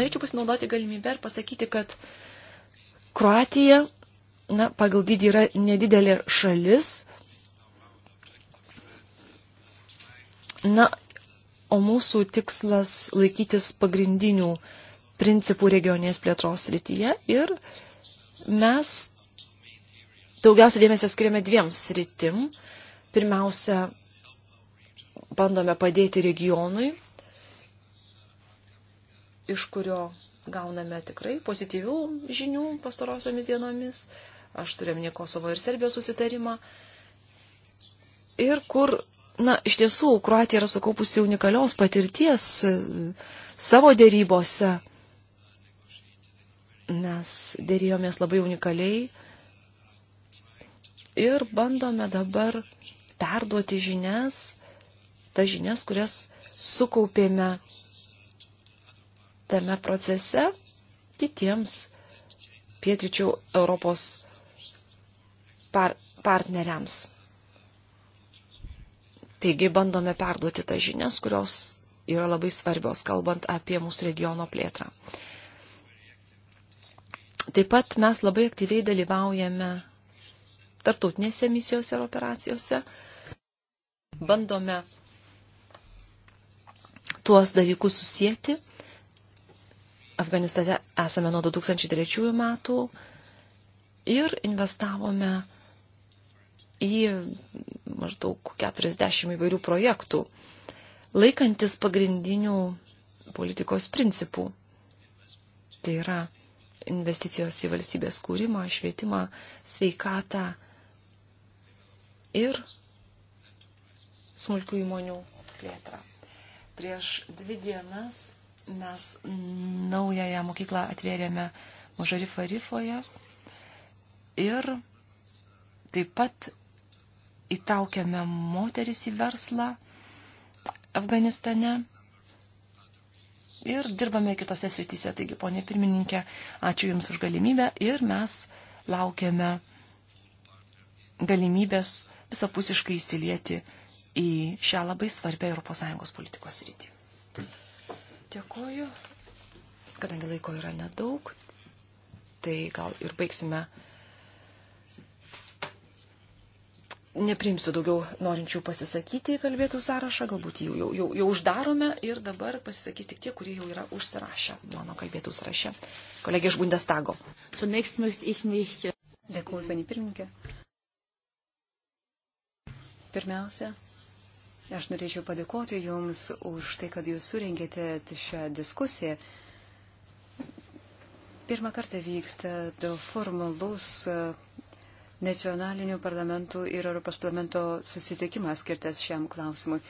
Norėčiau pasinaudoti galimybę ir pasakyti, kad Kroatija, na, pagal dydį yra nedidelė šalis. Na, o mūsų tikslas laikytis pagrindinių principų regionės plėtros rytyje ir mes daugiausia dėmesio skiriame dviems sritim. Pirmiausia, bandome padėti regionui, iš kurio gauname tikrai pozityvių žinių pastarosiomis dienomis. Aš turiu minė Kosovo ir Serbijos susitarimą. Ir kur na, iš tiesų, Kruatija yra sukaupusi unikalios patirties e, savo dėrybose. Mes dėrėjomės labai unikaliai ir bandome dabar perduoti žinias, tas žinias, kurias sukaupėme tame procese kitiems pietričių Europos par partneriams. Taigi bandome perduoti tas žinias, kurios yra labai svarbios, kalbant apie mūsų regiono plėtrą. Taip pat mes labai aktyviai dalyvaujame tarptautinėse misijose ir operacijose. Bandome tuos dalykus susijęti. Afganistane esame nuo 2003 metų ir investavome į maždaug 40 įvairių projektų, laikantis pagrindinių politikos principų. Tai yra investicijos į valstybės kūrimą, švietimą, sveikatą ir smulkių įmonių plėtrą. Prieš dvi dienas mes naująją mokyklą atvėrėme Mažarifo Rifoje ir taip pat įtraukiame moteris į verslą Afganistane ir dirbame kitose srityse. Taigi, ponė pirmininkė, ačiū Jums už galimybę ir mes laukiame galimybės visapusiškai įsilieti į šią labai svarbę ES politikos rytį. Dėkuoju. Kadangi laiko yra nedaug, tai gal ir baigsime Neprimsiu daugiau norinčių pasisakyti į kalbėtų sąrašą, galbūt jau, jau, jau, jau uždarome ir dabar pasisakys tik tie, kurie jau yra užsirašę mano kalbėtų sąraše. Kolegė iš Bundestago. Zunächst möchte ich mich. Äh, Dėkuoju, panė pirmininkė. Pirmiausia, aš norėčiau padėkoti Jums už tai, kad Jūs surengėte šią diskusiją. Pirmą kartą vyksta formalus nacionalinių parlamentų ir Europos parlamento susitikimas skirtas šiam klausimui.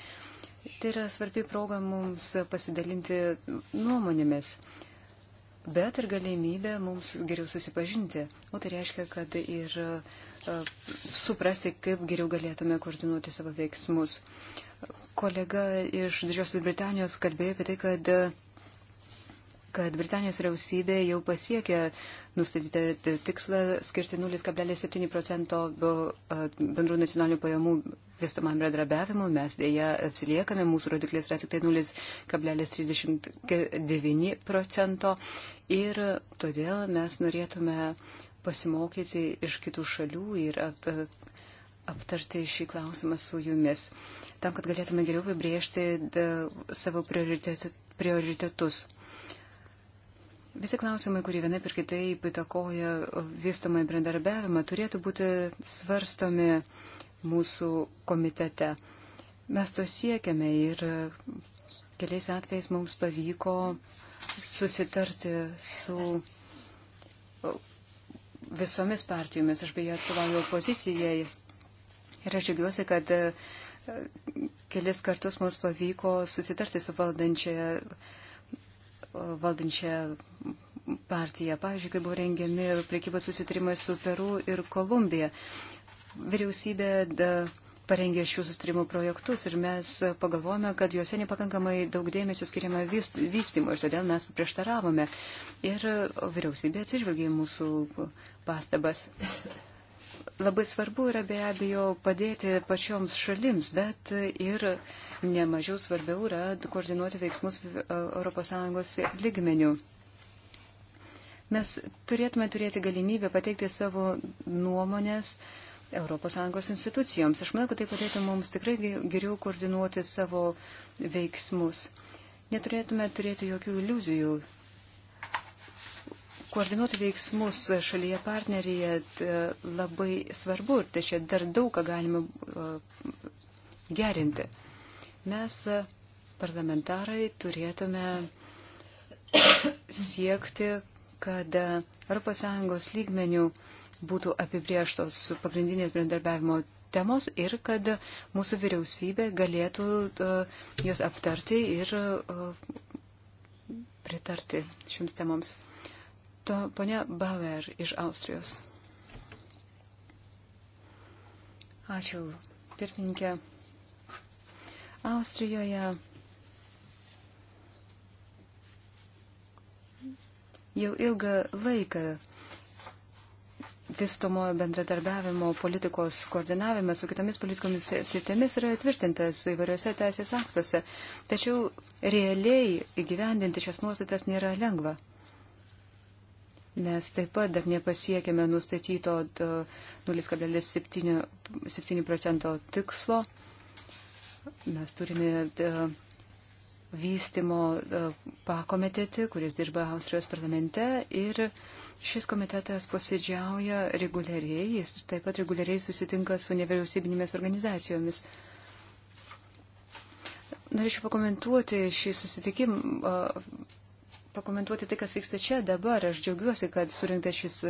Tai yra svarbi proga mums pasidalinti nuomonėmis, bet ir galimybė mums geriau susipažinti. O tai reiškia, kad ir suprasti, kaip geriau galėtume koordinuoti savo veiksmus. Kolega iš Didžiosios Britanijos kalbėjo apie tai, kad kad Britanijos vyriausybė jau pasiekė nustatytą tikslą skirti 0,7 procento bendrų nacionalinių pajamų vystomam bendradarbiavimui. Mes dėja atsiliekame, mūsų rodiklis yra tik tai 0,39 procento ir todėl mes norėtume pasimokyti iš kitų šalių ir ap, aptarti šį klausimą su jumis, tam, kad galėtume geriau apibriežti savo prioritetus. Visi klausimai, kurie vienaip ir kitaip įtakoja vystomą bendradarbiavimą, turėtų būti svarstomi mūsų komitete. Mes to siekiame ir keliais atvejais mums pavyko susitarti su visomis partijomis. Aš beje atstovauju opozicijai ir aš džiugiuosi, kad kelis kartus mums pavyko susitarti su valdančia valdančią partiją. Pavyzdžiui, kai buvo rengiami priekybos susitarimai su Peru ir Kolumbija. Vyriausybė da, parengė šių sustarimų projektus ir mes pagalvojame, kad juose nepakankamai daug dėmesio skiriama vystymui ir todėl mes prieštaravome. Ir vyriausybė atsižvelgė mūsų pastabas. Labai svarbu yra be abejo padėti pačioms šalims, bet ir uh, nemažiau svarbiau yra koordinuoti veiksmus ES lygmenių. Mes turėtume turėti galimybę pateikti savo nuomonės ES institucijoms. Aš manau, kad tai padėtų mums tikrai geriau koordinuoti savo veiksmus. Neturėtume turėti jokių iliuzijų. Koordinuoti veiksmus šalyje partneryje labai svarbu ir tai čia dar daug ką galime gerinti. Mes, e, parlamentarai, turėtume siekti, kad ES lygmenių būtų apibrieštos pagrindinės bendarbiavimo temos ir kad mūsų vyriausybė galėtų uh, jos aptarti ir uh, pritarti šiems temoms. To, ponia Bauer iš Austrijos. Ačiū, pirmininkė. Austrijoje jau ilgą laiką vystomojo bendradarbiavimo politikos koordinavime su kitomis politikomis sritimis yra atvirtintas įvairiose teisės aktuose, tačiau realiai įgyvendinti šias nuostatas nėra lengva. Mes taip pat dar nepasiekėme nustatyto 0,7 procento tikslo Mes turime e, vystimo e, pakomitetį, kuris dirba Austrijos parlamente ir šis komitetas posėdžiauja reguliariai, jis taip pat reguliariai susitinka su nevyriausybinėmis organizacijomis. Norėčiau pakomentuoti šį susitikimą, e, pakomentuoti tai, kas vyksta čia dabar. Aš džiaugiuosi, kad surinktas šis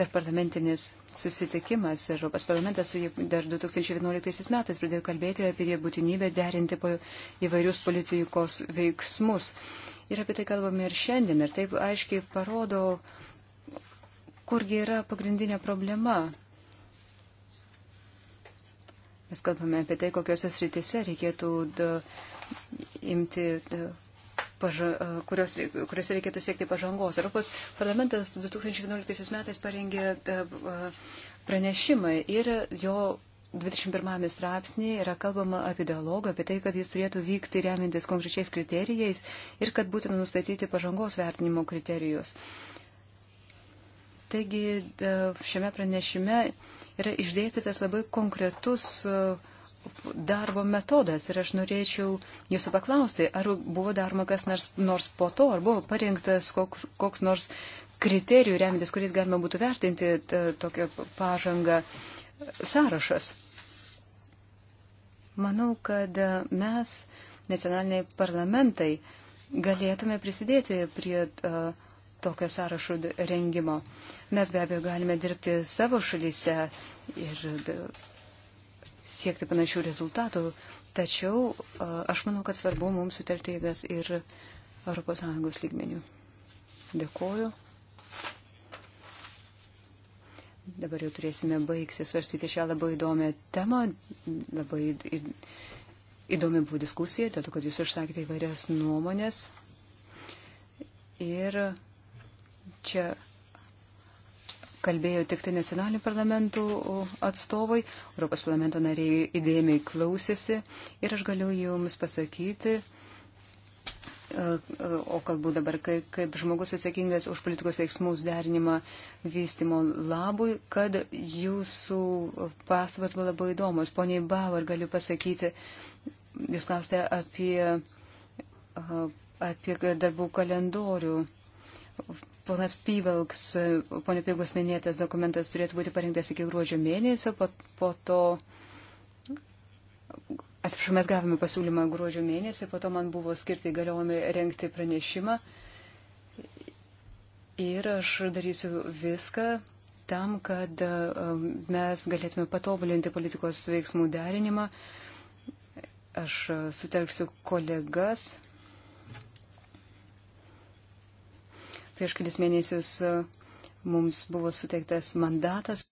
tarp parlamentinis susitikimas. Europos parlamentas dar 2011 metais pradėjo kalbėti apie būtinybę derinti po įvairius politikos veiksmus. Ir apie tai kalbame ir šiandien. Ir taip aiškiai parodo, kurgi yra pagrindinė problema. Mes kalbame apie tai, kokiuose sritise reikėtų da, imti da, paža, e, kurios, kuriuose reikėtų siekti pažangos. Europos parlamentas 2011 metais parengė e, e, pranešimą ir jo 21 straipsnį yra kalbama apie dialogą, apie tai, kad jis turėtų vykti remintis konkrečiais kriterijais ir kad būtina nustatyti pažangos vertinimo kriterijus. Taigi šiame pranešime yra išdėstytas labai konkretus uh, darbo metodas ir aš norėčiau jūsų paklausti, ar buvo daroma kas nors, nors po to, ar buvo parengtas koks, koks nors kriterijų remintis, kuris galima būtų vertinti tą, tokią pažangą sąrašas. Manau, kad mes, nacionaliniai parlamentai, galėtume prisidėti prie uh, tokio sąrašo rengimo. Mes be abejo galime dirbti savo šalyse ir uh, siekti panašių rezultatų, tačiau aš manau, kad svarbu mums sutelkti jėgas ir ES lygmenių. Dėkoju. Dabar jau turėsime baigti svarstyti šią labai įdomią temą. Labai įdomi buvo diskusija, dėl to, kad jūs išsakėte įvairias nuomonės. Ir čia kalbėjo tik tai nacionalinių parlamentų atstovai, Europos parlamento nariai įdėmiai klausėsi ir aš galiu jums pasakyti, o kalbu dabar kaip, kaip žmogus atsakingas už politikos veiksmus derinimą vystimo labui, kad jūsų pastabas buvo labai įdomus. Poniai Bauer, galiu pasakyti, jūs klausėte apie, apie darbų kalendorių ponas Pyvalks, e, ponio Pygos minėtas dokumentas turėtų būti parengtas iki gruodžio mėnesio, po, po to, atsiprašau, mes gavome pasiūlymą gruodžio mėnesį, po to man buvo skirti galiojami rengti pranešimą ir aš darysiu viską tam, kad e, mes galėtume patobulinti politikos veiksmų derinimą. Aš sutelksiu kolegas Prieš kelis mėnesius e, mums buvo suteiktas mandatas.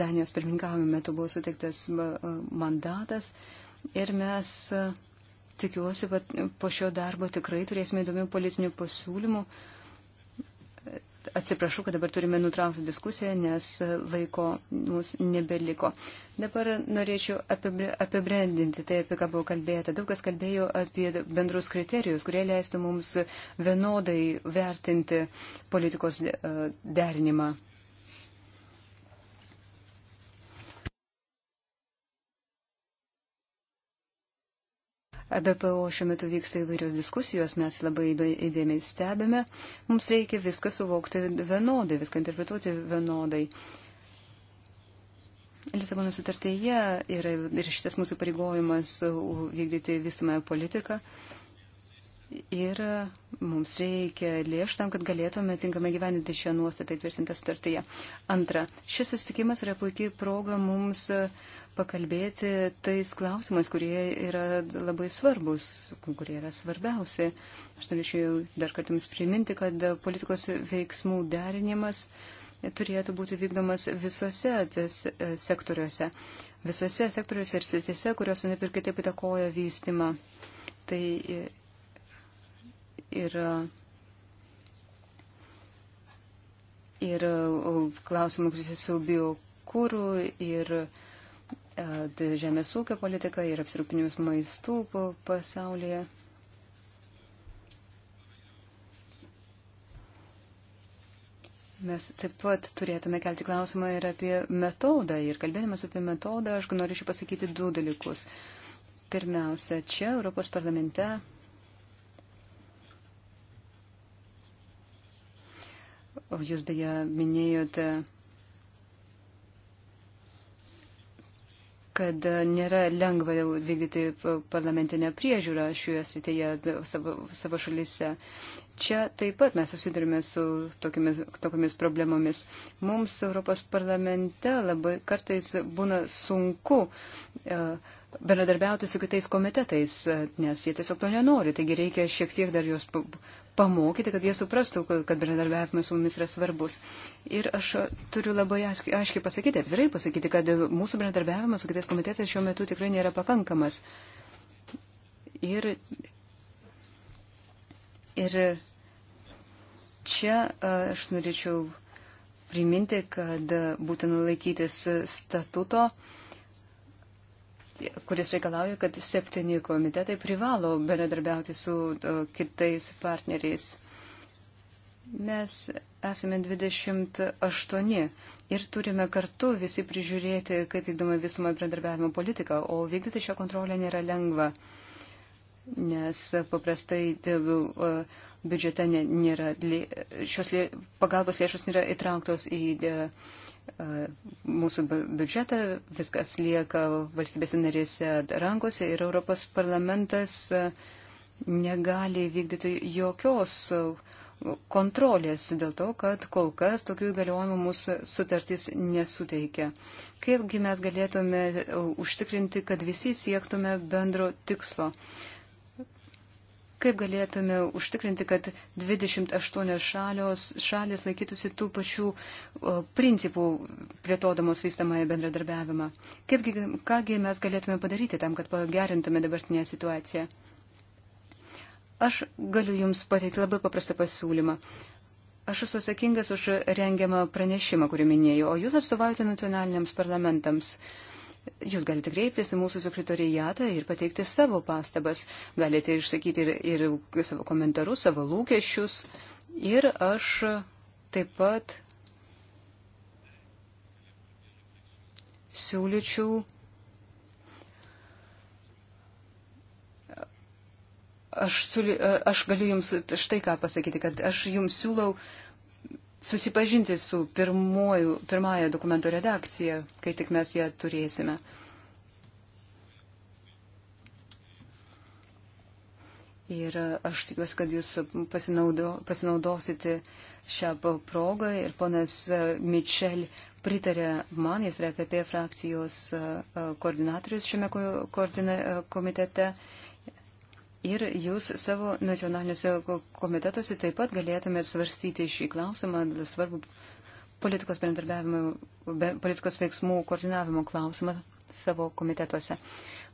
Danijos pirmininkavimo metu buvo suteiktas e, mandatas ir mes e, tikiuosi, kad po šio darbo tikrai turėsime įdomių politinių pasiūlymų, uh, Atsiprašau, kad dabar turime nutraukti diskusiją, nes laiko mums nebeliko. Dabar norėčiau apibrendinti tai, apie ką buvo kalbėta. Daug kas kalbėjo apie bendrus kriterijus, kurie leistų mums vienodai vertinti politikos e, derinimą. ABPO šiuo metu vyksta įvairios diskusijos, mes labai įdėmiai stebime. Mums reikia viską suvokti vienodai, viską interpretuoti vienodai. Lisabono sutartyje yra ir šitas mūsų pareigojimas uh, vykdyti visumąją politiką. Ir uh, mums reikia lėšų tam, kad galėtume tinkamai gyveninti šią nuostatą įtvirtintą sutartyje. Antra, šis susitikimas yra puikiai proga mums uh, pakalbėti tais klausimais, kurie yra labai svarbus, kurie yra svarbiausi. Aš norėčiau dar kartą jums priminti, kad politikos veiksmų derinimas turėtų būti vykdomas visose e, sektoriuose. Visose sektoriuose ir sritise, kurios vienaip ir kitaip įtakoja vystimą. Tai yra. E, ir klausimų, kuris su biokūru ir, ir E, žemės ūkio politika ir apsirūpinimus maistų pasaulyje. Mes taip pat turėtume kelti klausimą ir apie metodą. Ir kalbėdamas apie metodą, aš norėčiau pasakyti du dalykus. Pirmiausia, čia Europos parlamente jūs beje minėjote kad e, nėra lengva vykdyti parlamentinę priežiūrą šioje srityje savo, savo šalyse. Čia taip pat mes susidurime su tokiamis, tokiamis problemomis. Mums Europos parlamente labai kartais būna sunku uh, bendradarbiauti su kitais komitetais, nes jie tiesiog to nenori. Taigi reikia šiek tiek dar juos pamokyti, kad jie suprastų, kad bendradarbiavimas su mumis yra svarbus. Ir aš turiu labai aiškiai pasakyti, atvirai pasakyti, kad mūsų bendradarbiavimas su kitais komitetais šiuo metu tikrai nėra pakankamas. Ir, ir čia aš norėčiau priminti, kad būtina laikytis statuto kuris reikalauja, kad septyni komitetai privalo bendradarbiauti su e, kitais partneriais. Mes esame 28 ir turime kartu visi prižiūrėti, kaip vykdoma visumą bendradarbiavimo politika, o vykdyti šią kontrolę nėra lengva, nes paprastai e, e, biudžete nėra, šios lė, pagalbos lėšos nėra įtrauktos į. De, mūsų biudžetą, viskas lieka valstybėse narėse rankose ir Europos parlamentas negali vykdyti jokios kontrolės dėl to, kad kol kas tokių įgaliojimų mūsų sutartys nesuteikia. Kaipgi mes galėtume užtikrinti, kad visi siektume bendro tikslo? Kaip galėtume užtikrinti, kad 28 šalios, šalis laikytųsi tų pačių o, principų plėtodamos vystamąją bendradarbiavimą? Kaipgi, kągi mes galėtume padaryti tam, kad pagerintume dabartinę situaciją? Aš galiu Jums pateikti labai paprastą pasiūlymą. Aš esu atsakingas už rengiamą pranešimą, kurį minėjau, o Jūs atstovaujate nacionaliniams parlamentams. Uh, Jūs galite kreiptis į mūsų sekretorijatą ir pateikti savo pastabas. Galite išsakyti ir, ir savo komentarus, savo lūkesčius. Ir aš taip pat siūlyčiau Aš, siūly, aš galiu Jums štai ką pasakyti, kad aš Jums siūlau uh, susipažinti su pirmuoju, pirmąją dokumento redakciją, kai tik mes ją turėsime. Ir aš tikiuosi, kad jūs pasinaudo, pasinaudosite šią progą ir ponas Mičel pritarė man, jis yra PP e frakcijos e, koordinatorius šiame koordina, e, komitete. Uh, Ir jūs savo nacionaliniuose komitetuose taip pat galėtumėte svarstyti šį klausimą, svarbu politikos bendradarbiavimo, politikos veiksmų koordinavimo klausimą savo komitetuose.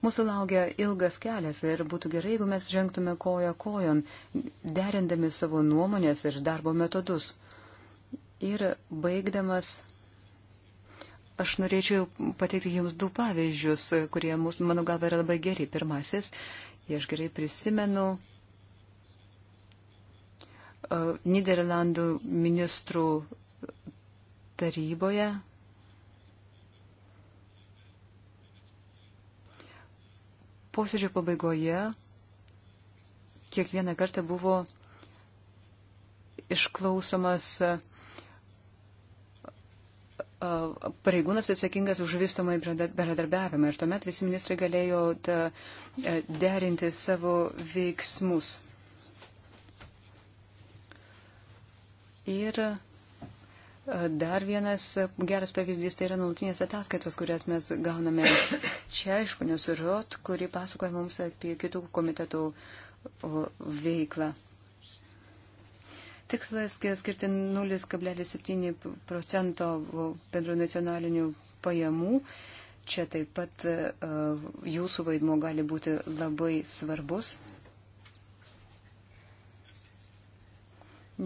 Mūsų laukia ilgas kelias ir būtų gerai, jeigu mes žengtume koją kojon, derindami savo nuomonės ir darbo metodus. Ir baigdamas, aš norėčiau pateikti Jums du pavyzdžius, kurie mūsų, mano galva, yra labai geri. Pirmasis Jei aš gerai prisimenu, e, Niderlandų ministrų taryboje posėdžio pabaigoje kiekvieną kartą buvo išklausomas uh, pareigūnas atsakingas už vystomą bendradarbiavimą ir tuomet visi ministrai galėjo ta, derinti savo veiksmus. Ir dar vienas geras pavyzdys tai yra nuolatinės ataskaitos, kurias mes gauname čia iš ponios Rot, kuri pasakoja mums apie kitų komitetų veiklą. Tikslas skirti 0,7 procento bendro nacionalinių pajamų. Čia taip pat e, jūsų vaidmo gali būti labai svarbus,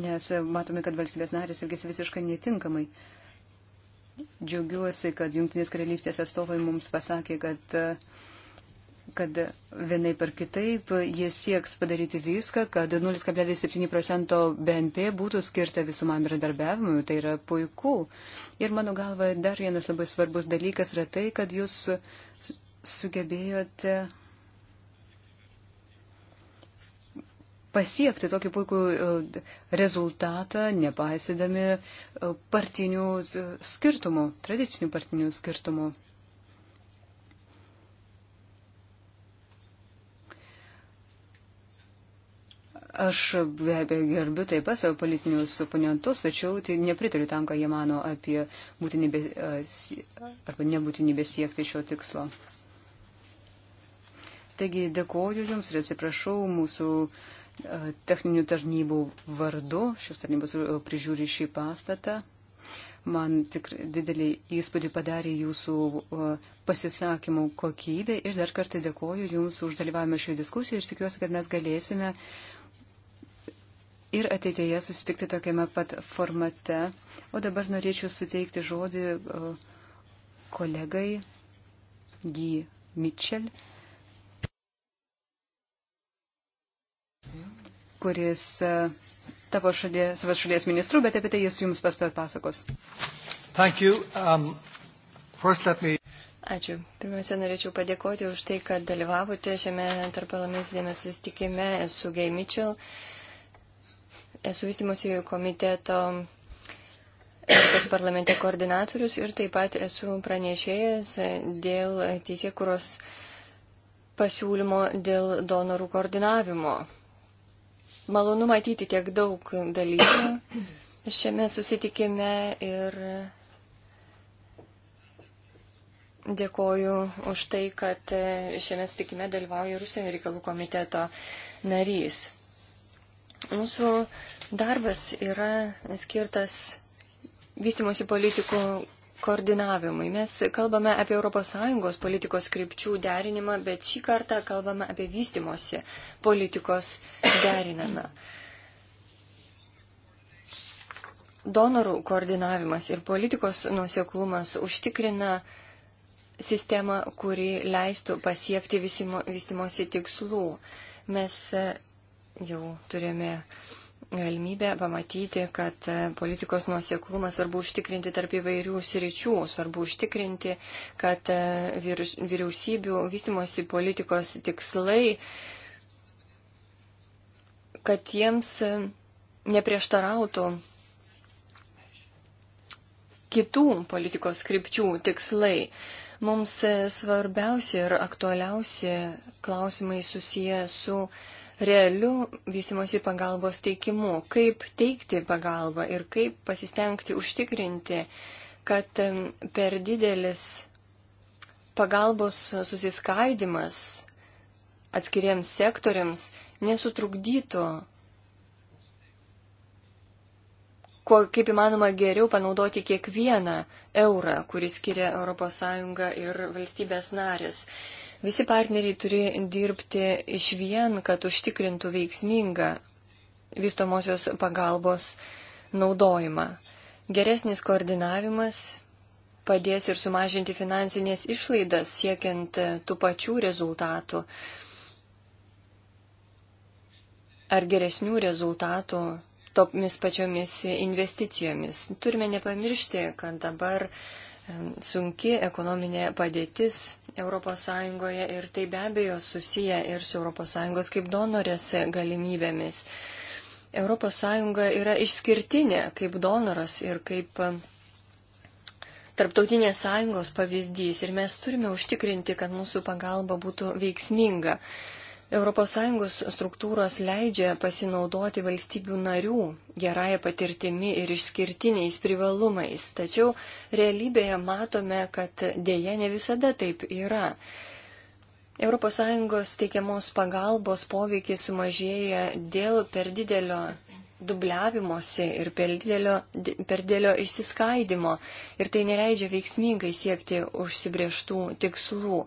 nes matome, kad valstybės narės elgesi visiškai netinkamai. Džiaugiuosi, kad Junktinės karalystės atstovai mums pasakė, kad uh, kad vienai per kitaip jie sieks padaryti viską, kad 0,7 procento BNP būtų skirta visumam bendradarbiavimui. Tai yra puiku. Ir mano galva, dar vienas labai svarbus dalykas yra tai, kad jūs sugebėjote pasiekti tokį puikų e, rezultatą, nepaisydami e, partinių e, skirtumų, tradicinių partinių skirtumų. Aš be abejo gerbiu taip pat savo politinius oponentus, tačiau tai nepritariu tam, ką jie mano apie būtinybę arba nebūtinybę siekti šio tikslo. Taigi dėkoju Jums ir atsiprašau mūsų techninių tarnybų vardu. Šios tarnybos prižiūri šį pastatą. Man tikrai didelį įspūdį padarė Jūsų pasisakymų kokybė ir dar kartą dėkoju Jums už dalyvavimą šioje diskusijoje ir tikiuosi, kad mes galėsime uh, ir ateitėje susitikti tokiame pat formate. O dabar norėčiau suteikti žodį kolegai G. Mitchell, kuris e, tapo šalies, savo šalies ministru, bet apie tai jis jums pasakos. Um, me... Ačiū. Pirmiausia, norėčiau padėkoti už tai, kad dalyvavote šiame tarpalamentinėme susitikime su Gay Mitchell. Uh, Esu vystimosi komiteto Europos parlamente koordinatorius ir taip pat esu pranešėjęs dėl teisėkuros pasiūlymo dėl donorų koordinavimo. Malonu matyti tiek daug dalykų šiame susitikime ir dėkoju už tai, kad šiame susitikime dalyvauja Rusijos reikalų komiteto narys. Mūsų darbas yra skirtas vystimosi politikų koordinavimui. Mes kalbame apie ES politikos krypčių derinimą, bet šį kartą kalbame apie vystimosi politikos derinimą. Donorų koordinavimas ir politikos nuoseklumas užtikrina sistemą, kuri leistų pasiekti vystimosi tikslų. Mes jau turėjome galimybę pamatyti, kad e, politikos nuoseklumą svarbu užtikrinti tarp įvairių sričių, svarbu užtikrinti, kad e, vyriausybių vystimosi politikos tikslai, kad jiems e, neprieštarautų kitų politikos krypčių tikslai. Mums svarbiausi ir aktualiausi klausimai susiję su realiu vystimosi pagalbos teikimu, kaip teikti pagalbą ir kaip pasistengti užtikrinti, kad per didelis pagalbos susiskaidimas atskiriems sektoriams nesutrukdytų kuo, kaip įmanoma geriau panaudoti kiekvieną eurą, kurį skiria ES ir valstybės narės. Visi partneriai turi dirbti iš vien, kad užtikrintų veiksmingą vystomosios pagalbos naudojimą. Geresnis koordinavimas padės ir sumažinti finansinės išlaidas siekiant tų pačių rezultatų ar geresnių rezultatų tomis pačiomis investicijomis. Turime nepamiršti, kad dabar sunki ekonominė padėtis ES ir tai be abejo susiję ir su ES kaip donorės galimybėmis. ES yra išskirtinė kaip donoras ir kaip tarptautinės sąjungos pavyzdys ir mes turime užtikrinti, kad mūsų pagalba būtų veiksminga. ES struktūros leidžia pasinaudoti valstybių narių gerąją patirtimi ir išskirtiniais privalumais, tačiau realybėje matome, kad dėja ne visada taip yra. ES teikiamos pagalbos poveikis sumažėja dėl per didelio dubliavimosi ir per didelio, per didelio išsiskaidimo ir tai neleidžia veiksmingai siekti užsibrieštų tikslų.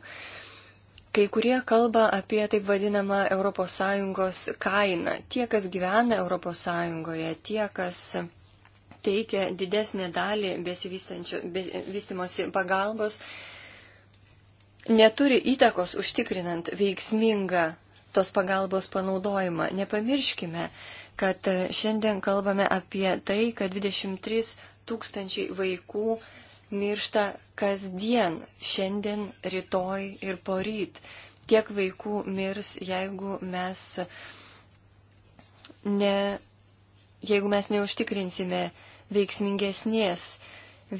Kai kurie kalba apie taip vadinamą ES kainą. Tie, kas gyvena ES, tie, kas teikia didesnę dalį besivystimosi pagalbos, neturi įtakos užtikrinant veiksmingą tos pagalbos panaudojimą. Nepamirškime, kad šiandien kalbame apie tai, kad 23 tūkstančiai vaikų miršta kasdien, šiandien, rytoj ir poryt. Tiek vaikų mirs, jeigu mes, ne, jeigu mes neužtikrinsime veiksmingesnės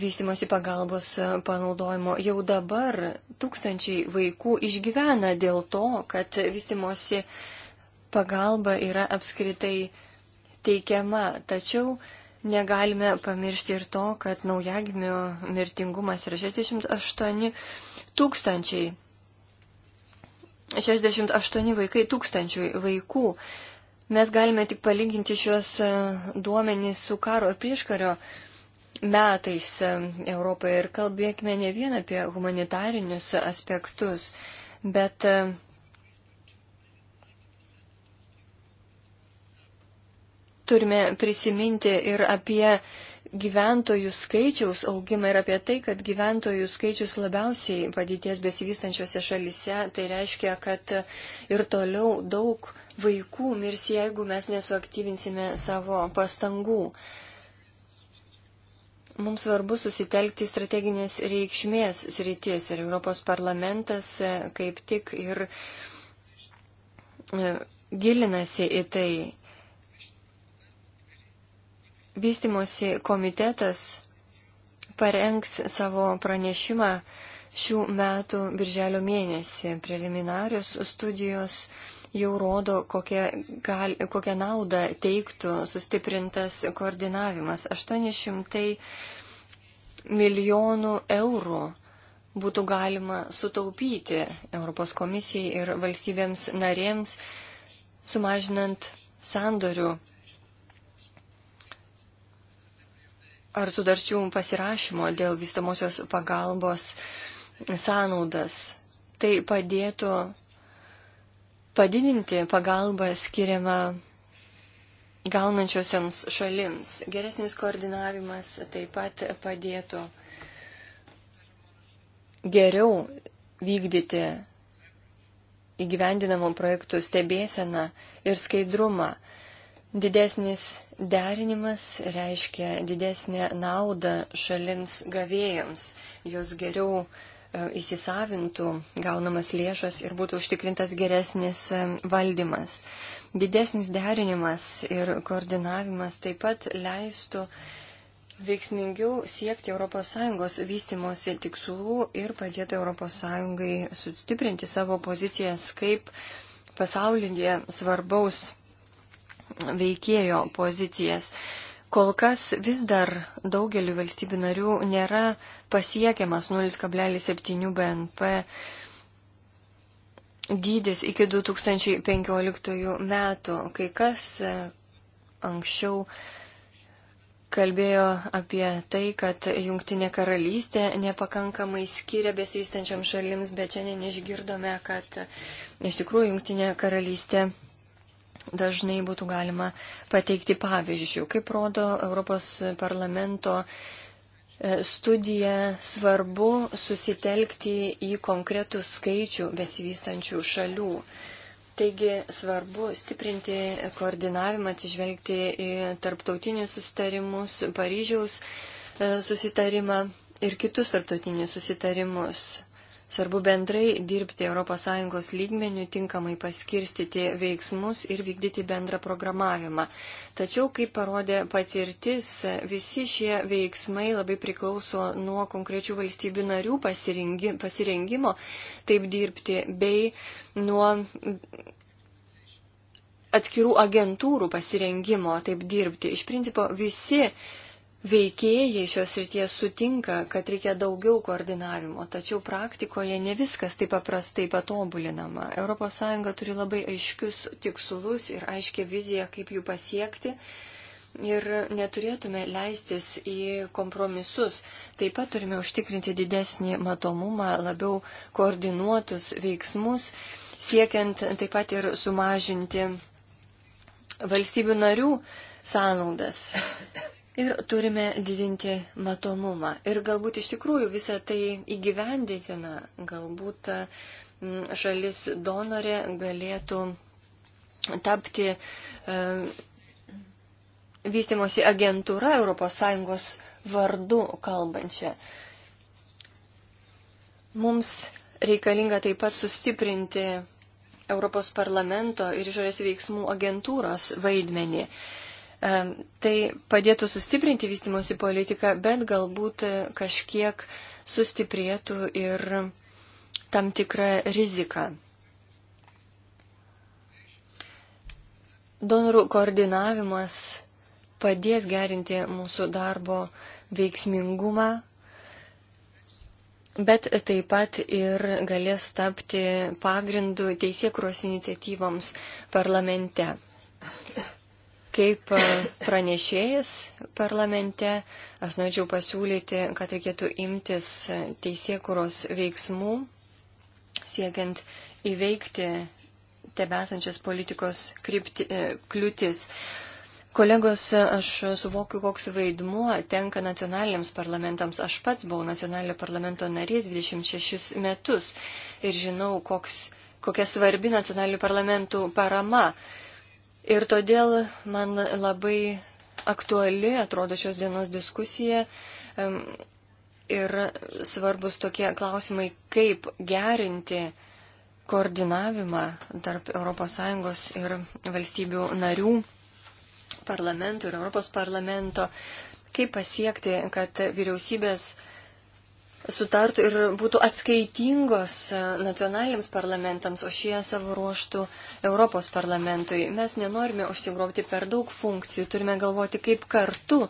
vystimosi pagalbos panaudojimo. Jau dabar tūkstančiai vaikų išgyvena dėl to, kad vystimosi pagalba yra apskritai teikiama. Tačiau Negalime pamiršti ir to, kad naujagimio mirtingumas yra 68 tūkstančiai. 68 vaikai tūkstančių vaikų. Mes galime tik palyginti šios e, duomenys su karo ir prieškario metais e, Europoje ir kalbėkime ne vien apie humanitarinius aspektus, bet e, turime prisiminti ir apie gyventojų skaičiaus augimą ir apie tai, kad gyventojų skaičius labiausiai padėties besivystančiose šalise, tai reiškia, kad ir toliau daug vaikų mirs, jeigu mes nesuaktyvinsime savo pastangų. Mums svarbu susitelkti strateginės reikšmės sritis ir Europos parlamentas e, kaip tik ir e, gilinasi į tai. Vystimosi komitetas parengs savo pranešimą šių metų birželio mėnesį. Preliminarios studijos jau rodo, kokią, gal, kokią naudą teiktų sustiprintas koordinavimas. 800 milijonų eurų būtų galima sutaupyti Europos komisijai ir valstybėms narėms, sumažinant sandorių ar sudarčių pasirašymo dėl vystamosios pagalbos sąnaudas. Tai padėtų padidinti pagalbą skiriamą gaunančiosiams šalims. Geresnis koordinavimas taip pat padėtų geriau vykdyti įgyvendinamų projektų stebėseną ir skaidrumą. Didesnis Derinimas reiškia didesnę naudą šalims gavėjams, jos geriau e, įsisavintų gaunamas lėšas ir būtų užtikrintas geresnis e, valdymas. Didesnis derinimas ir koordinavimas taip pat leistų veiksmingiau siekti ES vystimosi tikslų ir padėti ES sustiprinti savo pozicijas kaip pasaulyje svarbaus veikėjo pozicijas. Kol kas vis dar daugeliu valstybių narių nėra pasiekiamas 0,7 BNP dydis iki 2015 metų. Kai kas e, anksčiau kalbėjo apie tai, kad Junktinė karalystė nepakankamai skiria besivystančiam šalims, bet šiandien išgirdome, kad e, iš tikrųjų Junktinė karalystė dažnai būtų galima pateikti pavyzdžių. Kaip rodo Europos parlamento e, studija, svarbu susitelkti į konkretų skaičių besivystančių šalių. Taigi svarbu stiprinti koordinavimą, atsižvelgti į tarptautinius sustarimus, Paryžiaus e, susitarimą ir kitus tarptautinius susitarimus. Svarbu bendrai dirbti ES lygmenių, tinkamai paskirstyti veiksmus ir vykdyti bendrą programavimą. Tačiau, kaip parodė patirtis, visi šie veiksmai labai priklauso nuo konkrečių valstybių narių pasirengimo taip dirbti bei nuo atskirų agentūrų pasirengimo taip dirbti. Iš principo visi veikėjai šios ryties sutinka, kad reikia daugiau koordinavimo, tačiau praktikoje ne viskas taip paprastai patobulinama. ES turi labai aiškius tikslus ir aiškia viziją, kaip jų pasiekti. Ir neturėtume leistis į kompromisus. Taip pat turime užtikrinti didesnį matomumą, labiau koordinuotus veiksmus, siekiant taip pat ir sumažinti valstybių narių sąnaudas. Ir turime didinti matomumą. Ir galbūt iš tikrųjų visą tai įgyvendytina, galbūt mm, šalis donorė galėtų tapti e, vystimosi agentūra ES vardu kalbančia. Mums reikalinga taip pat sustiprinti Europos parlamento ir išorės veiksmų agentūros vaidmenį. Tai padėtų sustiprinti vystimosi politiką, bet galbūt e, kažkiek sustiprėtų ir tam tikrą riziką. Donorų koordinavimas padės gerinti mūsų darbo veiksmingumą, bet taip pat ir galės tapti pagrindu teisėkros iniciatyvoms parlamente. Kaip e, pranešėjas parlamente, aš norėčiau pasiūlyti, kad reikėtų imtis e, teisėkuros veiksmų, siekiant įveikti tebesančias politikos krypti, e, kliūtis. Kolegos, aš suvokiu, koks vaidmuo tenka nacionaliniams parlamentams. Aš pats buvau nacionalinio parlamento narys 26 metus ir žinau, koks, kokia svarbi nacionalinių parlamentų parama Ir todėl man labai aktuali atrodo šios dienos diskusija ir svarbus tokie klausimai, kaip gerinti koordinavimą tarp ES ir valstybių narių parlamentų ir Europos parlamento, kaip pasiekti, kad vyriausybės sutartų ir būtų atskaitingos e, nacionaliniams parlamentams, o šie savo ruoštų Europos parlamentui. Mes nenorime užsigrobti per daug funkcijų, turime galvoti, kaip kartu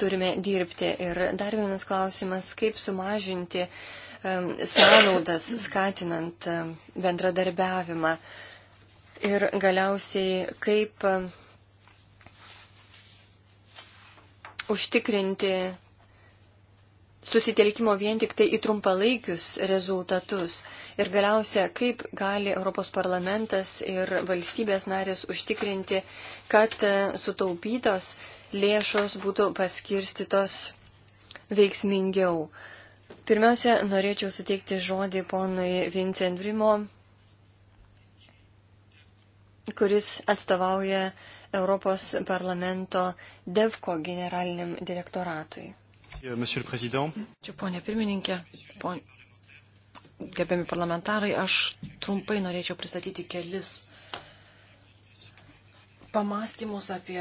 turime dirbti. Ir dar vienas klausimas, kaip sumažinti um, sąnaudas, skatinant um, bendradarbiavimą. Ir galiausiai, kaip um, užtikrinti susitelkimo vien tik tai į trumpalaikius rezultatus. Ir galiausia, kaip gali Europos parlamentas ir valstybės narės užtikrinti, kad e, sutaupytos lėšos būtų paskirstytos veiksmingiau. Pirmiausia, norėčiau suteikti žodį ponui Vincent Brimo, kuris atstovauja Europos parlamento DEVCO generaliniam direktoratui. Euh, Čia ponė pirmininkė, pon... gerbiami parlamentarai, aš trumpai norėčiau pristatyti kelis pamastymus apie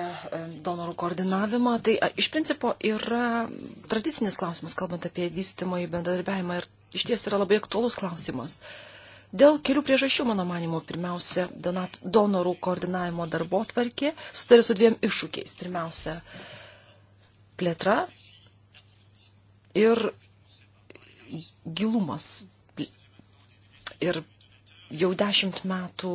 donorų koordinavimą. Tai iš principo yra tradicinis klausimas, kalbant apie vystymą į bendradarbiavimą ir iš ties yra labai aktuolus klausimas. Dėl kelių priežasčių, mano manimo, pirmiausia, donat, donorų koordinavimo darbo tvarkė sutari su dviem iššūkiais. Pirmiausia, plėtra ir gilumas. Ir jau dešimt metų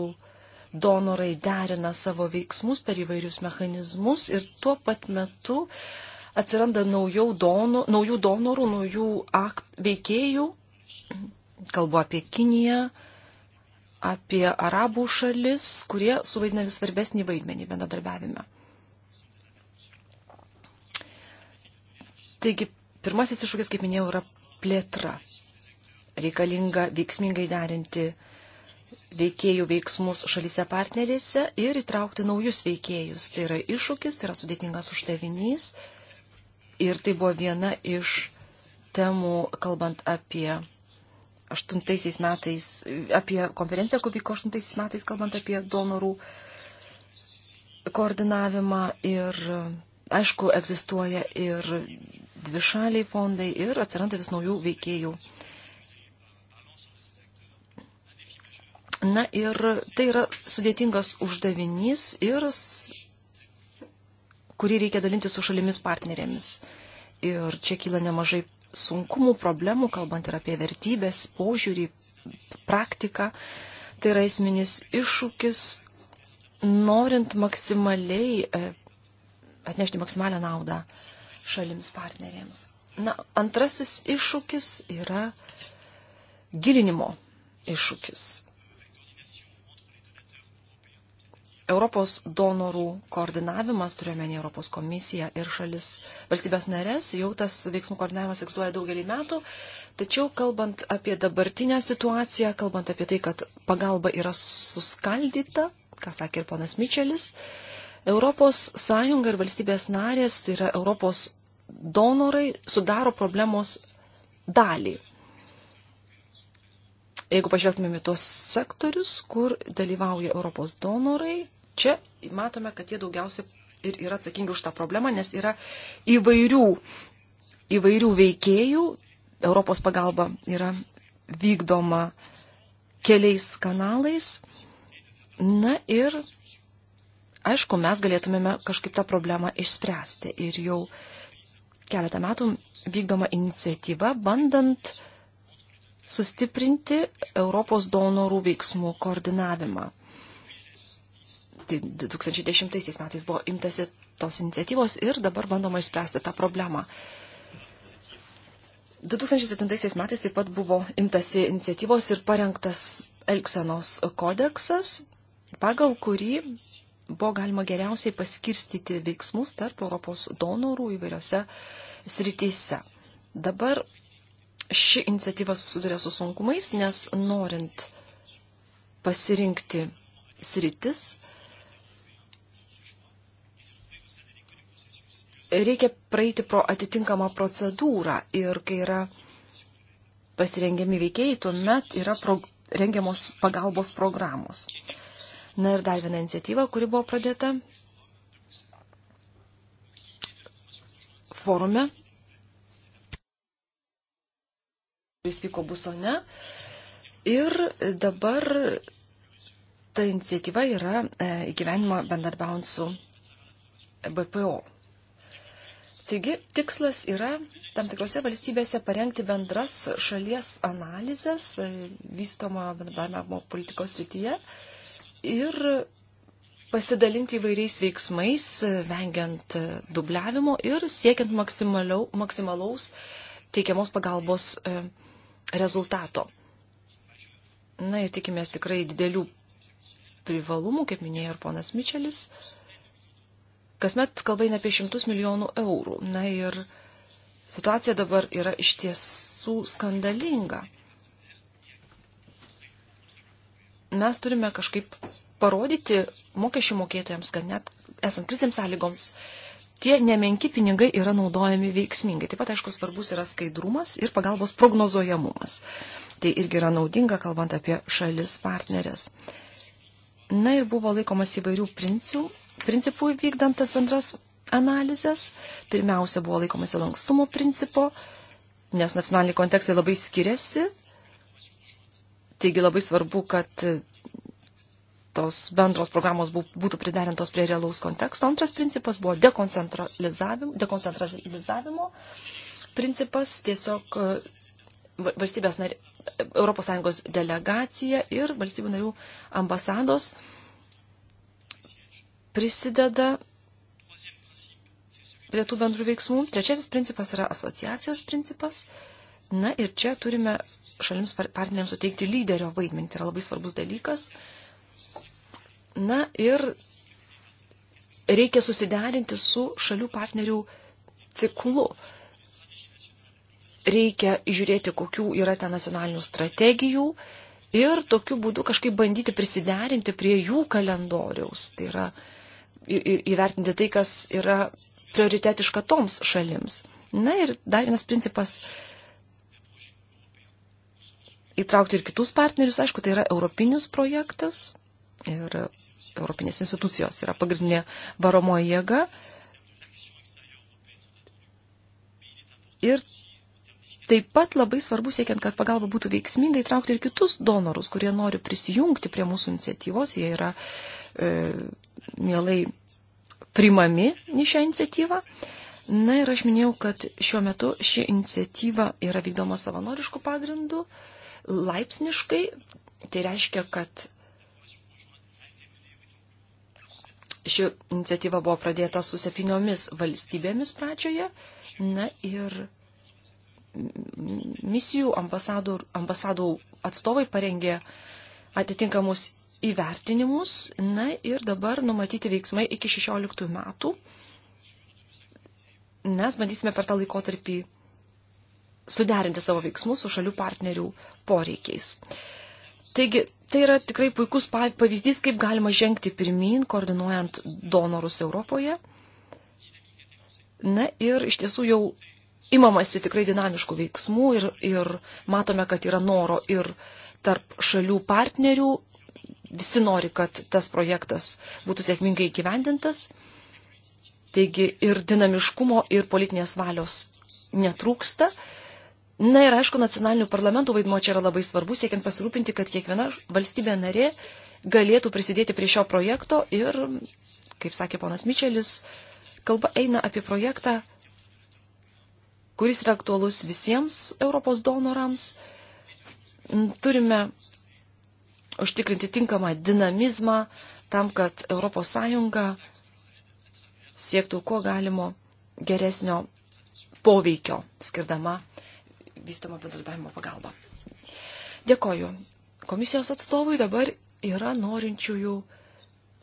donorai derina savo veiksmus per įvairius mechanizmus ir tuo pat metu atsiranda naujų, dono, naujų donorų, naujų akt, veikėjų. Kalbu apie Kiniją, apie arabų šalis, kurie suvaidina vis svarbesnį vaidmenį bendradarbiavime. Taigi Pirmasis iššūkis, kaip minėjau, yra plėtra. Reikalinga veiksmingai derinti veikėjų veiksmus šalyse partnerėse ir įtraukti naujus veikėjus. Tai yra iššūkis, tai yra sudėtingas uždavinys. Ir tai buvo viena iš temų, kalbant apie aštuntaisiais metais, apie konferenciją, kur vyko aštuntaisiais metais, kalbant apie donorų koordinavimą ir, aišku, egzistuoja ir dvišaliai fondai ir atsiranda vis naujų veikėjų. Na ir tai yra sudėtingas uždavinys ir kurį reikia dalinti su šalimis partnerėmis. Ir čia kyla nemažai sunkumų, problemų, kalbant ir apie vertybės, požiūrį, praktiką. Tai yra esminis iššūkis, norint maksimaliai e, atnešti maksimalią naudą šalims partnerėms. Na, antrasis iššūkis yra gilinimo iššūkis. Europos donorų koordinavimas, turiuomenį Europos komisiją ir šalis valstybės narės, jau tas veiksmų koordinavimas egzistuoja daugelį metų, tačiau kalbant apie dabartinę situaciją, kalbant apie tai, kad pagalba yra suskaldyta, ką sakė ir ponas Mičelis, uh, Europos Sąjunga ir valstybės narės, tai yra Europos donorai, sudaro problemos dalį. Jeigu pažvelgtumėm į tos sektorius, kur dalyvauja Europos donorai, čia matome, kad jie daugiausia ir yra atsakingi už tą problemą, nes yra įvairių, įvairių veikėjų. Europos pagalba yra vykdoma keliais kanalais. Na ir aišku, mes galėtumėme kažkaip tą problemą išspręsti. Ir jau keletą metų vykdoma iniciatyva, bandant sustiprinti Europos donorų veiksmų koordinavimą. Tai 2010 metais buvo imtasi tos iniciatyvos ir dabar bandoma išspręsti tą problemą. 2007 metais taip pat buvo imtasi iniciatyvos ir parengtas Elksenos kodeksas, pagal kurį buvo galima geriausiai paskirstyti veiksmus tarp Europos donorų įvairiose srityse. Dabar ši iniciatyva susiduria su sunkumais, nes norint pasirinkti sritis, reikia praeiti pro atitinkamą procedūrą ir kai yra pasirengiami veikėjai, tuomet yra pro, rengiamos pagalbos programos. Na ir dar viena iniciatyva, kuri buvo pradėta forume. Jis vyko busone. Ir dabar ta iniciatyva yra e, įgyvenimo bendarbiaujant su BPO. Taigi, tikslas yra tam tikrose valstybėse parengti bendras šalies analizės e, vystomo bendradarbiavimo politikos srityje ir pasidalinti įvairiais veiksmais, vengiant dubliavimo ir siekiant maksimalaus teikiamos pagalbos e, rezultato. Na ir tikimės tikrai didelių privalumų, kaip minėjo ir ponas Mičelis. Kasmet kalba eina apie šimtus milijonų eurų. Na ir situacija dabar yra iš tiesų skandalinga. mes turime kažkaip parodyti mokesčių mokėtojams, kad net esant krizėms sąlygoms, tie nemenki pinigai yra naudojami veiksmingai. Taip pat, aišku, svarbus yra skaidrumas ir pagalbos prognozojamumas. Tai irgi yra naudinga, kalbant apie šalis partnerės. Na ir buvo laikomas įvairių principų, principų vykdant tas bendras analizės. Pirmiausia, buvo laikomasi lankstumo principo, nes nacionaliniai kontekstai labai skiriasi Taigi labai svarbu, kad tos bendros programos būtų priderintos prie realaus konteksto. Antras principas buvo dekoncentralizavimo, dekoncentralizavimo principas tiesiog e, valstybės narė, ES delegacija ir valstybių narių ambasados prisideda prie tų bendrų veiksmų. Trečiasis principas yra asociacijos principas. Uh, Na ir čia turime šalims partneriams suteikti lyderio vaidmenį. Tai yra labai svarbus dalykas. Na ir reikia susiderinti su šalių partnerių ciklu. Reikia žiūrėti, kokių yra ten nacionalinių strategijų ir tokiu būdu kažkaip bandyti prisiderinti prie jų kalendoriaus. Tai yra įvertinti tai, kas yra prioritetiška toms šalims. Na ir dar vienas principas įtraukti ir kitus partnerius. Aišku, tai yra europinis projektas ir europinės institucijos yra pagrindinė varomoji jėga. Ir taip pat labai svarbu siekiant, kad pagalba būtų veiksminga įtraukti ir kitus donorus, kurie nori prisijungti prie mūsų iniciatyvos. Jie yra e, mielai primami į šią iniciatyvą. Na ir aš minėjau, kad šiuo metu ši iniciatyva yra vykdoma savanoriškų pagrindų. E, laipsniškai. Tai reiškia, kad ši iniciatyva buvo pradėta su septyniomis valstybėmis pradžioje. Na ir misijų ambasadų, ambasadų atstovai parengė atitinkamus įvertinimus. Na ir dabar numatyti veiksmai iki 16 metų. Mes bandysime per tą laikotarpį suderinti savo veiksmus su šalių partnerių poreikiais. Taigi, tai yra tikrai puikus pavyzdys, kaip galima žengti pirmin, koordinuojant donorus Europoje. Na ir iš tiesų jau imamasi tikrai dinamiškų veiksmų ir, ir matome, kad yra noro ir tarp šalių partnerių. Visi nori, kad tas projektas būtų sėkmingai įgyvendintas. Taigi ir dinamiškumo, ir politinės valios netrūksta. Na ir aišku, nacionalinių parlamentų vaidmo čia yra labai svarbus, siekiant pasirūpinti, kad kiekviena valstybė narė galėtų prisidėti prie šio projekto ir, kaip sakė ponas Mičelis, kalba eina apie projektą, kuris yra aktualus visiems Europos donorams. Turime užtikrinti tinkamą dinamizmą tam, kad ES siektų kuo galimo geresnio poveikio, skirdama vystomo bendradarbiavimo pagalba. Dėkoju. Komisijos atstovui dabar yra norinčiųjų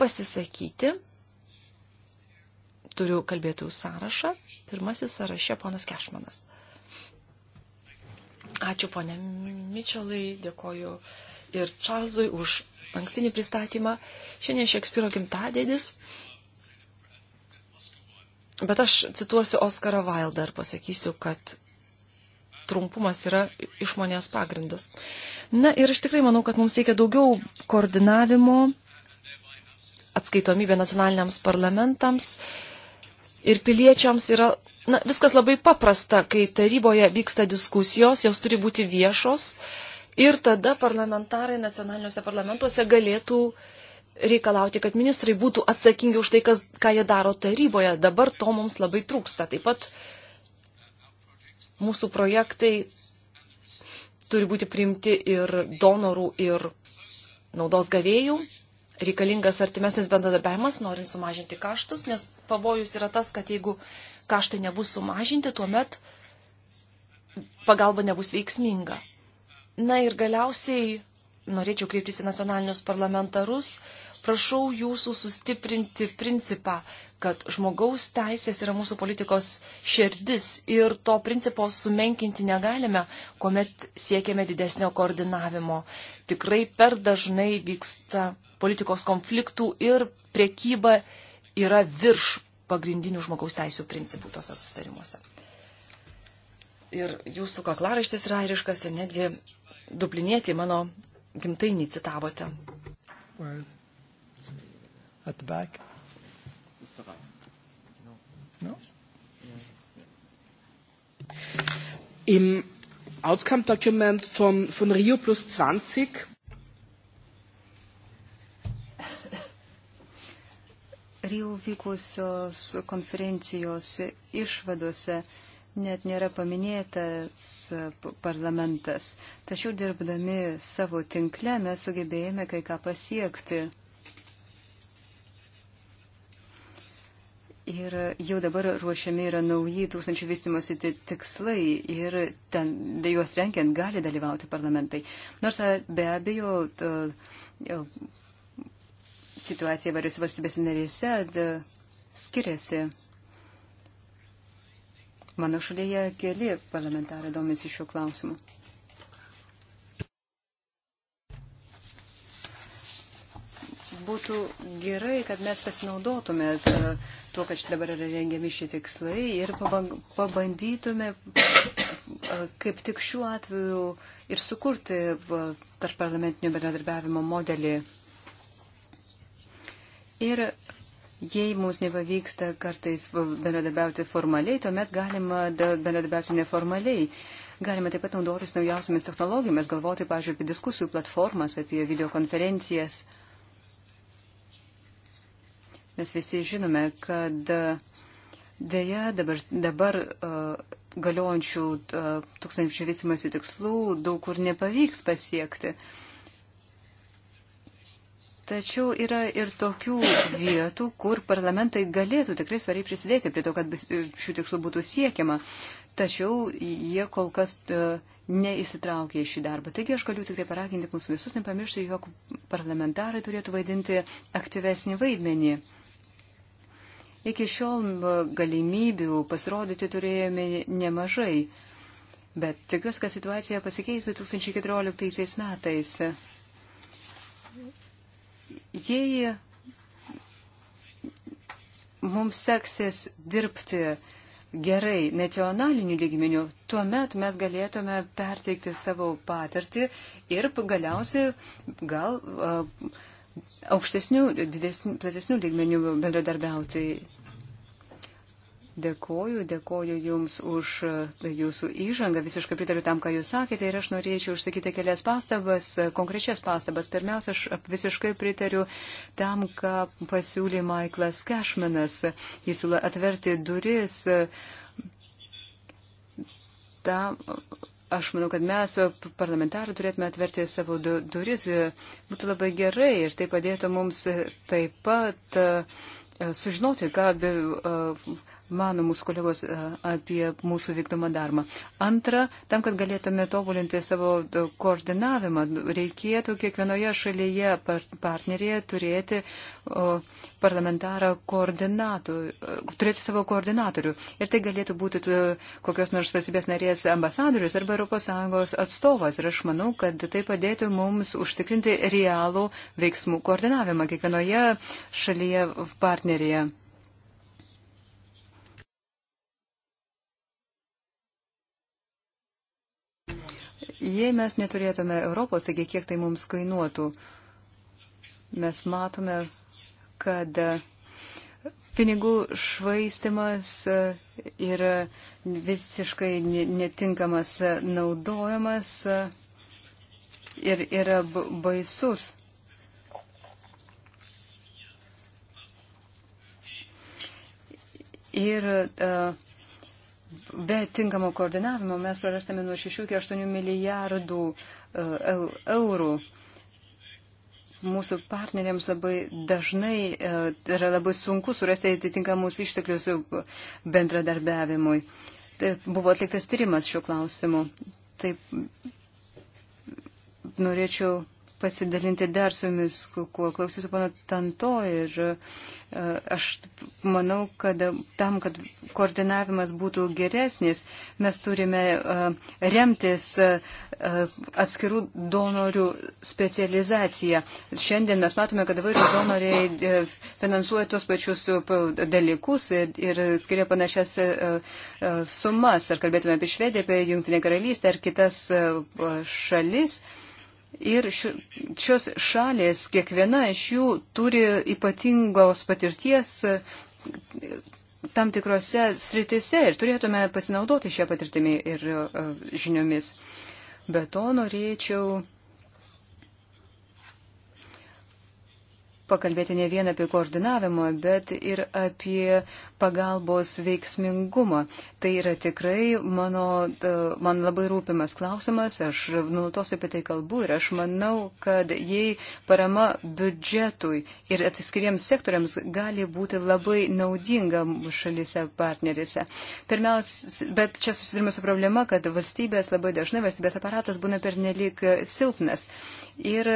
pasisakyti. Turiu kalbėtojų sąrašą. Pirmasis sąraše ponas Kešmanas. Ačiū ponė Mičelai, dėkoju ir Čarlzui už ankstinį pristatymą. Šiandien Šekspyro gimtadienis. Bet aš cituosiu Oskarą Vaildą ir pasakysiu, kad trumpumas yra išmonės pagrindas. Na ir aš tikrai manau, kad mums reikia daugiau koordinavimo, atskaitomybė nacionaliniams parlamentams ir piliečiams yra. Na, viskas labai paprasta, kai taryboje vyksta diskusijos, jos turi būti viešos ir tada parlamentarai nacionaliniuose parlamentuose galėtų reikalauti, kad ministrai būtų atsakingi už tai, kas, ką jie daro taryboje. Dabar to mums labai trūksta. Taip pat mūsų projektai turi būti priimti ir donorų, ir naudos gavėjų. Reikalingas artimesnis bendradarbiavimas, norint sumažinti kaštus, nes pavojus yra tas, kad jeigu kaštai nebus sumažinti, tuomet pagalba nebus veiksminga. Na ir galiausiai norėčiau kreiptis į nacionalinius parlamentarus, prašau jūsų sustiprinti principą, kad žmogaus teisės yra mūsų politikos širdis ir to principo sumenkinti negalime, kuomet siekiame didesnio koordinavimo. Tikrai per dažnai vyksta politikos konfliktų ir priekyba yra virš pagrindinių žmogaus teisų principų tose sustarimuose. Ir jūsų kaklaraištis yra airiškas ir netgi dublinėti mano gimtainį citavote. Well at the back? Mr. Reich. No. No? Im Outcome-Dokument von, von Rio plus 20 Rio vykusios konferencijos išvadose net nėra paminėtas parlamentas. Tačiau dirbdami savo tinkle mes sugebėjome kai ką pasiekti. Ir jau dabar ruošiami yra nauji tūkstančių vystimosi tikslai ir ten juos renkiant gali dalyvauti parlamentai. Nors be abejo to, jau, situacija variose valstybėse narėse skiriasi. Mano šalyje keli parlamentarai domisi šiuo klausimu. būtų gerai, kad mes pasinaudotume e, tuo, kad dabar yra rengiami šie tikslai ir pabandytume e, kaip tik šiuo atveju ir sukurti e, tarp parlamentinio bendradarbiavimo modelį. Ir jei mums nepavyksta kartais bendradarbiauti formaliai, tuomet galima bendradarbiauti neformaliai. Galime taip pat naudotis naujausiamis technologijomis, galvoti, pažiūrėjau, apie diskusijų platformas, apie videokonferencijas. Uh, Mes visi žinome, kad e, dėja dabar, dabar uh, galiojančių uh, tūkstančių vystimasi tikslų daug kur nepavyks pasiekti. Tačiau yra ir tokių vietų, kur parlamentai galėtų tikrai svariai prisidėti prie to, kad šių tikslų būtų siekiama. Tačiau jie kol kas neįsitraukė į šį darbą. Taigi aš galiu tik tai paraginti mūsų visus nepamiršti, jog parlamentarai turėtų vaidinti aktyvesnį vaidmenį. Iki šiol galimybių pasirodyti turėjome nemažai, bet tikiuosi, kad situacija pasikeis 2014 metais. Jei mums seksis dirbti gerai nacionaliniu lygmeniu, tuomet mes galėtume perteikti savo patirtį ir galiausiai gal uh, aukštesnių, didesnių, platesnių lygmenių bendradarbiauti. Dėkoju, dėkoju Jums už Jūsų įžangą, visiškai pritariu tam, ką Jūs sakėte ir aš norėčiau užsakyti kelias pastabas, konkrečias pastabas. Pirmiausia, aš visiškai pritariu tam, ką pasiūlė Maiklas Kešmenas. Jis siūlo atverti duris tam, Aš manau, kad mes, parlamentarai, turėtume atverti savo duris. Būtų labai gerai ir tai padėtų mums e, taip pat e, sužinoti, ką mano mūsų kolegos e, apie mūsų vykdomą darbą. Antra, tam, kad galėtume tobulinti savo e, koordinavimą, reikėtų kiekvienoje šalyje partnerėje turėti parlamentarą koordinatorių, e, turėti savo koordinatorių. Ir tai galėtų būti kokios nors valstybės narės ambasadorius arba ES atstovas. Ir aš manau, kad tai padėtų mums užtikrinti realų veiksmų koordinavimą kiekvienoje šalyje partnerėje. jei mes neturėtume Europos, taigi kiek tai mums kainuotų, mes matome, kad e, pinigų švaistimas e, ir visiškai netinkamas naudojimas e, ir yra baisus. Ir uh, Be tinkamo koordinavimo mes prarastame nuo 6 iki 8 milijardų e, eurų. Mūsų partneriams labai dažnai e, tai yra labai sunku surasti atitinkamus išteklius bendradarbiavimui. Tai buvo atliktas tyrimas šiuo klausimu. Taip norėčiau pasidalinti dar su jumis, kuo klausysiu pana Tanto ir e, aš manau, kad tam, kad koordinavimas būtų geresnis, mes turime e, remtis e, atskirų donorių specializacija. Šiandien mes matome, kad įvairūs donoriai finansuoja tos pačius dalykus ir, ir skiria panašias sumas, ar kalbėtume apie Švediją, apie Junktinę karalystę ar kitas šalis. Uh, Ir šios šalės, kiekviena iš jų turi ypatingos patirties e, tam tikrose sritise ir turėtume pasinaudoti šią patirtimį ir e, žiniomis. Be to norėčiau pakalbėti ne vien apie koordinavimą, bet ir apie pagalbos veiksmingumą. Tai yra tikrai mano, man labai rūpimas klausimas, aš nulatos apie tai kalbu ir aš manau, kad jei parama biudžetui ir atskiriems sektoriams gali būti labai naudinga šalise partnerėse. Pirmiausia, bet čia susidurime su problema, kad valstybės labai dažnai, valstybės aparatas būna pernelik silpnas. Ir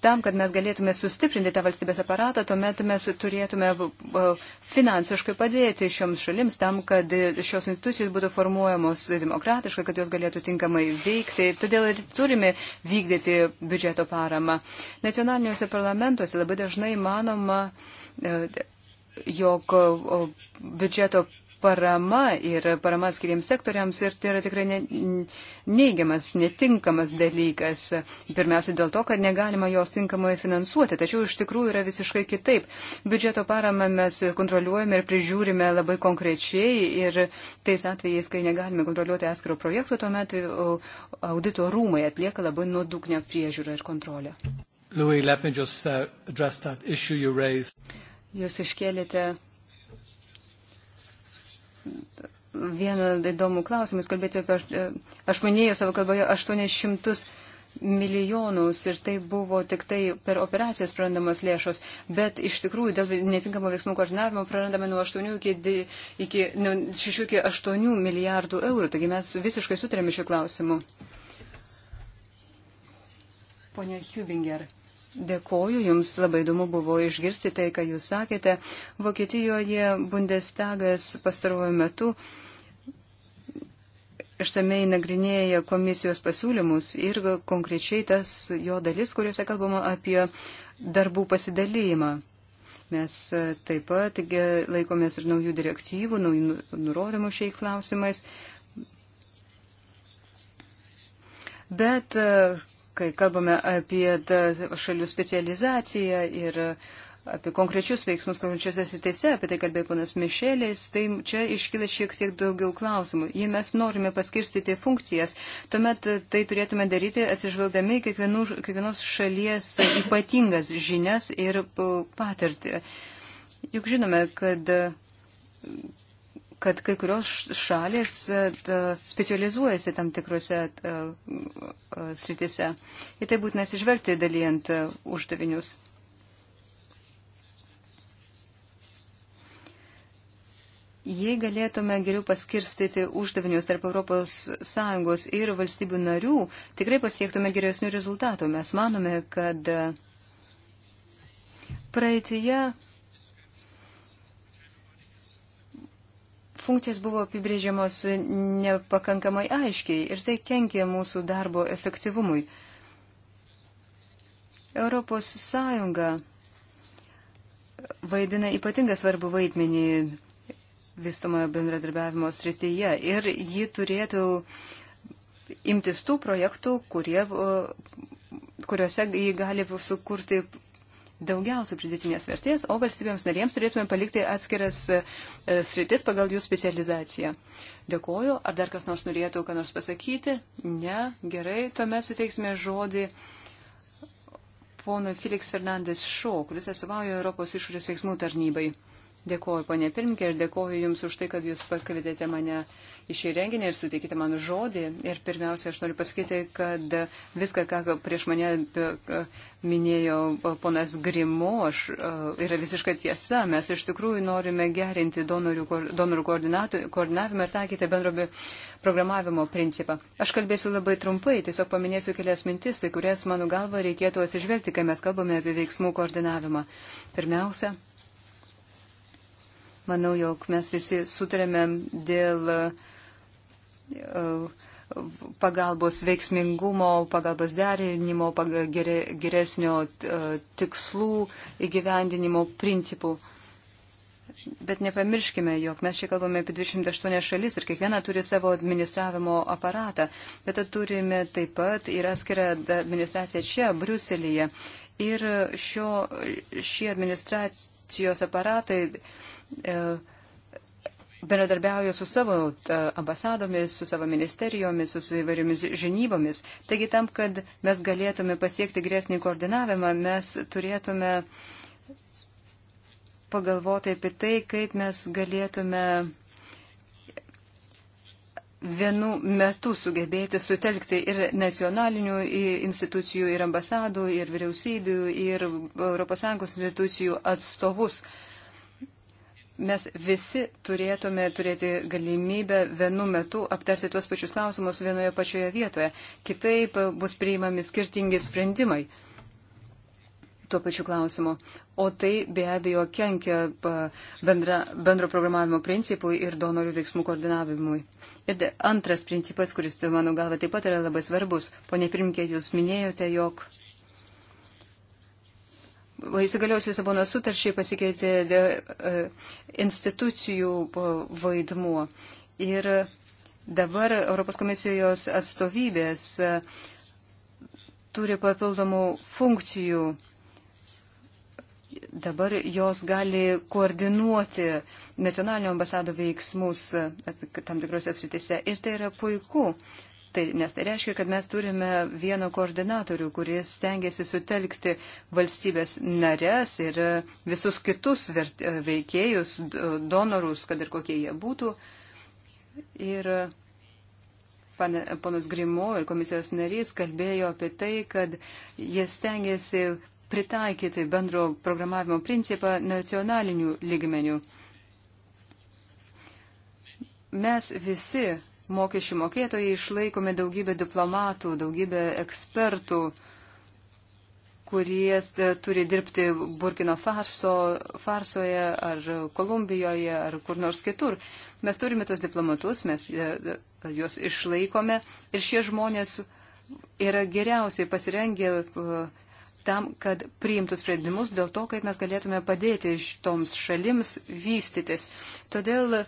tam, kad mes galėtume sustiprinti tą valstybės aparatą, tuomet mes turėtume uh, finansiškai padėti šioms šalims tam, kad uh, šios institucijos būtų formuojamos demokratiškai, kad jos galėtų tinkamai veikti. Todėl ir turime vykdyti biudžeto paramą. Nacionaliniuose parlamentuose labai dažnai manoma, uh, jog biudžeto parama ir parama skiriams sektoriams ir tai yra tikrai ne, neigiamas, netinkamas dalykas. Pirmiausia dėl to, kad negalima jos tinkamai finansuoti, tačiau iš tikrųjų yra visiškai kitaip. Biudžeto paramą mes kontroliuojame ir prižiūrime labai konkrečiai ir tais atvejais, kai negalime kontroliuoti atskiro projekto, tuomet audito rūmai atlieka labai nuodugnę priežiūrą ir kontrolę. Louis, let me just uh, address that issue you raised. Jūs iškėlėte vieną įdomų klausimą, jūs kalbėjote apie, aš, e, aš minėjau savo kalboje 800 milijonus ir tai buvo tik tai per operacijas prarandamas lėšos, bet iš tikrųjų dėl netinkamo veiksmų koordinavimo prarandame nuo 8 iki, iki, nu, 6 iki 8 milijardų eurų, taigi mes visiškai sutarėme šiuo klausimu. Pone Hubinger. Dėkoju, jums labai įdomu buvo išgirsti tai, ką jūs sakėte. Vokietijoje Bundestagas pastaruoju metu išsamei nagrinėja komisijos pasiūlymus ir konkrečiai tas jo dalis, kuriuose kalbama apie darbų pasidalyjimą. Mes e, taip pat laikomės ir naujų direktyvų, naujų nu-, nurodymų šiai klausimais. Bet e, kai kalbame apie šalių specializaciją ir apie konkrečius veiksmus konkrečiuose sitise, apie tai kalbėjo ponas Mišėlės, tai čia iškyla šiek tiek daugiau klausimų. Jei mes norime paskirstyti funkcijas, tuomet tai turėtume daryti atsižvelgdami kiekvienų, kiekvienos šalies ypatingas žinias ir patirtį. Juk žinome, kad kad kai kurios šalis e, specializuojasi tam tikrose e, e, sritise. Į tai būtina atsižvelgti dalyjant uždavinius. Jei galėtume geriau paskirstyti uždavinius tarp ES ir valstybių narių, tikrai pasiektume geresnių rezultatų. Mes manome, kad praeitie funkcijas buvo apibrėžiamos nepakankamai aiškiai ir tai kenkė mūsų darbo efektyvumui. Europos Sąjunga vaidina ypatingą svarbų vaidmenį vystomojo bendradarbiavimo srityje ir ji turėtų imtis tų projektų, kurie, kuriuose jį gali sukurti daugiausia pridėtinės vertės, o valstybėms narėms turėtume palikti atskiras e, e, sritis pagal jų specializaciją. Dėkoju. Ar dar kas nors norėtų ką nors pasakyti? Ne. Gerai. Tuomet suteiksime žodį ponui Felix Fernandes Šo, kuris atstovauja Europos išorės veiksmų tarnybai. Dėkuoju, ponė pirmininkė, ir dėkuoju Jums už tai, kad Jūs pakvietėte mane į šį renginį ir suteikite man žodį. Ir pirmiausia, aš noriu pasakyti, kad viską, ką prieš mane e, e, minėjo ponas Grimo, aš, e, yra visiškai tiesa. Mes iš tikrųjų norime gerinti donorių, donorų koordinavimą ir taikyti bendro programavimo principą. Aš kalbėsiu labai trumpai, tiesiog paminėsiu kelias mintis, į kurias, mano galva, reikėtų atsižvelgti, kai mes kalbame apie veiksmų koordinavimą. Pirmiausia, Manau, jog mes visi sutarėme dėl e, pagalbos veiksmingumo, pagalbos derinimo, geresnio e, tikslų įgyvendinimo principų. Bet nepamirškime, jog mes čia kalbame apie 28 šalis ir kiekviena turi savo administravimo aparatą, bet turime taip pat ir atskirą administraciją čia, Bruselėje. Ir šio, šie administracijai policijos aparatai e, bendradarbiauja su savo e, ambasadomis, su savo ministerijomis, su įvairiomis žinybomis. Taigi tam, kad mes galėtume pasiekti grėsnį koordinavimą, mes turėtume pagalvoti apie tai, kaip mes galėtume vienu metu sugebėti sutelkti ir nacionalinių institucijų, ir ambasadų, ir vyriausybių, ir ES institucijų atstovus. Mes visi turėtume turėti galimybę vienu metu aptarti tuos pačius klausimus vienoje pačioje vietoje. Kitaip bus priimami skirtingi sprendimai tuo pačiu klausimu. O tai be abejo kenkia bendra, bendro programavimo principui ir donorių veiksmų koordinavimui. Ir antras principas, kuris, mano galva, taip pat yra labai svarbus. Pone Primkė, jūs minėjote, jog įsigaliaus Lisabono sutarčiai pasikeitė e, institucijų vaidmuo. Ir dabar Europos komisijos atstovybės e, turi papildomų funkcijų dabar jos gali koordinuoti nacionalinio ambasado veiksmus e, tam tikrose sritise. Ir tai yra puiku, tai, nes tai reiškia, kad mes turime vieną koordinatorių, kuris stengiasi sutelkti valstybės narės ir e, visus kitus e, veikėjus, donorus, kad ir kokie jie būtų. Ir ponas Grimo ir komisijos narys kalbėjo apie tai, kad jie stengiasi pritaikyti bendro programavimo principą nacionalinių lygmenių. Mes visi mokesčių mokėtojai išlaikome daugybę diplomatų, daugybę ekspertų, kurie e, turi dirbti Burkino Farso, Farsoje ar Kolumbijoje ar kur nors kitur. Mes turime tos diplomatus, mes e, e, juos išlaikome ir šie žmonės yra geriausiai pasirengę uh, tam, kad priimtų sprendimus dėl to, kaip mes galėtume padėti šitoms šalims vystytis. Todėl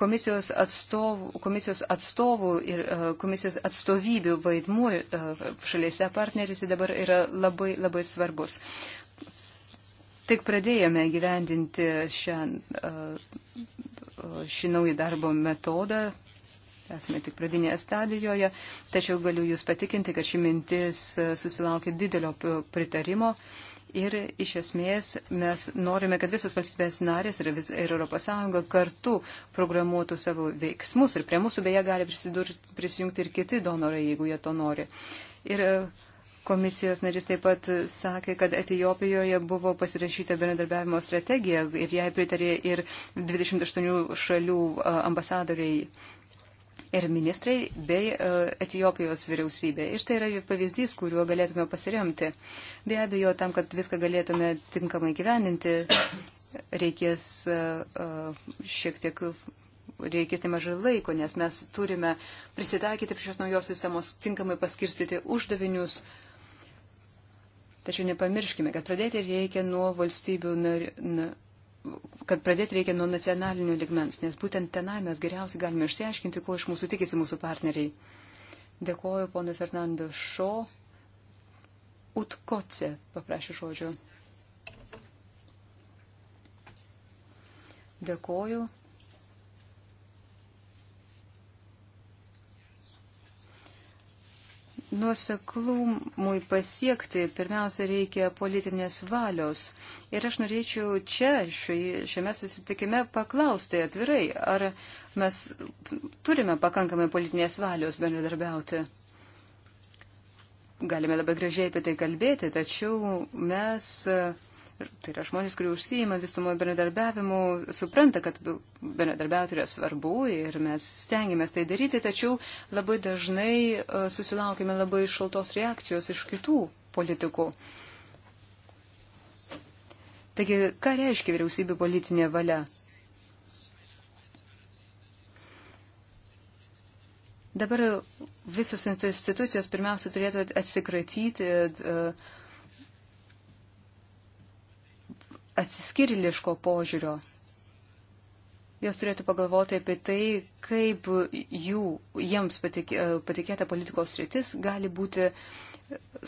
komisijos atstovų, komisijos atstovų ir e, komisijos atstovybių vaidmuo e, šalyse partnerėse dabar yra labai, labai svarbus. Tik pradėjome gyvendinti šią, e, šį naują darbo metodą, esame tik pradinėje stadijoje, tačiau galiu Jūs patikinti, kad ši mintis e, susilaukė didelio pritarimo. Ir iš esmės mes norime, kad visos valstybės narės ir, vis, ir ES kartu programuotų savo veiksmus ir prie mūsų beje gali prisijungti ir kiti donorai, jeigu jie to nori. Ir e, Komisijos narys taip pat sakė, kad Etijopijoje buvo pasirašyta bendradarbiavimo strategija ir jai pritarė ir 28 šalių ambasadoriai ir ministrai bei e, Etijopijos vyriausybė. Ir tai yra pavyzdys, kuriuo galėtume pasiremti. Be abejo, tam, kad viską galėtume tinkamai gyveninti, reikės e, e, šiek tiek. Reikės nemažai laiko, nes mes turime prisitaikyti prie šios naujos sistemos, tinkamai paskirstyti uždavinius, Tačiau nepamirškime, kad pradėti reikia nuo valstybių narių, kad pradėti reikia nuo nacionalinio ligmens, nes būtent tenai mes geriausiai galime išsiaiškinti, ko iš mūsų tikisi mūsų partneriai. Dėkoju ponui Fernando Šo. Utkoce paprašė žodžio. Dėkoju. Nuoseklumui pasiekti pirmiausia reikia politinės valios. Ir aš norėčiau čia, šiame susitikime, paklausti atvirai, ar mes turime pakankamai politinės valios bendradarbiauti. Galime labai gražiai apie tai kalbėti, tačiau mes. Uh, tai yra žmonės, kurie užsijima visumo bendradarbiavimu, supranta, kad bendradarbiauti yra svarbu ir mes stengiamės tai daryti, tačiau labai dažnai e, susilaukime labai šaltos reakcijos iš kitų politikų. Taigi, ką reiškia vyriausybė politinė valia? Dabar visos institucijos pirmiausia turėtų atsikratyti uh, atsiskiriliško požiūrio. Jos turėtų pagalvoti apie tai, kaip jų, jiems patikėta politikos rytis gali būti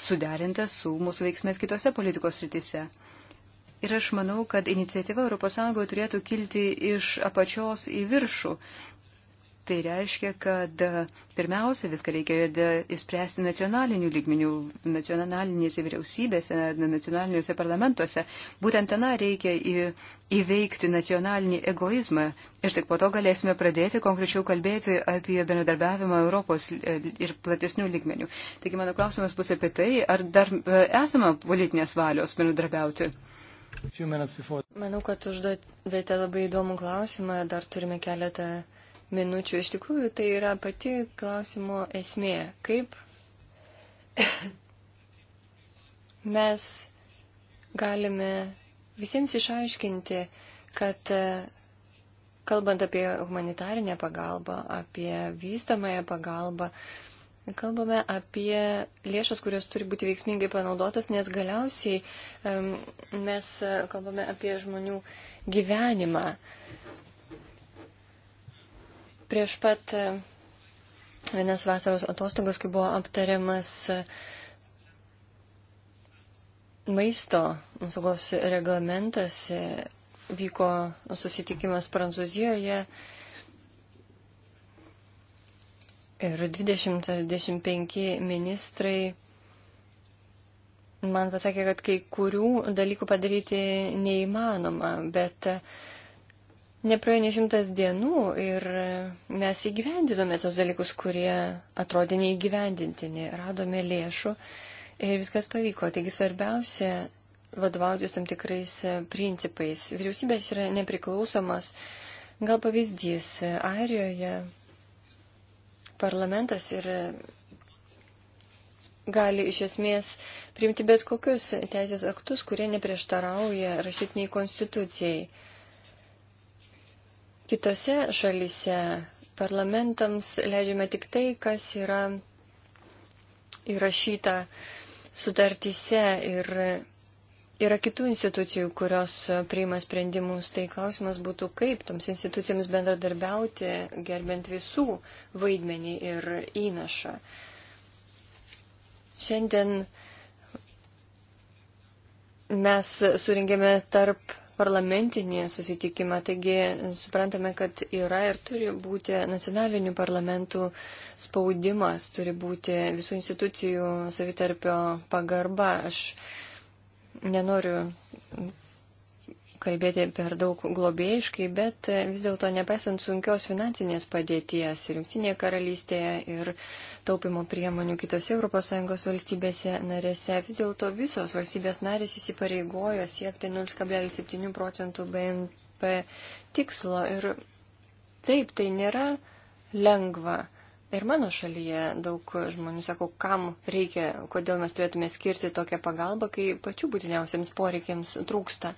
suderinta su mūsų veiksmės kitose politikos rytise. Ir aš manau, kad iniciatyva ES turėtų kilti iš apačios į viršų Tai reiškia, kad e, pirmiausia viską reikia įspręsti e, nacionalinių lygmenių, nacionalinėse vyriausybėse, nacionaliniuose parlamentuose. Būtent ten reikia į, įveikti nacionalinį egoizmą ir tik po to galėsime pradėti konkrečiau kalbėti apie bendradarbiavimą Europos e, ir platesnių lygmenių. Taigi mano klausimas bus apie tai, ar dar esama politinės valios bendradarbiauti. Manau, kad užduotėte labai įdomų klausimą, dar turime keletą minučių. Iš tikrųjų, tai yra pati klausimo esmė. Kaip mes galime visiems išaiškinti, kad e, kalbant apie humanitarinę pagalbą, apie vystamąją pagalbą, Kalbame apie lėšas, kurios turi būti veiksmingai panaudotas, nes galiausiai um, mes e, kalbame apie žmonių gyvenimą. Uh, Prieš pat e, vienas vasaros atostogos, kai buvo aptariamas e, maisto saugos reglamentas, e, vyko susitikimas Prancūzijoje. Ir 20 ar 25 ministrai man pasakė, kad kai kurių dalykų padaryti neįmanoma, bet uh, Nepraėjo ne šimtas dienų ir mes įgyvendinome tos dalykus, kurie atrodė neįgyvendintini, radome lėšų ir viskas pavyko. Taigi svarbiausia vadovautis tam tikrais principais. Vyriausybės yra nepriklausomas. Gal pavyzdys, Airijoje parlamentas ir gali iš esmės priimti bet kokius teisės aktus, kurie neprieštarauja rašytiniai konstitucijai. Kitose šalise parlamentams leidžiame tik tai, kas yra įrašyta sutartyse ir yra kitų institucijų, kurios priima sprendimus. Tai klausimas būtų, kaip toms institucijoms bendradarbiauti, gerbent visų vaidmenį ir įnašą. Šiandien mes suringėme tarp parlamentinį susitikimą. Taigi suprantame, kad yra ir turi būti nacionalinių parlamentų spaudimas, turi būti visų institucijų savitarpio pagarba. Aš nenoriu kalbėti per daug globėjiškai, bet vis dėlto nepaisant sunkios finansinės padėties ir Junktinėje karalystėje ir taupimo priemonių kitose ES valstybėse narėse, vis dėlto visos valstybės narės įsipareigojo siekti 0,7 procentų BNP tikslo ir taip tai nėra lengva. Ir mano šalyje daug žmonių sako, kam reikia, kodėl mes turėtume skirti tokią pagalbą, kai pačių būtiniausiams poreikiams trūksta.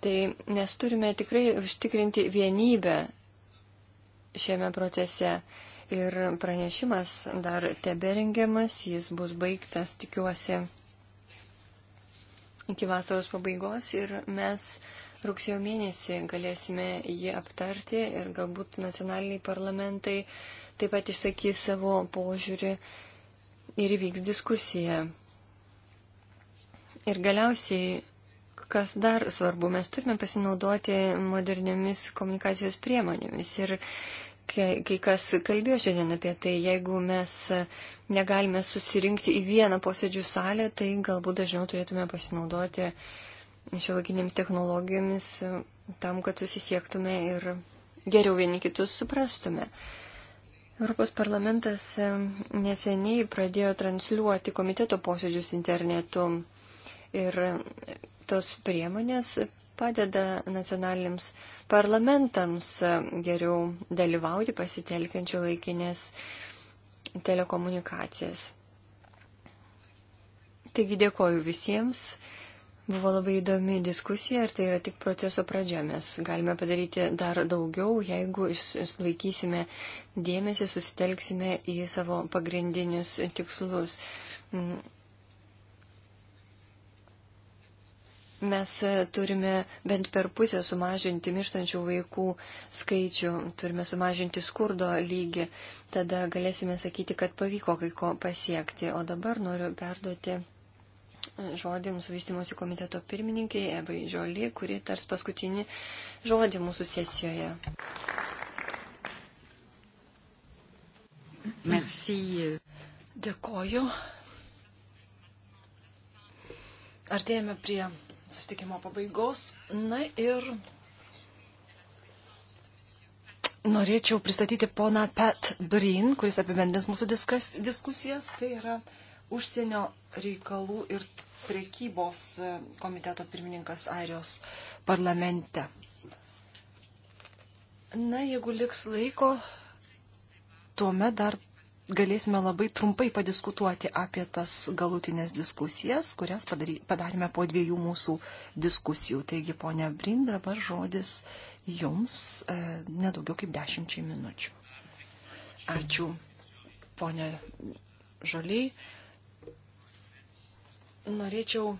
Tai nes turime tikrai užtikrinti vienybę šiame procese. Ir pranešimas dar teberengiamas, jis bus baigtas, tikiuosi, iki vasaros pabaigos ir mes rugsėjo mėnesį galėsime jį aptarti ir galbūt nacionaliniai parlamentai taip pat išsakys savo požiūrį ir vyks diskusija. Ir galiausiai Kas dar svarbu, mes turime pasinaudoti moderniamis komunikacijos priemonėmis. Ir kai kas kalbėjo šiandien apie tai, jeigu mes negalime susirinkti į vieną posėdžių salę, tai galbūt dažniau turėtume pasinaudoti šiolakinėmis technologijomis tam, kad susisiektume ir geriau vieni kitus suprastume. Europos parlamentas e, neseniai pradėjo transliuoti komiteto posėdžius internetu ir tos priemonės padeda nacionaliniams parlamentams e, geriau dalyvauti pasitelkiančių laikinės telekomunikacijas. Taigi dėkoju visiems. Buvo labai įdomi diskusija ir tai yra tik proceso pradžia. Mes galime padaryti dar daugiau, jeigu laikysime dėmesį, susitelksime į savo pagrindinius tikslus. Mm, Mes e, turime bent per pusę sumažinti mirštančių vaikų skaičių, turime sumažinti skurdo lygį, tada galėsime sakyti, kad pavyko kai ko pasiekti. O dabar noriu perduoti e, žodį mūsų vystimosi komiteto pirmininkiai Ebai Žioli, kuri tars paskutinį žodį mūsų sesijoje. Merci. Dėkoju. Artėjame prie sustikimo pabaigos. Na ir norėčiau pristatyti poną Pat Brin, kuris apibendrins mūsų diskas, diskusijas. Tai yra užsienio reikalų ir priekybos e, komiteto pirmininkas Airijos parlamente. Na, jeigu liks laiko, tuomet dar galėsime labai trumpai padiskutuoti apie tas galutinės diskusijas, kurias padary, padarėme po dviejų mūsų diskusijų. Taigi, ponia Brin, dabar žodis jums e, nedaugiau kaip dešimčiai minučių. Ačiū, ponia Žaliai. Norėčiau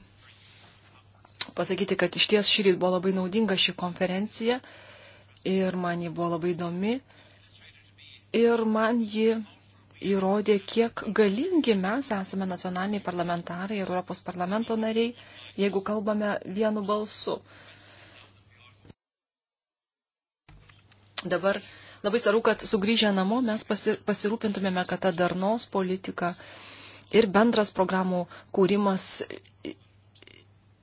pasakyti, kad iš ties šį rytą buvo labai naudinga ši konferencija ir man ji buvo labai įdomi. Ir man ji įrodė, kiek galingi mes esame nacionaliniai parlamentarai ir Europos parlamento nariai, jeigu kalbame vienu balsu. Dabar labai svarbu, kad sugrįžę namo mes pasirūpintumėme, kad ta darnos politika ir bendras programų kūrimas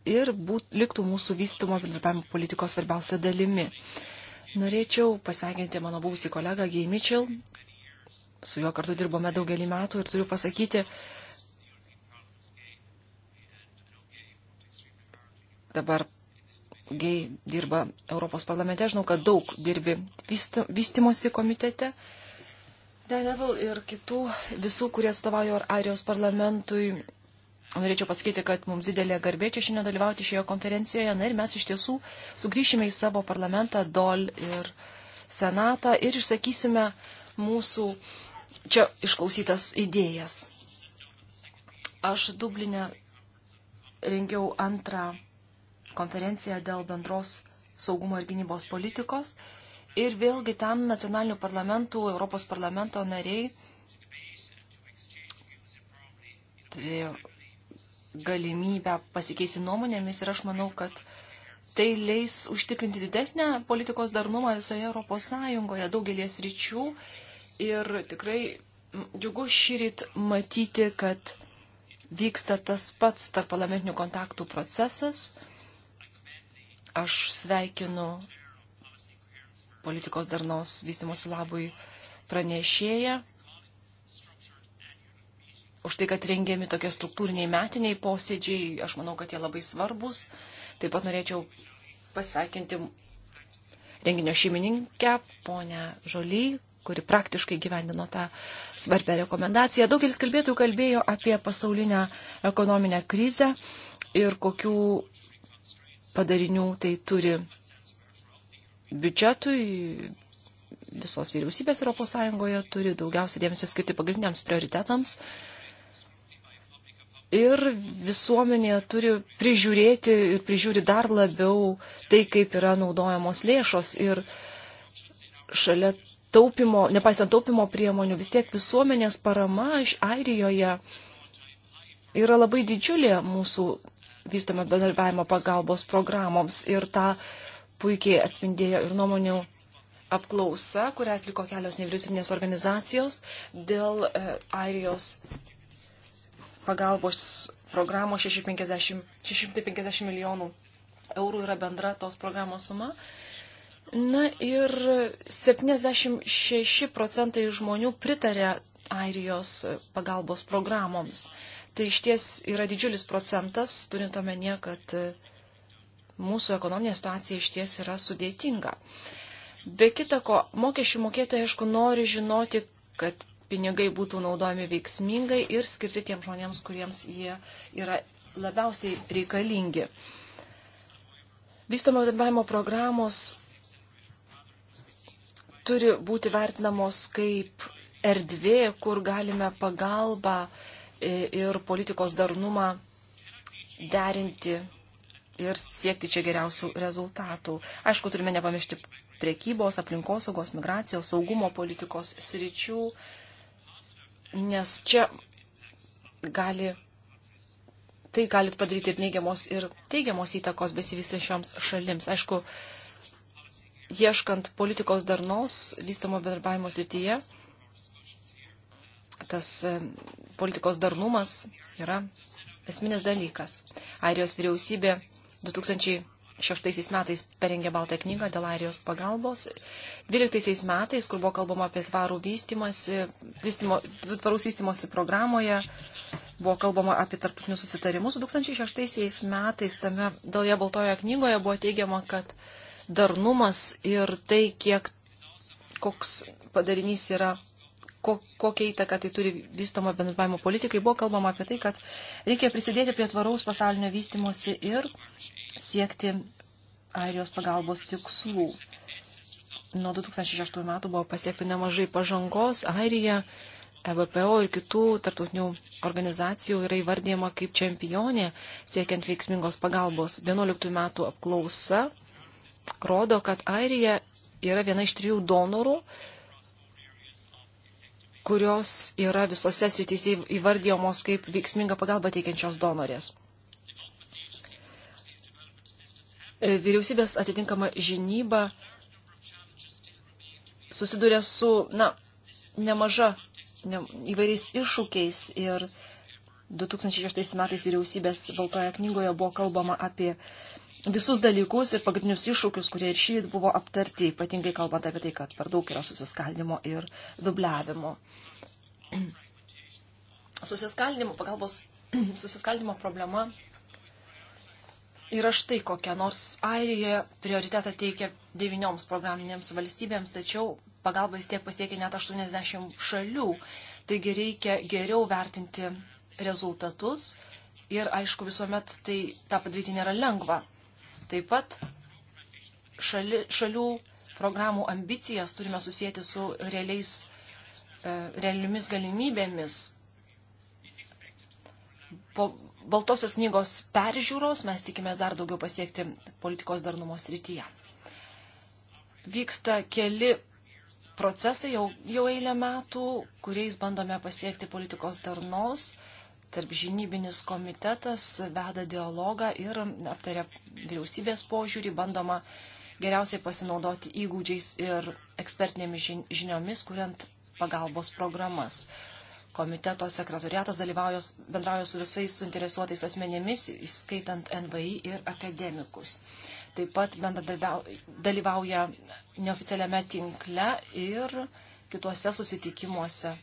ir būt, liktų mūsų vystumo bendradarbiavimo politikos svarbiausia dalimi. Norėčiau pasveikinti mano buvusį kolegą Gay Mitchell, Su juo kartu dirbome daugelį metų ir turiu pasakyti, dabar gei dirba Europos parlamente, žinau, kad daug dirbi vystimosi komitete. Danevel ir kitų visų, kurie atstovauja Airijos parlamentui. Norėčiau pasakyti, kad mums didelė garbė čia šiandien dalyvauti šioje konferencijoje. Na ir mes iš tiesų sugrįšime į savo parlamentą, DOL ir Senatą ir išsakysime mūsų uh, čia išklausytas idėjas. Aš Dublinė rengiau antrą konferenciją dėl bendros saugumo ir gynybos politikos ir vėlgi ten nacionalinių parlamentų, Europos parlamento nariai turėjo galimybę pasikeisti nuomonėmis ir aš manau, kad tai leis užtikrinti didesnę politikos darnumą visoje Europos Sąjungoje daugelės ryčių Ir tikrai džiugu šyrit matyti, kad vyksta tas pats tarp parlamentinių kontaktų procesas. Aš sveikinu politikos darnos vystimosi labui pranešėją už tai, kad rengiami tokie struktūriniai metiniai posėdžiai. Aš manau, kad jie labai svarbus. Taip pat norėčiau pasveikinti renginio šeimininkę, ponę Žolį, kuri praktiškai gyvendino tą svarbę rekomendaciją. Daugelis kalbėtojų kalbėjo apie pasaulinę ekonominę krizę ir kokių padarinių tai turi biudžetui. Visos vyriausybės ES turi daugiausiai dėmesio skirti pagrindiniams prioritetams ir visuomenė turi prižiūrėti ir prižiūri dar labiau tai, kaip yra naudojamos lėšos. Ir šalia taupimo, nepaisant taupimo priemonių, vis tiek visuomenės parama iš Airijoje yra labai didžiulė mūsų vystomio bendarbiavimo pagalbos programoms ir tą puikiai atspindėjo ir nuomonių apklausa, kurią atliko kelios nevyriausybinės organizacijos dėl e, Airijos pagalbos programos 650, 650 milijonų eurų yra bendra tos programos suma. Na ir 76 procentai žmonių pritarė Airijos pagalbos programoms. Tai iš ties yra didžiulis procentas, turint omenyje, kad mūsų ekonominė situacija iš ties yra sudėtinga. Be kita ko, mokesčių mokėtojai, aišku, nori žinoti, kad pinigai būtų naudojami veiksmingai ir skirti tiems žmonėms, kuriems jie yra labiausiai reikalingi. Vystomo dalyvavimo programos turi būti vertinamos kaip erdvė, kur galime pagalbą ir politikos darnumą derinti ir siekti čia geriausių rezultatų. Aišku, turime nepamiršti priekybos, aplinkosaugos, migracijos, saugumo politikos sričių, nes čia gali, tai galit padaryti ir neigiamos, ir teigiamos įtakos besivystančioms šalims. Aišku, ieškant politikos darnos vystamo bendarbiavimo srityje. Tas e, politikos darnumas yra esminis dalykas. Airijos vyriausybė 2006 metais parengė baltą knygą dėl Airijos pagalbos. 12 metais, kur buvo kalbama apie tvarų vystimąsi, vystimo, tvarus vystimosi programoje, buvo kalbama apie tarptautinius susitarimus. 2006 metais tame dėl jo baltojo knygoje buvo teigiama, kad darnumas ir tai, kiek koks padarinys yra, ko, kokia įtaka tai turi vystoma bendravimo politikai, buvo kalbama apie tai, kad reikia prisidėti prie tvaraus pasaulinio vystimosi ir siekti Airijos pagalbos tikslų. Nuo 2006 metų buvo pasiekta nemažai pažangos. Airija, EBPO ir kitų tartutinių organizacijų yra įvardyjama kaip čempionė siekiant veiksmingos pagalbos. 11 metų apklausa rodo, kad Airija yra viena iš trijų donorų, kurios yra visose srityse įvardyjamos kaip veiksminga pagalba teikiančios donorės. E, vyriausybės atitinkama žinyba susiduria su, na, nemaža ne, įvairiais iššūkiais ir 2006 metais vyriausybės Baltoje knygoje buvo kalbama apie visus dalykus ir pagrindinius iššūkius, kurie ir šįryt buvo aptarti, ypatingai kalbant apie tai, kad per daug yra susiskaldimo ir dubliavimo. Susiskaldimo pagalbos, susiskaldimo problema yra štai kokia, nors Airijoje prioritetą teikia devinioms programinėms valstybėms, tačiau pagalba vis tiek pasiekia net 80 šalių. Taigi reikia geriau vertinti rezultatus ir, aišku, visuomet tai tą padaryti nėra lengva. Taip pat šali, šalių programų ambicijas turime susijęti su realiais, e, realiomis galimybėmis. Po Baltosios knygos peržiūros mes tikimės dar daugiau pasiekti politikos darnumo srityje. Vyksta keli procesai jau, jau eilę metų, kuriais bandome pasiekti politikos darnos. Uh, tarp žinybinis komitetas veda dialogą ir aptaria vyriausybės požiūrį, bandoma geriausiai pasinaudoti įgūdžiais ir ekspertinėmis žiniomis, kuriant pagalbos programas. Komiteto sekretariatas dalyvauja, bendrauja su visais suinteresuotais asmenėmis, įskaitant NVI ir akademikus. Taip pat dalyvauja neoficialiame tinkle ir kituose susitikimuose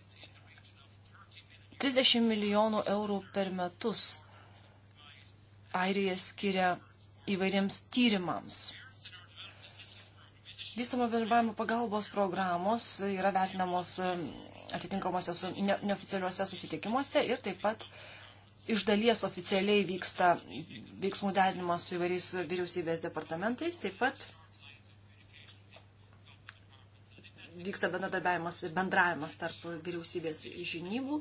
30 milijonų eurų per metus Airija skiria įvairiems tyrimams. Vystomo bendravimo pagalbos programos yra vertinamos atitinkamuose su, ne, neoficialiuose susitikimuose ir taip pat iš dalies oficialiai vyksta veiksmų derinimas su įvairiais vyriausybės departamentais, taip pat vyksta bendradarbiavimas ir bendravimas tarp vyriausybės žinybų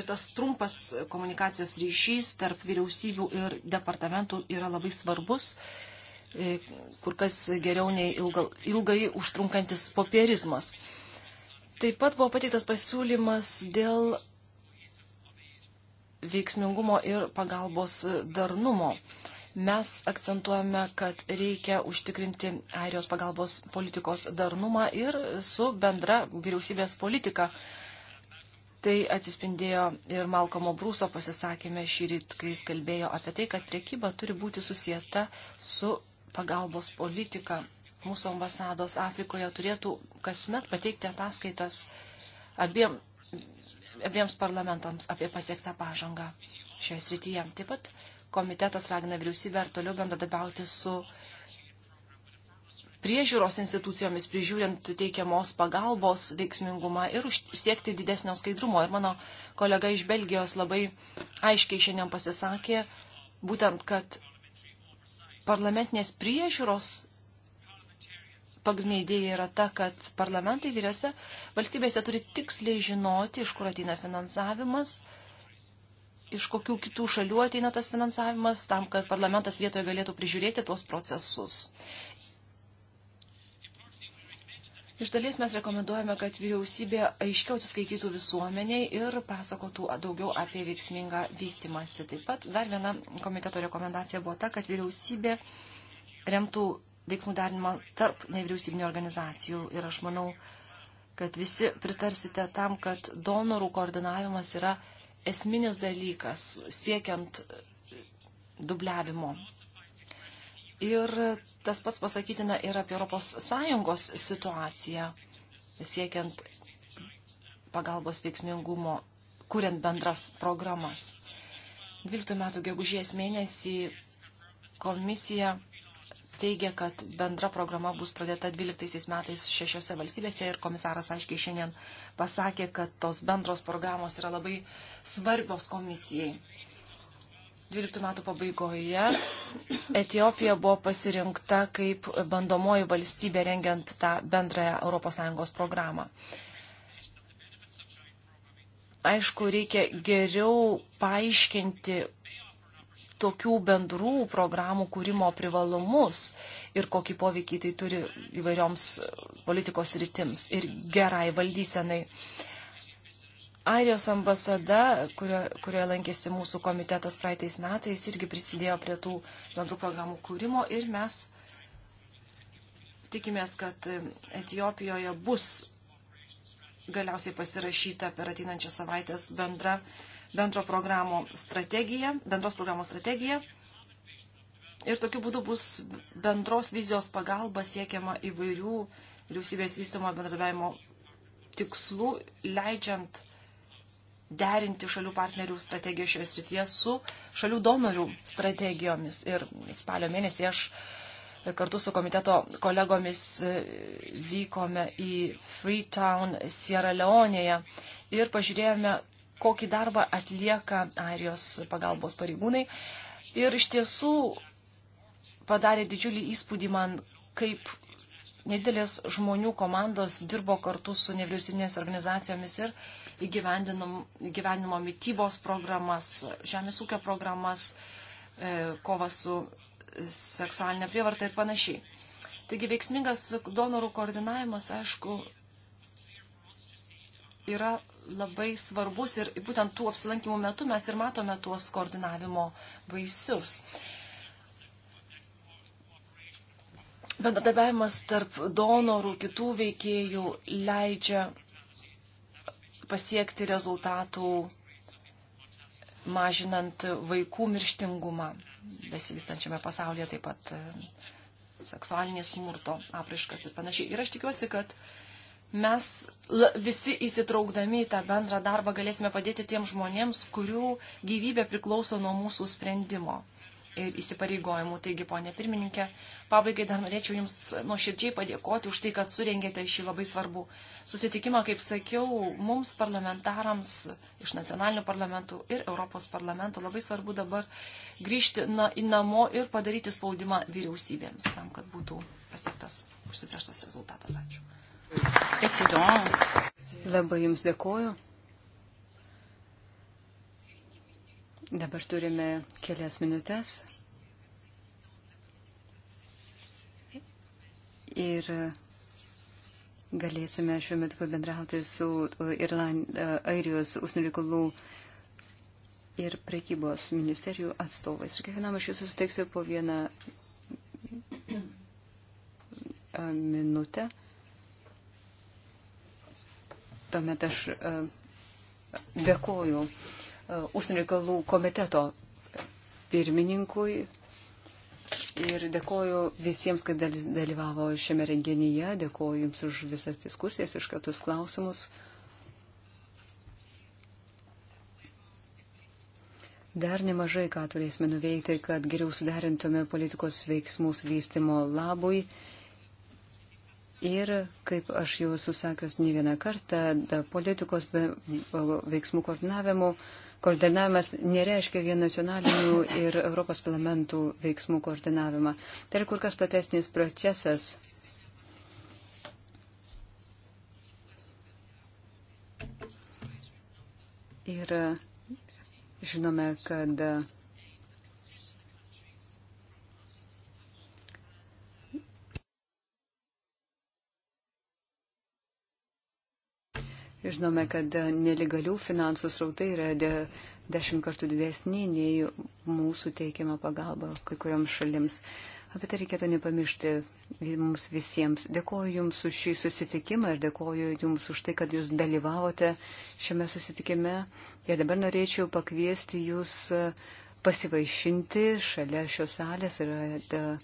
ir tas trumpas komunikacijos ryšys tarp vyriausybių ir departamentų yra labai svarbus, e, kur kas geriau nei ilga, ilgai užtrunkantis popierizmas. Taip pat buvo pateiktas pasiūlymas dėl veiksmingumo ir pagalbos darnumo. Mes akcentuojame, kad reikia užtikrinti airijos pagalbos politikos darnumą ir su bendra vyriausybės politika. Tai atsispindėjo ir Malkomo Brūso pasisakėme šį rytą, kai jis kalbėjo apie tai, kad priekyba turi būti susijęta su pagalbos politika. Mūsų ambasados Afrikoje turėtų kasmet pateikti ataskaitas abiem, abiems parlamentams apie pasiektą pažangą šioje srityje. Taip pat komitetas ragina vyriausybę ir toliau bendradarbiauti su priežiūros institucijomis, prižiūrint teikiamos pagalbos veiksmingumą ir siekti didesnio skaidrumo. Ir mano kolega iš Belgijos labai aiškiai šiandien pasisakė, būtent, kad parlamentinės priežiūros pagrindinė idėja yra ta, kad parlamentai vyriose valstybėse turi tiksliai žinoti, iš kur ateina finansavimas, iš kokių kitų šalių ateina tas finansavimas, tam, kad parlamentas vietoje galėtų prižiūrėti tuos procesus. Iš dalies mes rekomenduojame, kad vyriausybė aiškiau atsiskaitytų visuomeniai ir pasakotų daugiau apie veiksmingą vystimąsi. Taip pat dar viena komiteto rekomendacija buvo ta, kad vyriausybė remtų veiksmų darinimą tarp nevyriausybinio organizacijų. Ir aš manau, kad visi pritarsite tam, kad donorų koordinavimas yra esminis dalykas siekiant dubliavimo. Ir tas pats pasakytina ir apie ES situaciją, siekiant pagalbos veiksmingumo, kuriant bendras programas. 12 metų gegužės mėnesį komisija teigia, kad bendra programa bus pradėta 12 metais šešiose valstybėse ir komisaras aiškiai šiandien pasakė, kad tos bendros programos yra labai svarbios komisijai. 12 metų pabaigoje Etijopija buvo pasirinkta kaip bandomoji valstybė rengiant tą bendrąją ES programą. Aišku, reikia geriau paaiškinti, tokių bendrų programų kūrimo privalumus ir kokį poveikį tai turi įvairioms politikos rytims ir gerai valdysenai. Airijos ambasada, kurio, kurioje lankėsi mūsų komitetas praeitais metais, irgi prisidėjo prie tų bendrų programų kūrimo ir mes tikimės, kad Etijopijoje bus galiausiai pasirašyta per ateinančią savaitęs bendra bendro programų strategiją, bendros programos strategiją. Ir tokiu būdu bus bendros vizijos pagalba siekiama įvairių vyriausybės vystomo bendradarbiavimo tikslų, leidžiant derinti šalių partnerių strategiją šioje srityje su šalių donorių strategijomis. Ir spalio mėnesį aš kartu su komiteto kolegomis e, vykome į Freetown Sierra Leonėje ir pažiūrėjome, kokį darbą atlieka Airijos pagalbos pareigūnai. Ir iš tiesų padarė didžiulį įspūdį man, kaip nedidelės žmonių komandos dirbo kartu su nevyriausybinės organizacijomis ir įgyvendino mytybos programas, žemės ūkio programas, e, kova su seksualinė prievarta ir panašiai. Taigi veiksmingas donorų koordinavimas, aišku, yra labai svarbus ir būtent tų apsilankimų metu mes ir matome tuos koordinavimo vaisius. Bendradarbiavimas tarp donorų, kitų veikėjų leidžia pasiekti rezultatų, mažinant vaikų mirštingumą besivystančiame pasaulyje, taip pat e, seksualinės smurto apraiškas ir panašiai. Ir aš tikiuosi, kad uh, mes visi įsitraukdami į tą bendrą darbą galėsime padėti tiems žmonėms, kurių gyvybė priklauso nuo mūsų sprendimo ir įsipareigojimų. Taigi, ponė pirmininkė, pabaigai dar norėčiau Jums nuoširdžiai padėkoti už tai, kad surengėte šį labai svarbų susitikimą, kaip sakiau, mums parlamentarams iš nacionalinių parlamentų ir Europos parlamento labai svarbu dabar grįžti na, į namo ir padaryti spaudimą vyriausybėms tam, kad būtų pasiektas užsiprieštas rezultatas. Ačiū. Labai Jums dėkoju. Dabar turime kelias minutės. Ir galėsime šiuo metu pabendrauti su e, Irland, e, Airijos užsienio reikalų ir prekybos ministerijų atstovais. Ir kiekvienam iš jūsų suteiksiu po vieną e, minutę tuomet aš e, dėkoju e, Užsienio reikalų komiteto pirmininkui ir dėkoju visiems, kad dalyvavo šiame renginyje, dėkoju Jums už visas diskusijas, iš katus klausimus. Dar nemažai ką turėsime nuveikti, kad geriau suderintume politikos veiksmus vystimo labui. Ir, kaip aš jau susakius ne vieną kartą, politikos be, veiksmų koordinavimo, koordinavimas nereiškia vien nacionalinių ir Europos parlamentų veiksmų koordinavimą. Tai yra kur kas platesnis procesas. Ir žinome, kad Žinome, kad neligalių finansų srautai yra de, dešimt kartų didesni nei mūsų teikiama pagalba kai kuriams šalims. Apie tai reikėtų nepamiršti mums visiems. Dėkoju Jums už šį susitikimą ir dėkoju Jums už tai, kad Jūs dalyvavote šiame susitikime. Ir dabar norėčiau pakviesti Jūs pasivaišinti. Šalia šios salės yra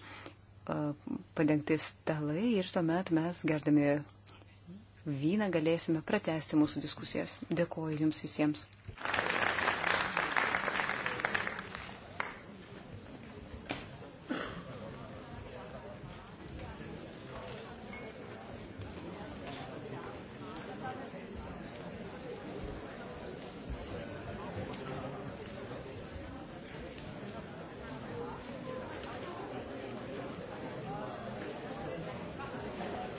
padengti stalai ir tuomet mes gerdami vyną galėsime pratesti mūsų diskusijas. Dėkuoju Jums visiems.